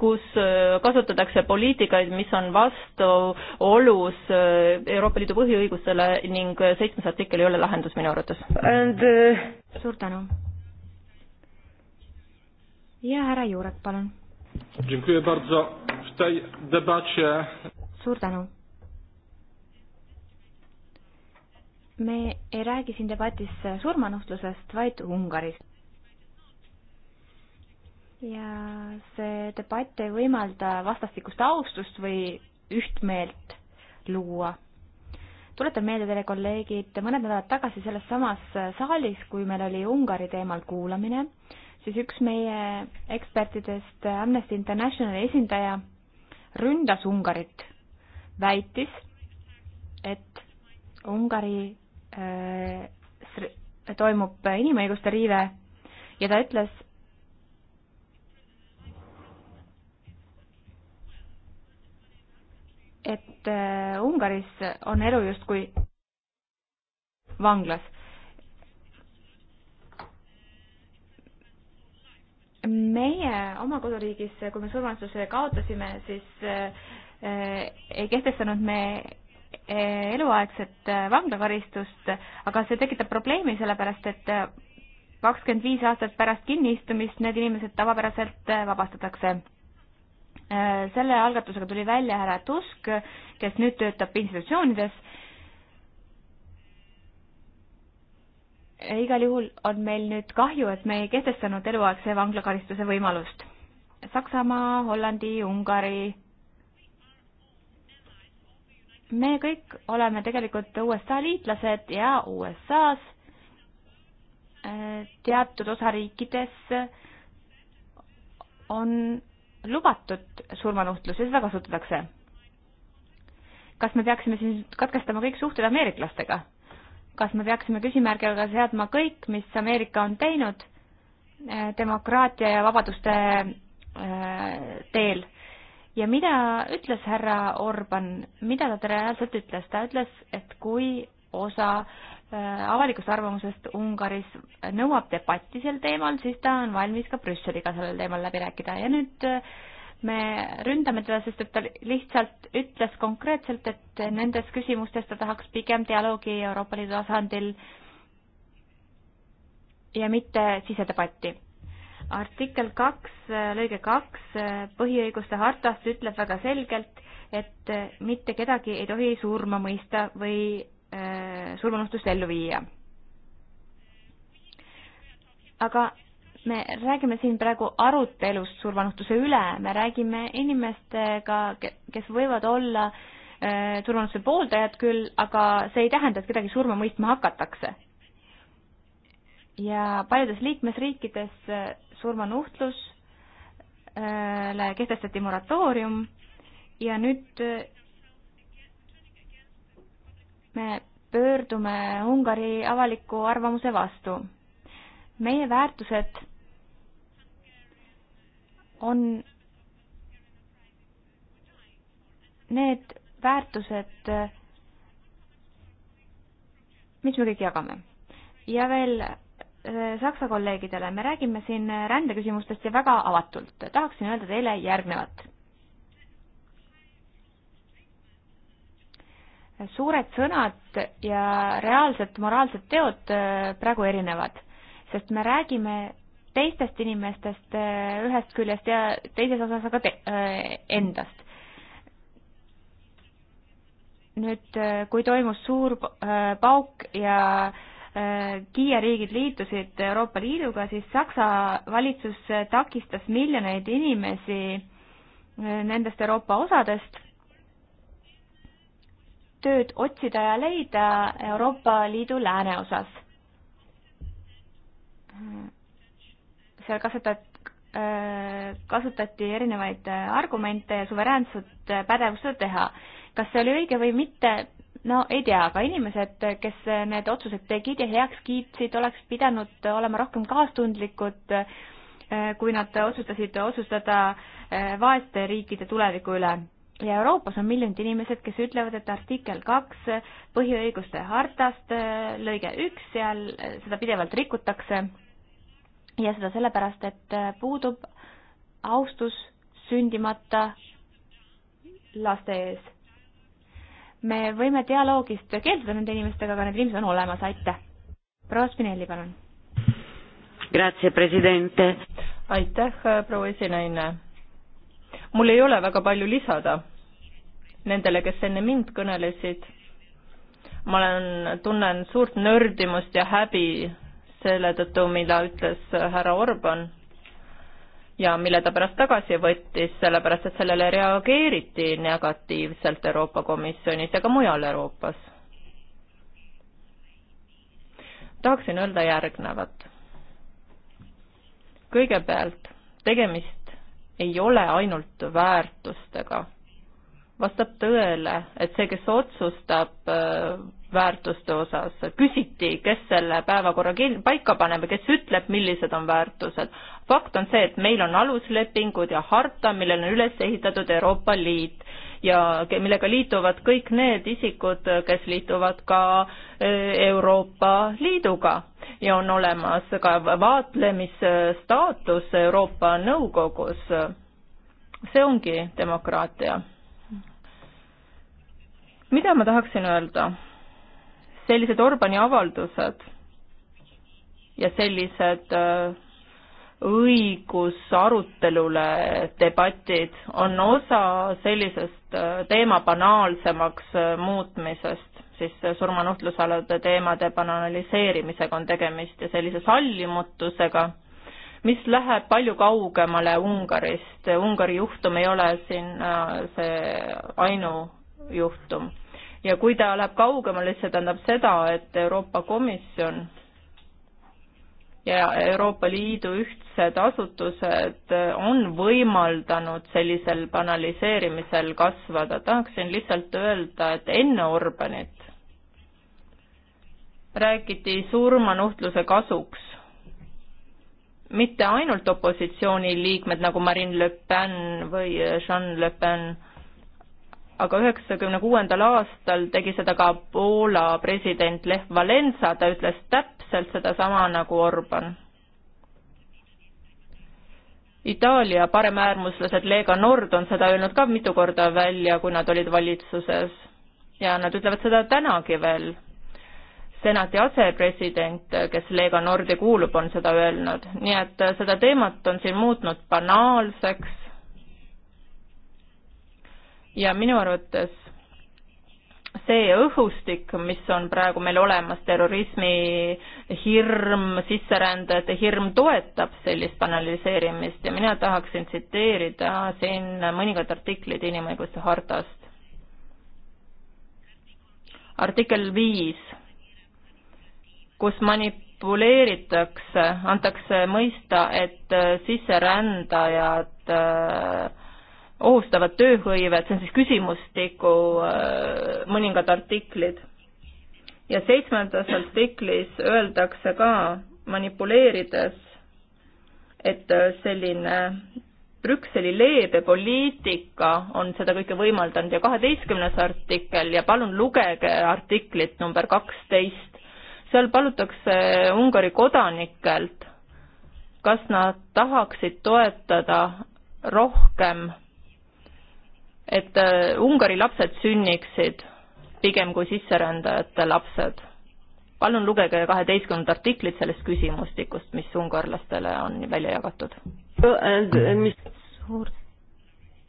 kus äh, kasutatakse poliitikaid, mis on vastuolus äh, Euroopa Liidu põhiõigustele ning äh, seitsmes artikkel ei ole lahendus minu arvates.
Uh...
suur tänu. ja härra Juurek, palun. suur tänu. me ei räägi siin debatis surmanuhtlusest, vaid Ungarist ja see debatt ei võimalda vastastikust austust või ühtmeelt luua. tuletan meelde teile, kolleegid, mõned nädalad tagasi selles samas saalis, kui meil oli Ungari teemal kuulamine, siis üks meie ekspertidest, Amnesty Internationali esindaja, ründas Ungarit, väitis, et Ungari äh, toimub inimõiguste riive ja ta ütles, et äh, Ungaris on elu justkui vanglas. meie oma koduriigis, kui me surmastuse kaotasime, siis äh, ei kehtestanud me äh, eluaegset vanglakaristust, aga see tekitab probleemi, sellepärast et kakskümmend viis aastat pärast kinniistumist need inimesed tavapäraselt vabastatakse Äh, selle algatusega tuli välja härra Tusk, kes nüüd töötab institutsioonides. igal juhul on meil nüüd kahju, et me ei kehtestanud eluaegse vanglakaristuse võimalust. Saksamaa, Hollandi, Ungari. me kõik oleme tegelikult USA liitlased ja USA-s äh, teatud osariikides on lubatud surmanuhtlus ja seda kasutatakse. kas me peaksime siis katkestama kõik suhted ameeriklastega? kas me peaksime küsimärgiga seadma kõik, mis Ameerika on teinud eh, demokraatia ja vabaduste eh, teel? ja mida ütles härra Orban, mida ta reaalselt ütles, ta ütles, et kui osa Äh, avalikust arvamusest Ungaris nõuab debatti sel teemal, siis ta on valmis ka Brüsseliga sellel teemal läbi rääkida ja nüüd äh, me ründame teda, sest et ta lihtsalt ütles konkreetselt, et nendes küsimustes ta tahaks pigem dialoogi Euroopa Liidu tasandil ja mitte sisedebatti. artikkel kaks, äh, lõige kaks põhiõiguste hartast ütleb väga selgelt, et mitte kedagi ei tohi surma mõista või Äh, surmanuhtlust ellu viia. aga me räägime siin praegu arutelust surmanuhtluse üle, me räägime inimestega, kes võivad olla äh, surmanuhtluse pooldajad küll, aga see ei tähenda, et kedagi surma mõistma hakatakse. ja paljudes liikmesriikides äh, surmanuhtlusele kehtestati moratoorium ja nüüd me pöördume Ungari avaliku arvamuse vastu. meie väärtused on need väärtused, mis me kõik jagame. ja veel äh, Saksa kolleegidele, me räägime siin rändeküsimustest ja väga avatult. tahaksin öelda teile järgnevat suured sõnad ja reaalsed moraalsed teod äh, praegu erinevad, sest me räägime teistest inimestest äh, ühest küljest ja teises osas aga te äh, endast. nüüd, kui toimus suur pauk ja Kiie riigid liitusid Euroopa Liiduga, siis Saksa valitsus takistas miljoneid inimesi nendest Euroopa osadest tööd otsida ja leida Euroopa Liidu lääneosas. seal kasutat-, kasutati erinevaid argumente ja suveräänset pädevust seda teha. kas see oli õige või mitte, no ei tea, aga inimesed, kes need otsused tegid ja heaks kiitsid, oleks pidanud olema rohkem kaastundlikud, kui nad otsustasid otsustada vaeste riikide tuleviku üle ja Euroopas on miljonid inimesed, kes ütlevad, et artikkel kaks põhiõiguste hartast, äh, lõige üks, seal äh, seda pidevalt rikutakse ja seda sellepärast, et äh, puudub austus sündimata laste ees. me võime dialoogist keelduda nende inimestega, aga need inimesed on olemas, aitäh. proua Spinelli, palun.
aitäh, proua esinaine mul ei ole väga palju lisada nendele, kes enne mind kõnelesid. ma olen, tunnen suurt nördimust ja häbi selle tõttu, mida ütles härra Orban ja mille ta pärast tagasi võttis, sellepärast et sellele reageeriti negatiivselt Euroopa Komisjonis ja ka mujal Euroopas. tahaksin öelda järgnevat. kõigepealt, tegemist ei ole ainult väärtustega. vastab tõele, et see, kes otsustab äh, väärtuste osas, küsiti, kes selle päevakorra kin-, paika paneb ja kes ütleb, millised on väärtused. fakt on see, et meil on aluslepingud ja harta, millele on üles ehitatud Euroopa Liit ja millega liituvad kõik need isikud, kes liituvad ka äh, Euroopa Liiduga ja on olemas ka vaatlemisstaatus Euroopa Nõukogus. see ongi demokraatia. mida ma tahaksin öelda? sellised Orbani avaldused ja sellised äh, õigus arutelule debatid on osa sellisest äh, teema banaalsemaks äh, muutmisest siis surmanuhtlusalade teemade banaliseerimisega on tegemist ja sellise sallimatusega, mis läheb palju kaugemale Ungarist. Ungari juhtum ei ole siin äh, see ainujuhtum. ja kui ta läheb kaugemale, siis see tähendab seda, et Euroopa Komisjon ja Euroopa Liidu ühtsed asutused on võimaldanud sellisel banaliseerimisel kasvada. tahaksin lihtsalt öelda, et enne Orbanit räägiti surmanuhtluse kasuks. mitte ainult opositsiooniliikmed nagu Marine Le Pen või Jean Le Pen, aga üheksakümne kuuendal aastal tegi seda ka Poola president Lech Valensa, ta ütles täpselt sedasama nagu Orban. Itaalia paremäärmuslased Lega Nord on seda öelnud ka mitu korda välja, kui nad olid valitsuses ja nad ütlevad seda tänagi veel senati asepresident, kes Lega Nordi kuulub, on seda öelnud, nii et äh, seda teemat on siin muutnud banaalseks. ja minu arvates see õhustik, mis on praegu meil olemas, terrorismi hirm, sisserändajate hirm, toetab sellist banaliseerimist ja mina tahaksin tsiteerida siin mõningad artiklid inimõiguste hartast. artikkel viis kus manipuleeritakse, antakse mõista, et äh, sisserändajad äh, ohustavad tööhõivet, see on siis küsimustiku äh, mõningad artiklid. ja seitsmendas artiklis öeldakse ka manipuleerides, et selline Brüsseli leebe poliitika on seda kõike võimaldanud ja kaheteistkümnes artikkel ja palun lugege artiklit number kaksteist, seal palutakse Ungari kodanikelt, kas nad tahaksid toetada rohkem, et äh, Ungari lapsed sünniksid pigem kui sisserändajate lapsed. palun lugege kaheteistkümnendat artiklit sellest küsimustikust, mis ungarlastele on välja jagatud.
suur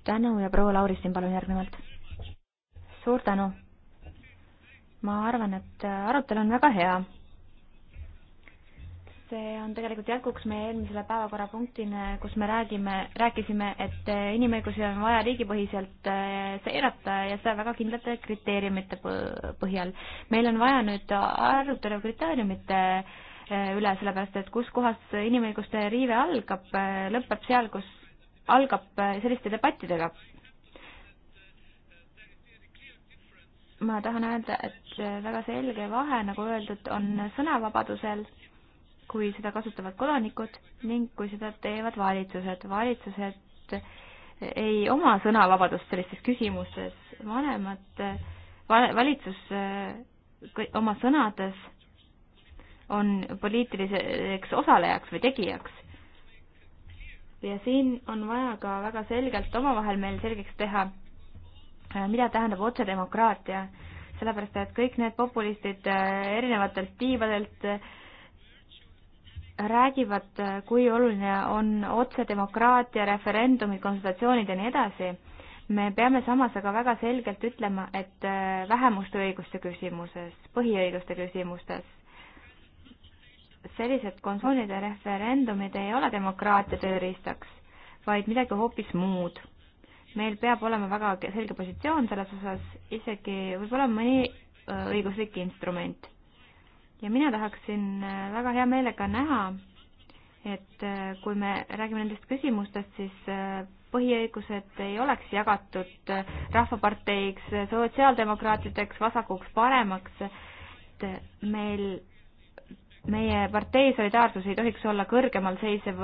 tänu ja proua Lauristin, palun järgnevalt. suur tänu ma arvan, et äh, arutelu on väga hea. see on tegelikult jätkuks meie eelmisele päevakorrapunktile, kus me räägime, rääkisime, et äh, inimõigusi on vaja riigipõhiselt äh, seirata ja seda väga kindlate kriteeriumite põhjal. meil on vaja nüüd arutelu kriteeriumite üle, sellepärast et kus kohas inimõiguste riive algab, lõpeb seal, kus algab selliste debattidega. ma tahan öelda, et et äh, väga selge vahe, nagu öeldud, on sõnavabadusel, kui seda kasutavad kodanikud ning kui seda teevad valitsused. valitsused ei oma sõnavabadust sellistes küsimustes, vanemad, äh, valitsus äh, oma sõnades on poliitiliseks osalejaks või tegijaks. ja siin on vaja ka väga selgelt omavahel meil selgeks teha, mida tähendab otsedemokraatia sellepärast et kõik need populistid äh, erinevatelt tiivadelt äh, räägivad, äh, kui oluline on otsedemokraatia, referendumid, konsultatsioonid ja nii edasi. me peame samas aga väga selgelt ütlema, et vähemuste õiguste küsimuses, põhiõiguste küsimustes, sellised konsultatsioonid ja referendumid ei ole demokraatia tööriistaks, vaid midagi hoopis muud meil peab olema väga selge positsioon selles osas, isegi võib olema mõni õiguslik instrument. ja mina tahaksin väga hea meelega näha, et kui me räägime nendest küsimustest, siis põhiõigused ei oleks jagatud rahvaparteiks, sotsiaaldemokraatideks, vasakuks, paremaks, et meil, meie partei solidaarsus ei tohiks olla kõrgemal seisev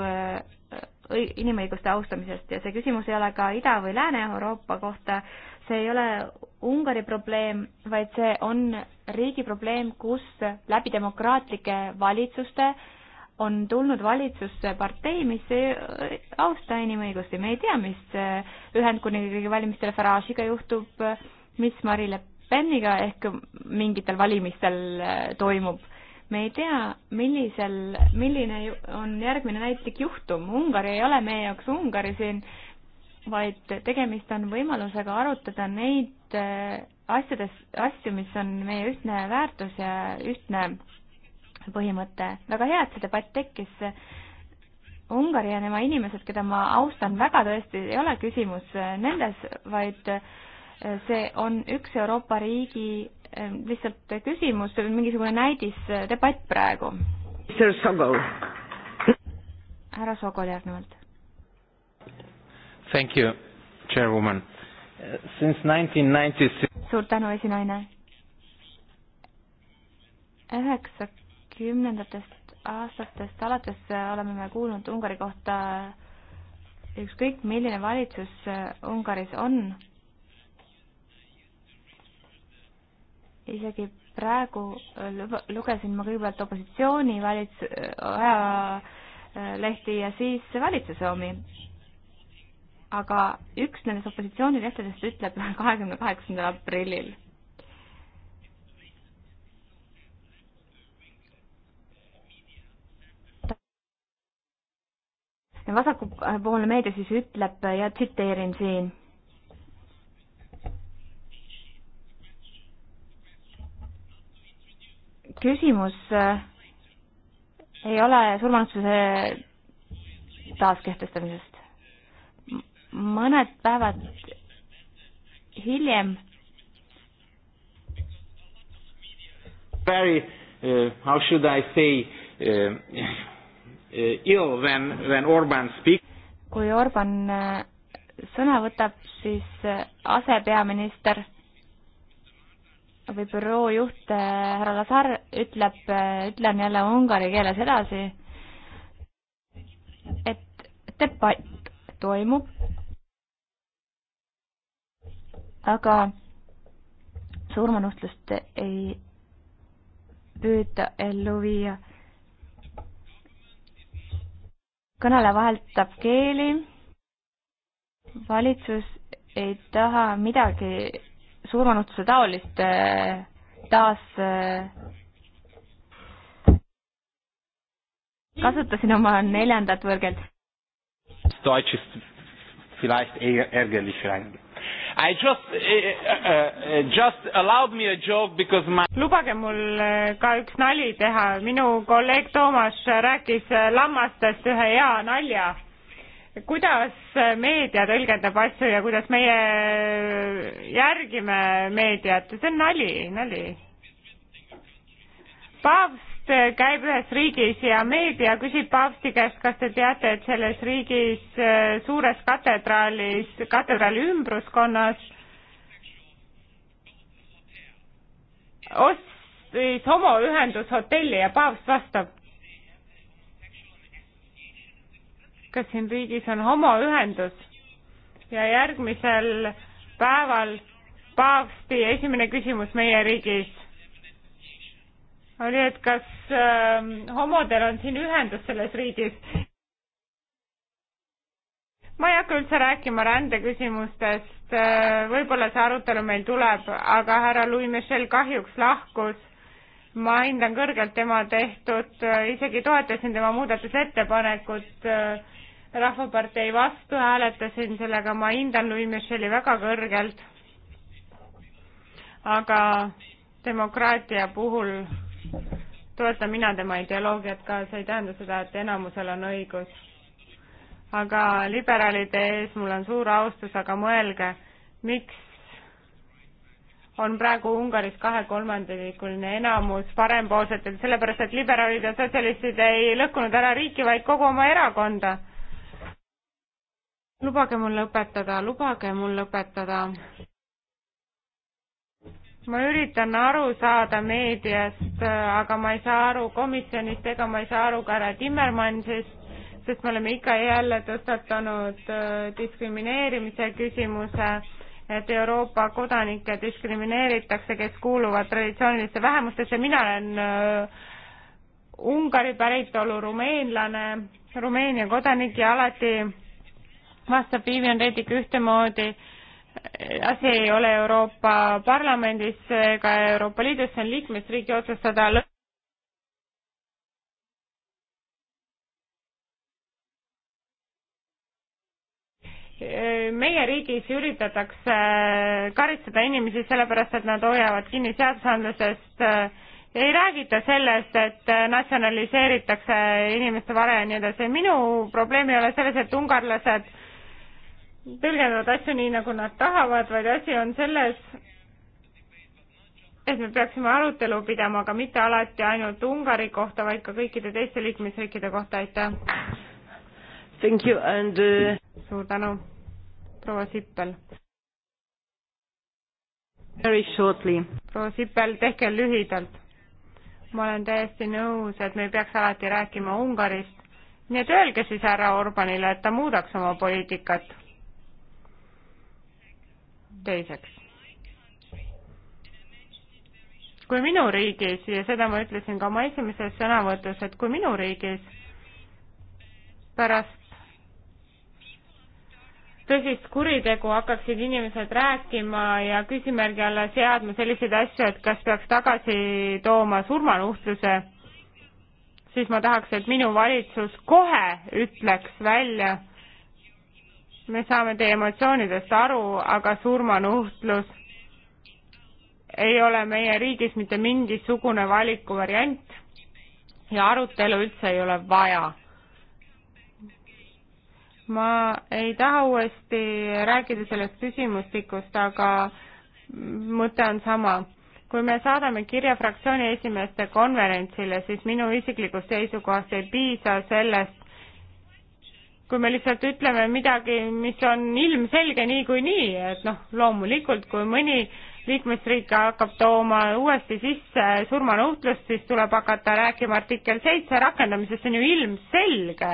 inimõiguste austamisest ja see küsimus ei ole ka Ida- või Lääne-Euroopa kohta, see ei ole Ungari probleem, vaid see on riigi probleem, kus läbi demokraatlike valitsuste on tulnud valitsusse partei, mis ei austa inimõigusi, me ei tea, mis Ühendkuningriigi valimistel Farage'iga juhtub, mis Marile Peniga ehk mingitel valimistel eh, toimub me ei tea, millisel, milline on järgmine näitlik juhtum. Ungari ei ole meie jaoks Ungari siin, vaid tegemist on võimalusega arutada neid äh, asjades, asju, mis on meie ühtne väärtus ja ühtne põhimõte. väga hea, et see debatt tekkis. Ungari ja tema inimesed, keda ma austan väga tõesti, ei ole küsimus äh, nendes, vaid äh, see on üks Euroopa riigi eh, lihtsalt küsimus, see on mingisugune näidisdebatt eh, praegu. härra Sogol järgnevalt.
Thank you, chairwoman. Since 1996
suur tänu, esinaine. üheksakümnendatest aastatest alates eh, oleme me kuulnud Ungari kohta ükskõik milline valitsus Ungaris on isegi praegu äh, lugesin ma kõigepealt opositsiooni valits-, äh, ajalehti ja siis valitsuse omi. aga üks nendest opositsioonilehtedest ütleb kahekümne kaheksandal aprillil vasakupoolne meedia siis ütleb ja tsiteerin siin. küsimus äh, ei ole surmanutsuse taaskehtestamisest. mõned päevad hiljem
Very uh, how should I say uh, uh ill when when Orban speaks.
kui Orban äh, sõna võtab, siis äh, asepeaminister või büroo juht eh, härra Lazar ütleb, eh, ütlen jälle ungari keeles edasi, et debatt toimub, aga surmanuhtlust ei püüta ellu viia. kõneleja vahetab keeli, valitsus ei taha midagi surmanutuse taolist eh, taas eh, kasutasin oma neljandat võrgelt.
Deutsch ist vielleicht eher ärgerlich rein. I just uh, uh, just allowed me a joke because my
lubage mul ka üks nali teha, minu kolleeg Toomas rääkis lammastest ühe hea nalja kuidas meedia tõlgendab asju ja kuidas meie järgime meediat, see on nali, nali. paavst käib ühes riigis ja meedia küsib paavsti käest, kas te teate, et selles riigis suures katedraalis, katedraali ümbruskonnas ostis homoühendus hotelli ja paavst vastab kas siin riigis on homoühendus ja järgmisel päeval paavsti esimene küsimus meie riigis oli, et kas äh, homodel on siin ühendus selles riigis. ma ei hakka üldse rääkima rändeküsimustest äh,, võib-olla see arutelu meil tuleb, aga härra Louis Michel kahjuks lahkus ma hindan kõrgelt tema tehtud, äh, isegi toetasin tema muudatusettepanekut äh, rahvapartei vastu hääletasin, sellega ma hindan Louis Michel'i väga kõrgelt. aga demokraatia puhul toetan mina tema ideoloogiat ka, see ei tähenda seda, et enamusel on õigus. aga liberaalide ees mul on suur austus, aga mõelge, miks on praegu Ungaris kahekolmandikuline enamus parempoolsetel, sellepärast et liberaalid ja sotsialistid ei lõhkunud ära riiki, vaid kogu oma erakonda lubage mul lõpetada, lubage mul lõpetada. ma üritan aru saada meediast, aga ma ei saa aru komisjonist ega ma ei saa aru ka härra Timmermansist, sest me oleme ikka ja jälle tõstatanud äh, diskrimineerimise küsimuse, et Euroopa kodanikke diskrimineeritakse, kes kuuluvad traditsioonilisse vähemustesse, mina olen äh, Ungari päritolu rumeenlane, Rumeenia kodanik ja alati vastab Vivian Redik ühtemoodi, asi ei ole Euroopa Parlamendis ega Euroopa Liidus, see on liikmesriigi otsustada. meie riigis üritatakse karistada inimesi sellepärast, et nad hoiavad kinni seadusandlusest ei räägita sellest, et natsionaliseeritakse inimeste vara ja nii edasi. minu probleem ei ole selles, et ungarlased tõlgendavad asju nii, nagu nad tahavad, vaid asi on selles, et me peaksime arutelu pidama, aga mitte alati ainult Ungari kohta, vaid ka kõikide teiste liikmesriikide kohta, aitäh! Thank you and uh... suur tänu, proua Sippel!
Very shortly.
proua Sippel, tehke lühidalt. ma olen täiesti nõus, et me ei peaks alati rääkima Ungarist, nii et öelge siis härra Orbanile, et ta muudaks oma poliitikat teiseks, kui minu riigis, ja seda ma ütlesin ka oma esimeses sõnavõtus, et kui minu riigis pärast tõsist kuritegu hakkaksid inimesed rääkima ja küsimärgi alla seadma selliseid asju, et kas peaks tagasi tooma surmanuhtluse, siis ma tahaks, et minu valitsus kohe ütleks välja, me saame teie emotsioonidest aru, aga surmanuhtlus ei ole meie riigis mitte mingisugune valikuvariant ja arutelu üldse ei ole vaja. ma ei taha uuesti rääkida sellest küsimustikust, aga mõte on sama. kui me saadame kirja fraktsiooni esimeeste konverentsile, siis minu isiklikust seisukohast ei piisa sellest, kui me lihtsalt ütleme midagi, mis on ilmselge niikuinii, nii, et noh, loomulikult kui mõni liikmesriik hakkab tooma uuesti sisse surmanõutlust, siis tuleb hakata rääkima artikkel seitse rakendamisest, see on ju ilmselge.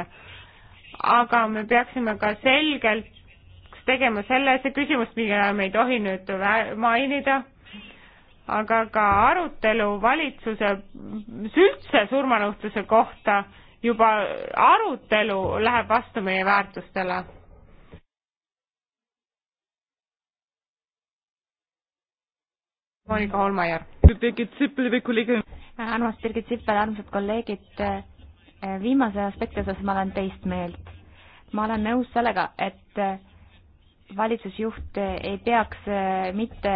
aga me peaksime ka selgelt tegema selle, see küsimus, mida me ei tohi nüüd mainida, aga ka arutelu valitsuse, üldse surmanõutluse kohta juba arutelu läheb vastu meie väärtustele. Monika Holmajärv.
armas Birgit Sippel, armsad kolleegid, eh, viimase aspekti osas ma olen teist meelt. ma olen nõus sellega, et eh, valitsusjuht eh, ei peaks mitte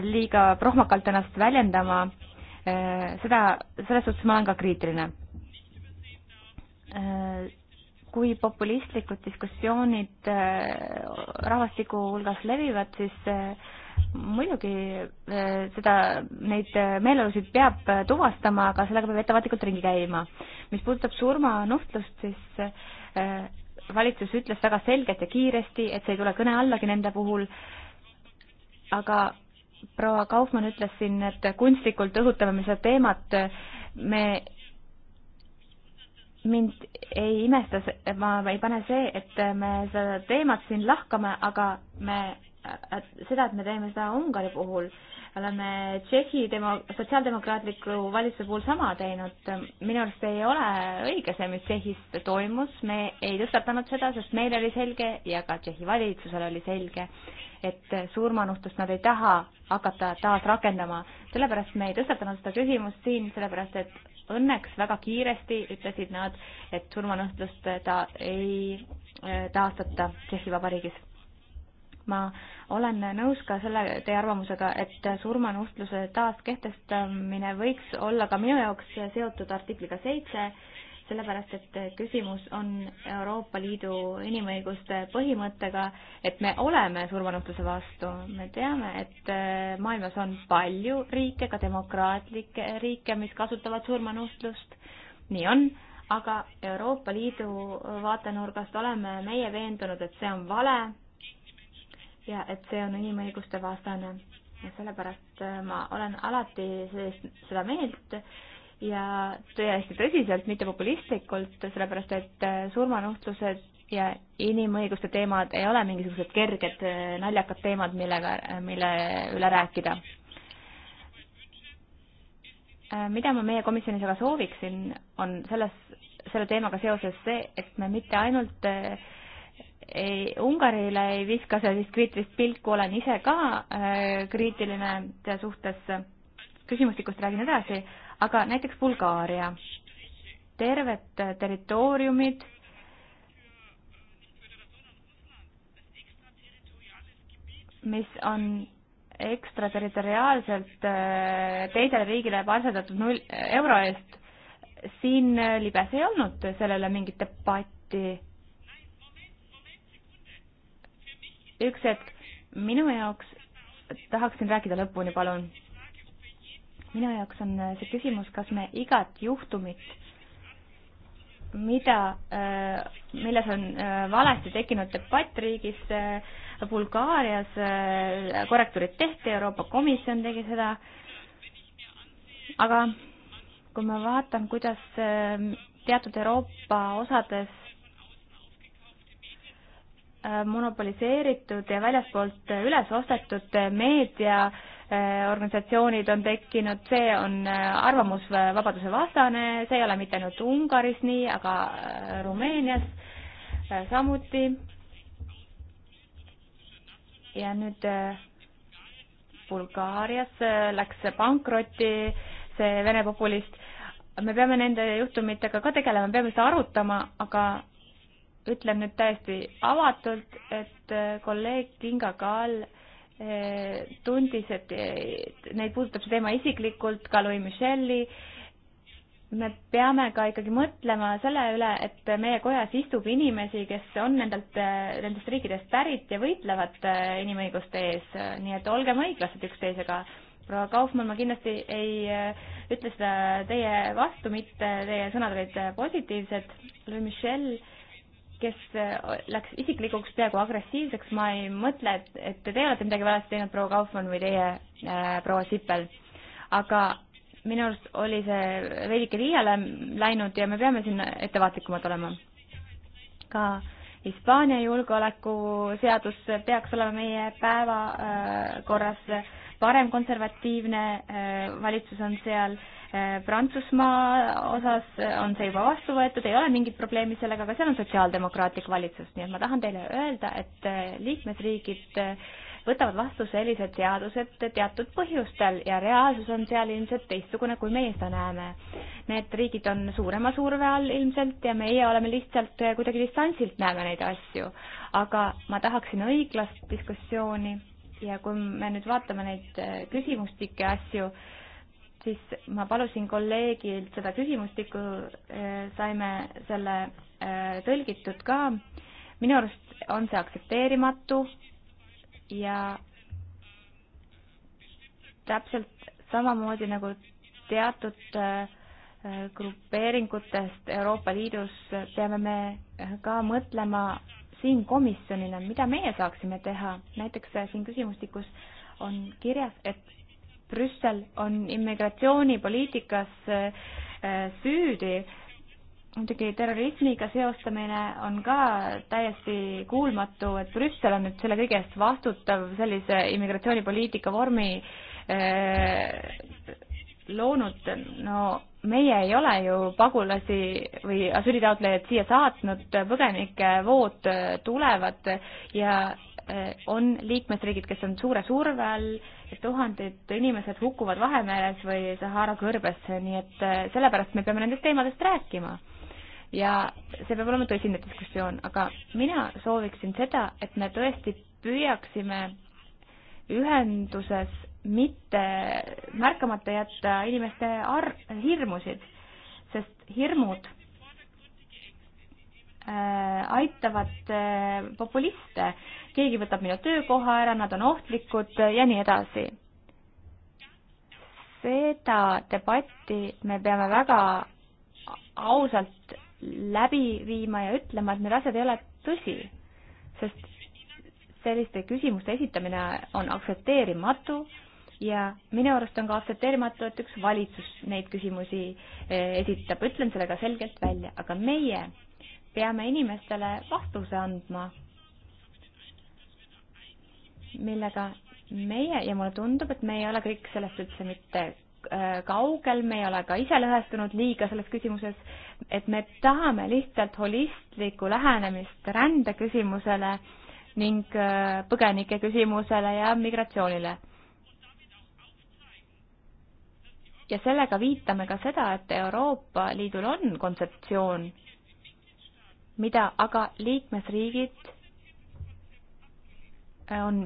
liiga prohmakalt ennast väljendama, seda, selles suhtes ma olen ka kriitiline Äh, kui populistlikud diskussioonid äh, rahvastiku hulgas levivad, siis äh, muidugi seda, neid meeleolusid peab tuvastama, aga sellega peab ettevaatlikult ringi käima. mis puudutab surmanuhtlust, siis valitsus ütles väga selgelt ja kiiresti, et see ei tule kõne allagi nende puhul, aga proua Kaufmann ütles siin, et kunstlikult õhutame me seda teemat, me mind ei imesta, ma ei pane see, et me seda teemat siin lahkame, aga me, seda, et me teeme seda Ungari puhul, oleme Tšehhi demo-, sotsiaaldemokraatliku valitsuse puhul sama teinud. minu arust ei ole õige see, mis Tšehhis toimus, me ei tõstatanud seda, sest meil oli selge ja ka Tšehhi valitsusel oli selge, et surmanuhtlust nad ei taha hakata taas rakendama. sellepärast me ei tõstatanud seda küsimust siin, sellepärast et õnneks väga kiiresti ütlesid nad, et surmanuhtlust ta ei äh, taastata Tšehhi Vabariigis. ma olen nõus ka selle teie arvamusega, et surmanuhtluse taaskehtestamine võiks olla ka minu jaoks seotud artikliga seitse sellepärast et küsimus on Euroopa Liidu inimõiguste põhimõttega, et me oleme surmanutluse vastu. me teame, et äh, maailmas on palju riike, ka demokraatlikke riike, mis kasutavad surmanutlust. nii on, aga Euroopa Liidu vaatenurgast oleme meie veendunud, et see on vale ja et see on inimõiguste vastane. ja sellepärast äh, ma olen alati sellist, seda meelt ja täiesti tõsiselt, mitte populistlikult, sellepärast et äh, surmanuhtlused ja inimõiguste teemad ei ole mingisugused kerged äh, naljakad teemad, millega, äh, mille üle rääkida. mida ma meie komisjonis aga sooviksin, on selles, selle teemaga seoses see, et me mitte ainult ei, Ungarile ei viska sellist kriitilist pilku, olen ise ka kriitiline suhtes, küsimustikust räägin edasi aga näiteks Bulgaaria, terved territooriumid mis on ekstraterritoriaalselt äh, teisele riigile parseldatud null äh, euro eest, siin äh, libes ei olnud sellele mingit debatti. üks hetk, minu jaoks tahaksin rääkida lõpuni, palun minu jaoks on äh, see küsimus, kas me igat juhtumit, mida, äh, milles on äh, valesti tekkinud debatt riigis, Bulgaarias korrektuurid tehti, Euroopa Komisjon tegi seda, aga kui ma vaatan, kuidas teatud Euroopa osades monopoliseeritud ja väljaspoolt üles ostetud meedia äh, Äh, organisatsioonid on tekkinud, see on äh, arvamusvabaduse vastane, see ei ole mitte ainult Ungaris nii, aga äh, Rumeenias samuti. ja nüüd Bulgaarias läks pankrotti see vene populist. me peame nende juhtumitega ka tegelema, peame seda arutama, aga ütlen nüüd täiesti avatult, et kolleeg Kinga Kaal ka tundis, et neid puudutab see teema isiklikult, ka Louis Michel'i. me peame ka ikkagi mõtlema selle üle, et meie kojas istub inimesi, kes on nendelt, nendest riikidest pärit ja võitlevad eh, inimõiguste ees, nii et olgem õiglased üksteisega. proua Kaufmann, ma kindlasti ei eh, ütle seda teie vastu, mitte teie sõnad olid eh, positiivsed. Louis Michel kes äh, läks isiklikuks peaaegu agressiivseks, ma ei mõtle, et, et teie olete midagi valesti teinud, proua Kaufmann või teie äh,, proua Sipel. aga minu arust oli see veidike liiale läinud ja me peame siin ettevaatlikumad olema. ka Hispaania julgeolekuseadus peaks olema meie päevakorras äh,, parem konservatiivne äh, valitsus on seal äh, Äh, Prantsusmaa osas äh, on see juba vastu võetud, ei ole mingit probleemi sellega, aga seal on sotsiaaldemokraatlik valitsus, nii et ma tahan teile öelda, et äh, liikmesriigid võtavad vastu sellised seadused teatud põhjustel ja reaalsus on seal ilmselt teistsugune, kui meie seda näeme. Need riigid on suurema surve all ilmselt ja meie oleme lihtsalt kuidagi distantsilt näeme neid asju. aga ma tahaksin õiglast diskussiooni ja kui me nüüd vaatame neid küsimustikke asju, siis ma palusin kolleegilt seda küsimustikku, äh, saime selle äh, tõlgitud ka. minu arust on see aktsepteerimatu ja täpselt samamoodi nagu teatud äh, grupeeringutest Euroopa Liidus peame me ka mõtlema siin komisjonile, mida meie saaksime teha, näiteks siin küsimustikus on kirjas, et Brüssel on immigratsioonipoliitikas äh, süüdi. muidugi terrorismiga seostamine on ka täiesti kuulmatu, et Brüssel on nüüd selle kõige eest vastutav sellise immigratsioonipoliitika vormi äh, loonud, no meie ei ole ju pagulasi või asüülitaotlejaid siia saatnud, põgenike vood tulevad ja Äh, on liikmesriigid, kes on suure surve all, tuhanded inimesed hukkuvad Vahemeres või Sahara kõrbes, nii et äh, sellepärast me peame nendest teemadest rääkima. ja see peab olema tõsine diskussioon, aga mina sooviksin seda, et me tõesti püüaksime ühenduses mitte märkamata jätta inimeste ar-, hirmusid, sest hirmud Äh, aitavad äh, populiste, keegi võtab minu töökoha ära, nad on ohtlikud äh, ja nii edasi. seda debatti me peame väga ausalt läbi viima ja ütlema, et need asjad ei ole tõsi, sest selliste küsimuste esitamine on aktsepteerimatu ja minu arust on ka aktsepteerimatu, et üks valitsus neid küsimusi esitab, ütlen selle ka selgelt välja, aga meie peame inimestele vastuse andma, millega meie ja mulle tundub, et me ei ole kõik sellest üldse mitte äh, kaugel, me ei ole ka ise lõhestunud liiga selles küsimuses, et me tahame lihtsalt holistlikku lähenemist rändeküsimusele ning äh, põgenike küsimusele ja migratsioonile. ja sellega viitame ka seda, et Euroopa Liidul on kontseptsioon mida aga liikmesriigid on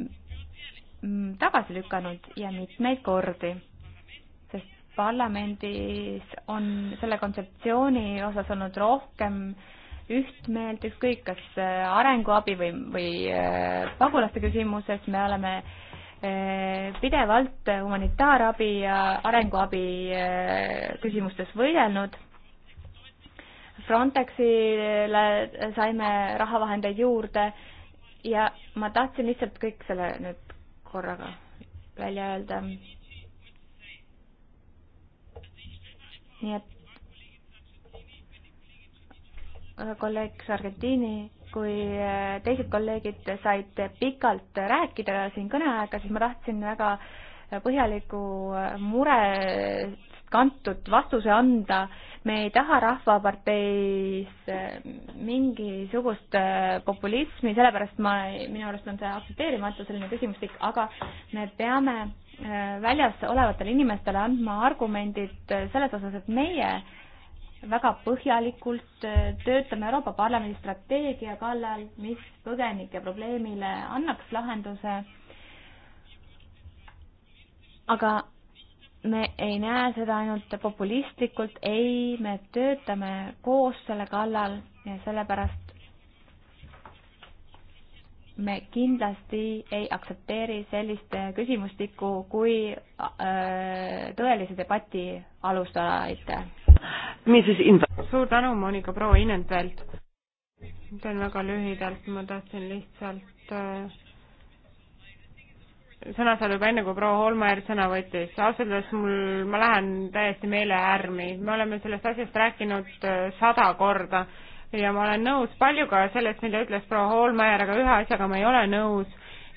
tagasi lükanud ja mitmeid kordi, sest parlamendis on selle kontseptsiooni osas olnud rohkem üht meelt, ükskõik kas äh, arenguabi või, või äh, pagulaste küsimuses, me oleme äh, pidevalt humanitaarabi ja arenguabi küsimustes võidelnud Frontexile saime rahavahendeid juurde ja ma tahtsin lihtsalt kõik selle nüüd korraga välja öelda. nii et kolleeg Sargentini kui teised kolleegid said pikalt rääkida siin kõneaega, siis ma tahtsin väga põhjaliku murest kantud vastuse anda äh, me ei taha Rahvaparteis äh, mingisugust äh, populismi, sellepärast ma, minu arust on see aktsepteerimatu, selline küsimustik, aga me peame äh, väljas olevatele inimestele andma argumendid selles osas, et meie väga põhjalikult töötame Euroopa Parlamendi strateegia kallal, mis põgenike probleemile annaks lahenduse. aga me ei näe seda ainult populistlikult, ei, me töötame koos selle kallal ja sellepärast me kindlasti ei aktsepteeri sellist küsimustikku kui äh, tõelise
debati alustajaid. suur tänu, Monika proua Inentvelt. teen väga lühidalt, ma tahtsin lihtsalt äh, sõna saab juba enne, kui proua Holmajärv sõna võttis. ausalt öeldes mul, ma lähen täiesti meeleäärmi, me oleme sellest asjast rääkinud äh, sada korda ja ma olen nõus paljuga sellest, mida ütles proua Holmajärv, aga ühe asjaga ma ei ole nõus.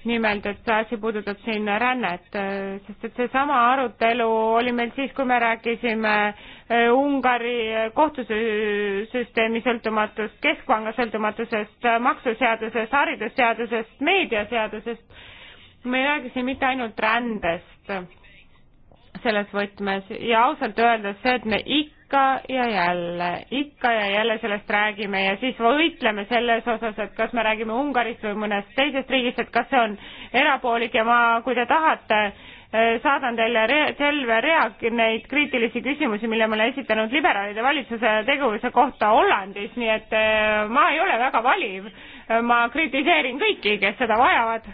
nimelt, et see asi puudutab siin rännet, äh, sest et seesama arutelu oli meil siis, kui me rääkisime äh, Ungari kohtusüsteemi sõltumatust, keskpanga sõltumatusest, maksuseadusest, haridusseadusest, meediaseadusest me ei räägi siin mitte ainult rändest selles võtmes ja ausalt öeldes see, et me ikka ja jälle, ikka ja jälle sellest räägime ja siis võitleme selles osas, et kas me räägime Ungarist või mõnest teisest riigist, et kas see on erapoolik ja ma, kui te tahate, eh, saadan teile rea, terve rea neid kriitilisi küsimusi, mille ma olen esitanud liberaalide valitsuse tegevuse kohta Hollandis, nii et eh, ma ei ole väga valiv. ma kritiseerin kõiki, kes seda vajavad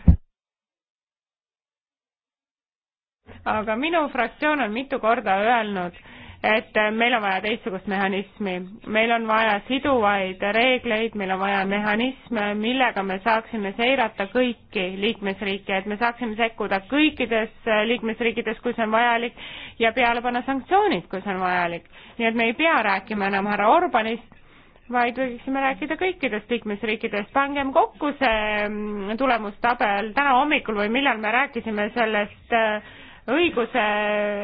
aga minu fraktsioon on mitu korda öelnud, et meil on vaja teistsugust mehhanismi, meil on vaja siduvaid reegleid, meil on vaja mehhanisme, millega me saaksime seirata kõiki liikmesriike, et me saaksime sekkuda kõikides liikmesriikides, kui see on vajalik, ja peale panna sanktsioonid, kui see on vajalik. nii et me ei pea rääkima enam härra Orbanist, vaid võiksime rääkida kõikidest liikmesriikidest, pangem kokku see mm, tulemustabel, täna hommikul või millal me rääkisime sellest äh, õiguse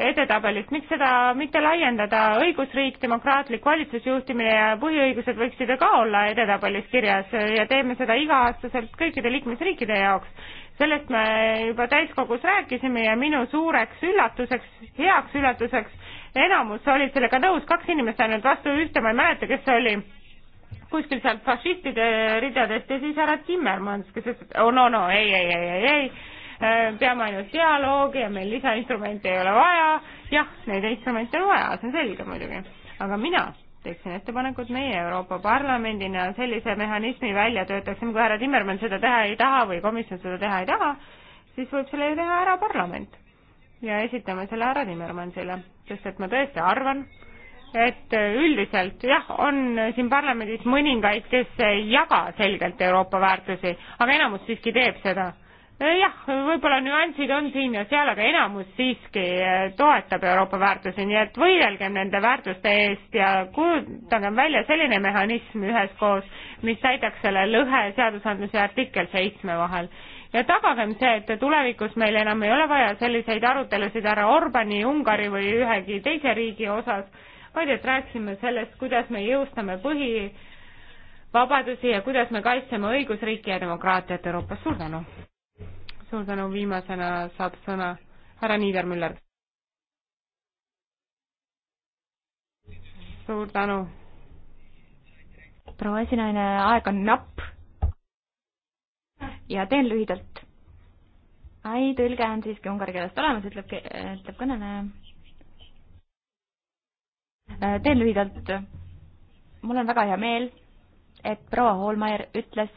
edetabelist, miks seda mitte laiendada, õigusriik, demokraatlik valitsusjuhtimine ja põhiõigused võiksid ju ka olla edetabelis kirjas ja teeme seda iga-aastaselt kõikide liikmesriikide jaoks. sellest me juba täiskogus rääkisime ja minu suureks üllatuseks, heaks üllatuseks, enamus olid sellega nõus, kaks inimest ainult vastu, ühte ma ei mäleta, kes see oli kuskilt sealt fašistide ridadest ja siis härra Timmermans, kes ütles, oh no no ei, ei, ei, ei, ei, Äh, peame ainult dialoogi ja meil lisainstrumente ei ole vaja. jah, neid instrumente on vaja, see on selge muidugi, aga mina teeksin ettepaneku, et meie Euroopa Parlamendina sellise mehhanismi välja töötaksime, kui härra Timmermann seda teha ei taha või komisjon seda teha ei taha, siis võib selle ju teha ära parlament ja esitame selle härra Timmermansile, sest et ma tõesti arvan, et üldiselt jah, on siin parlamendis mõningaid, kes ei jaga selgelt Euroopa väärtusi, aga enamus siiski teeb seda jah, võib-olla nüansid on siin ja seal, aga enamus siiski eh, toetab Euroopa väärtusi, nii et võidelgem nende väärtuste eest ja kujutagem välja selline mehhanism üheskoos, mis täidaks selle lõhe seadusandluse artikkel seitsme vahel. ja tagagem see, et tulevikus meil enam ei ole vaja selliseid arutelusid härra Orbani, Ungari või ühegi teise riigi osas, vaid et rääkisime sellest, kuidas me jõustame põhivabadusi ja kuidas me kaitseme õigusriiki ja demokraatiat Euroopas. suur tänu! suur tänu, viimasena saab sõna härra Niidermüller. suur tänu. proua
esinaine, aeg on napp. ja teen lühidalt. ai, tõlge on siiski ungari keelest olemas, ütleb, ütleb kõneleja. Äh, teen lühidalt. mul on väga hea meel, et proua Hoolmeier ütles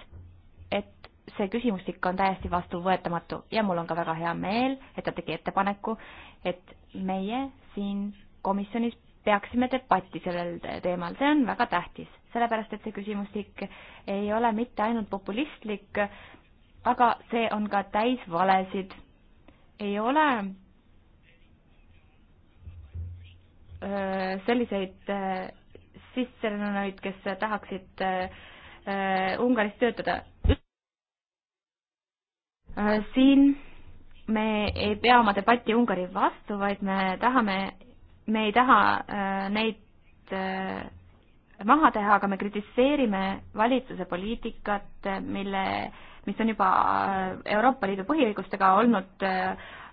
see küsimustik on täiesti vastuvõetamatu ja mul on ka väga hea meel, et ta tegi ettepaneku, et meie siin komisjonis peaksime debatti sellel teemal, see on väga tähtis, sellepärast et see küsimustik ei ole mitte ainult populistlik, aga see on ka täis valesid. ei ole selliseid sisserännanuid, kes tahaksid Ungaris töötada. Äh, siin me ei pea oma debatti Ungari vastu, vaid me tahame, me ei taha äh, neid äh, maha teha, aga me kritiseerime valitsuse poliitikat, mille, mis on juba Euroopa Liidu põhiõigustega olnud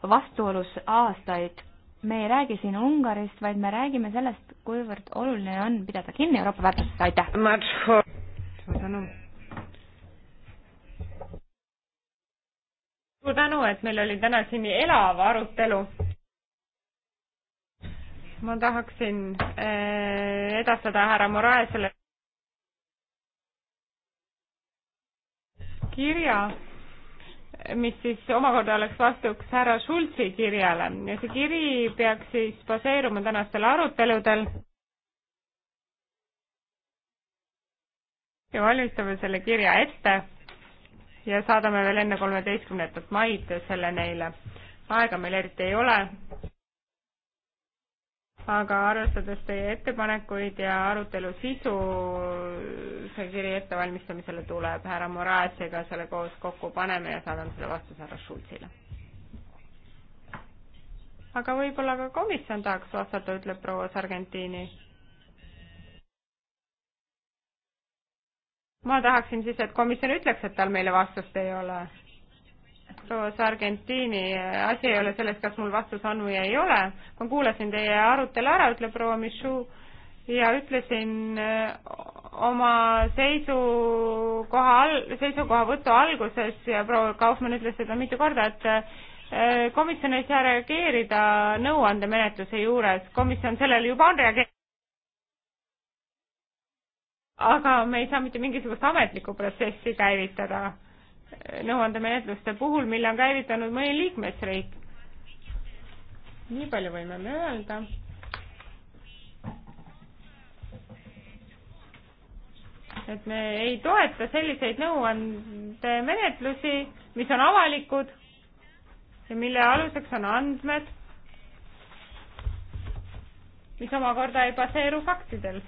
vastuolus aastaid. me ei räägi siin Ungarist, vaid me räägime sellest, kuivõrd oluline on pidada kinni Euroopa
väärtustest, aitäh! suur tänu! suur tänu, et meil oli täna siin nii elav arutelu. ma tahaksin eh, edastada härra Moraesele kirja, mis siis omakorda oleks vastuks härra Schultzi kirjale ja see kiri peaks siis baseeruma tänastel aruteludel. ja valmistame selle kirja ette ja saadame veel enne kolmeteistkümnendat maid selle neile. aega meil eriti ei ole. aga arvestades teie ettepanekuid ja arutelu sisu, see kiri ettevalmistamisele tuleb härra Moraesiga, selle koos kokku paneme ja saadame selle vastuse härra Schulzile. aga võib-olla ka komisjon tahaks vastata, ütleb proua Sargentini ma tahaksin siis, et komisjon ütleks, et tal meile vastust ei ole. proua Sargentini, äh, asi ei ole selles, kas mul vastus on või ei ole. ma kuulasin teie arutelu ära, ütleb proua Michu ja ütlesin äh, oma seisukoha al-, seisukohavõtu alguses ja proua Kaufmann ütles seda mitu korda, et äh, komisjon ei saa reageerida nõuandemenetluse juures, komisjon sellele juba on reageerinud aga me ei saa mitte mingisugust ametlikku protsessi käivitada nõuandemenetluste puhul, mille on käivitanud mõni liikmesriik. nii palju võime me öelda. et me ei toeta selliseid nõuandemenetlusi, mis on avalikud ja mille aluseks on andmed, mis omakorda ei baseeru faktidel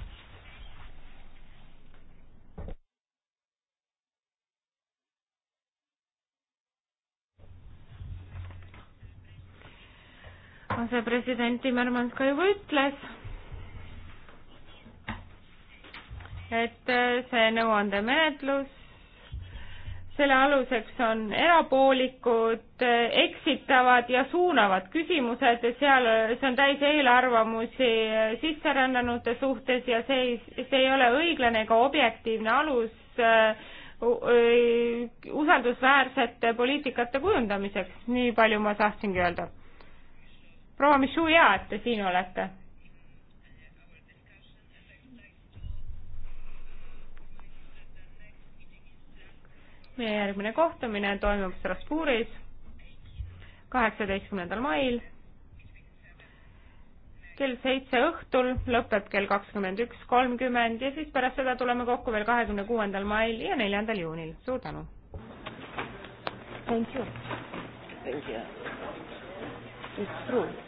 asepresident Timmermans ka juba ütles, et äh, see nõuandemenetlus, selle aluseks on erapoolikud, äh, eksitavad ja suunavad küsimused, seal, äh, see on täis eelarvamusi sisserännanute suhtes ja see ei, see ei ole õiglane ega objektiivne alus äh, usaldusväärsete poliitikate kujundamiseks, nii palju ma tahtsingi öelda proua Michu, hea, et te siin olete. meie järgmine kohtumine toimub Strasbourgis kaheksateistkümnendal mail kell seitse õhtul, lõpeb kell kakskümmend üks kolmkümmend ja siis pärast seda tuleme kokku veel kahekümne kuuendal mail ja neljandal juunil. suur tänu! Thank you. Thank you. It's true.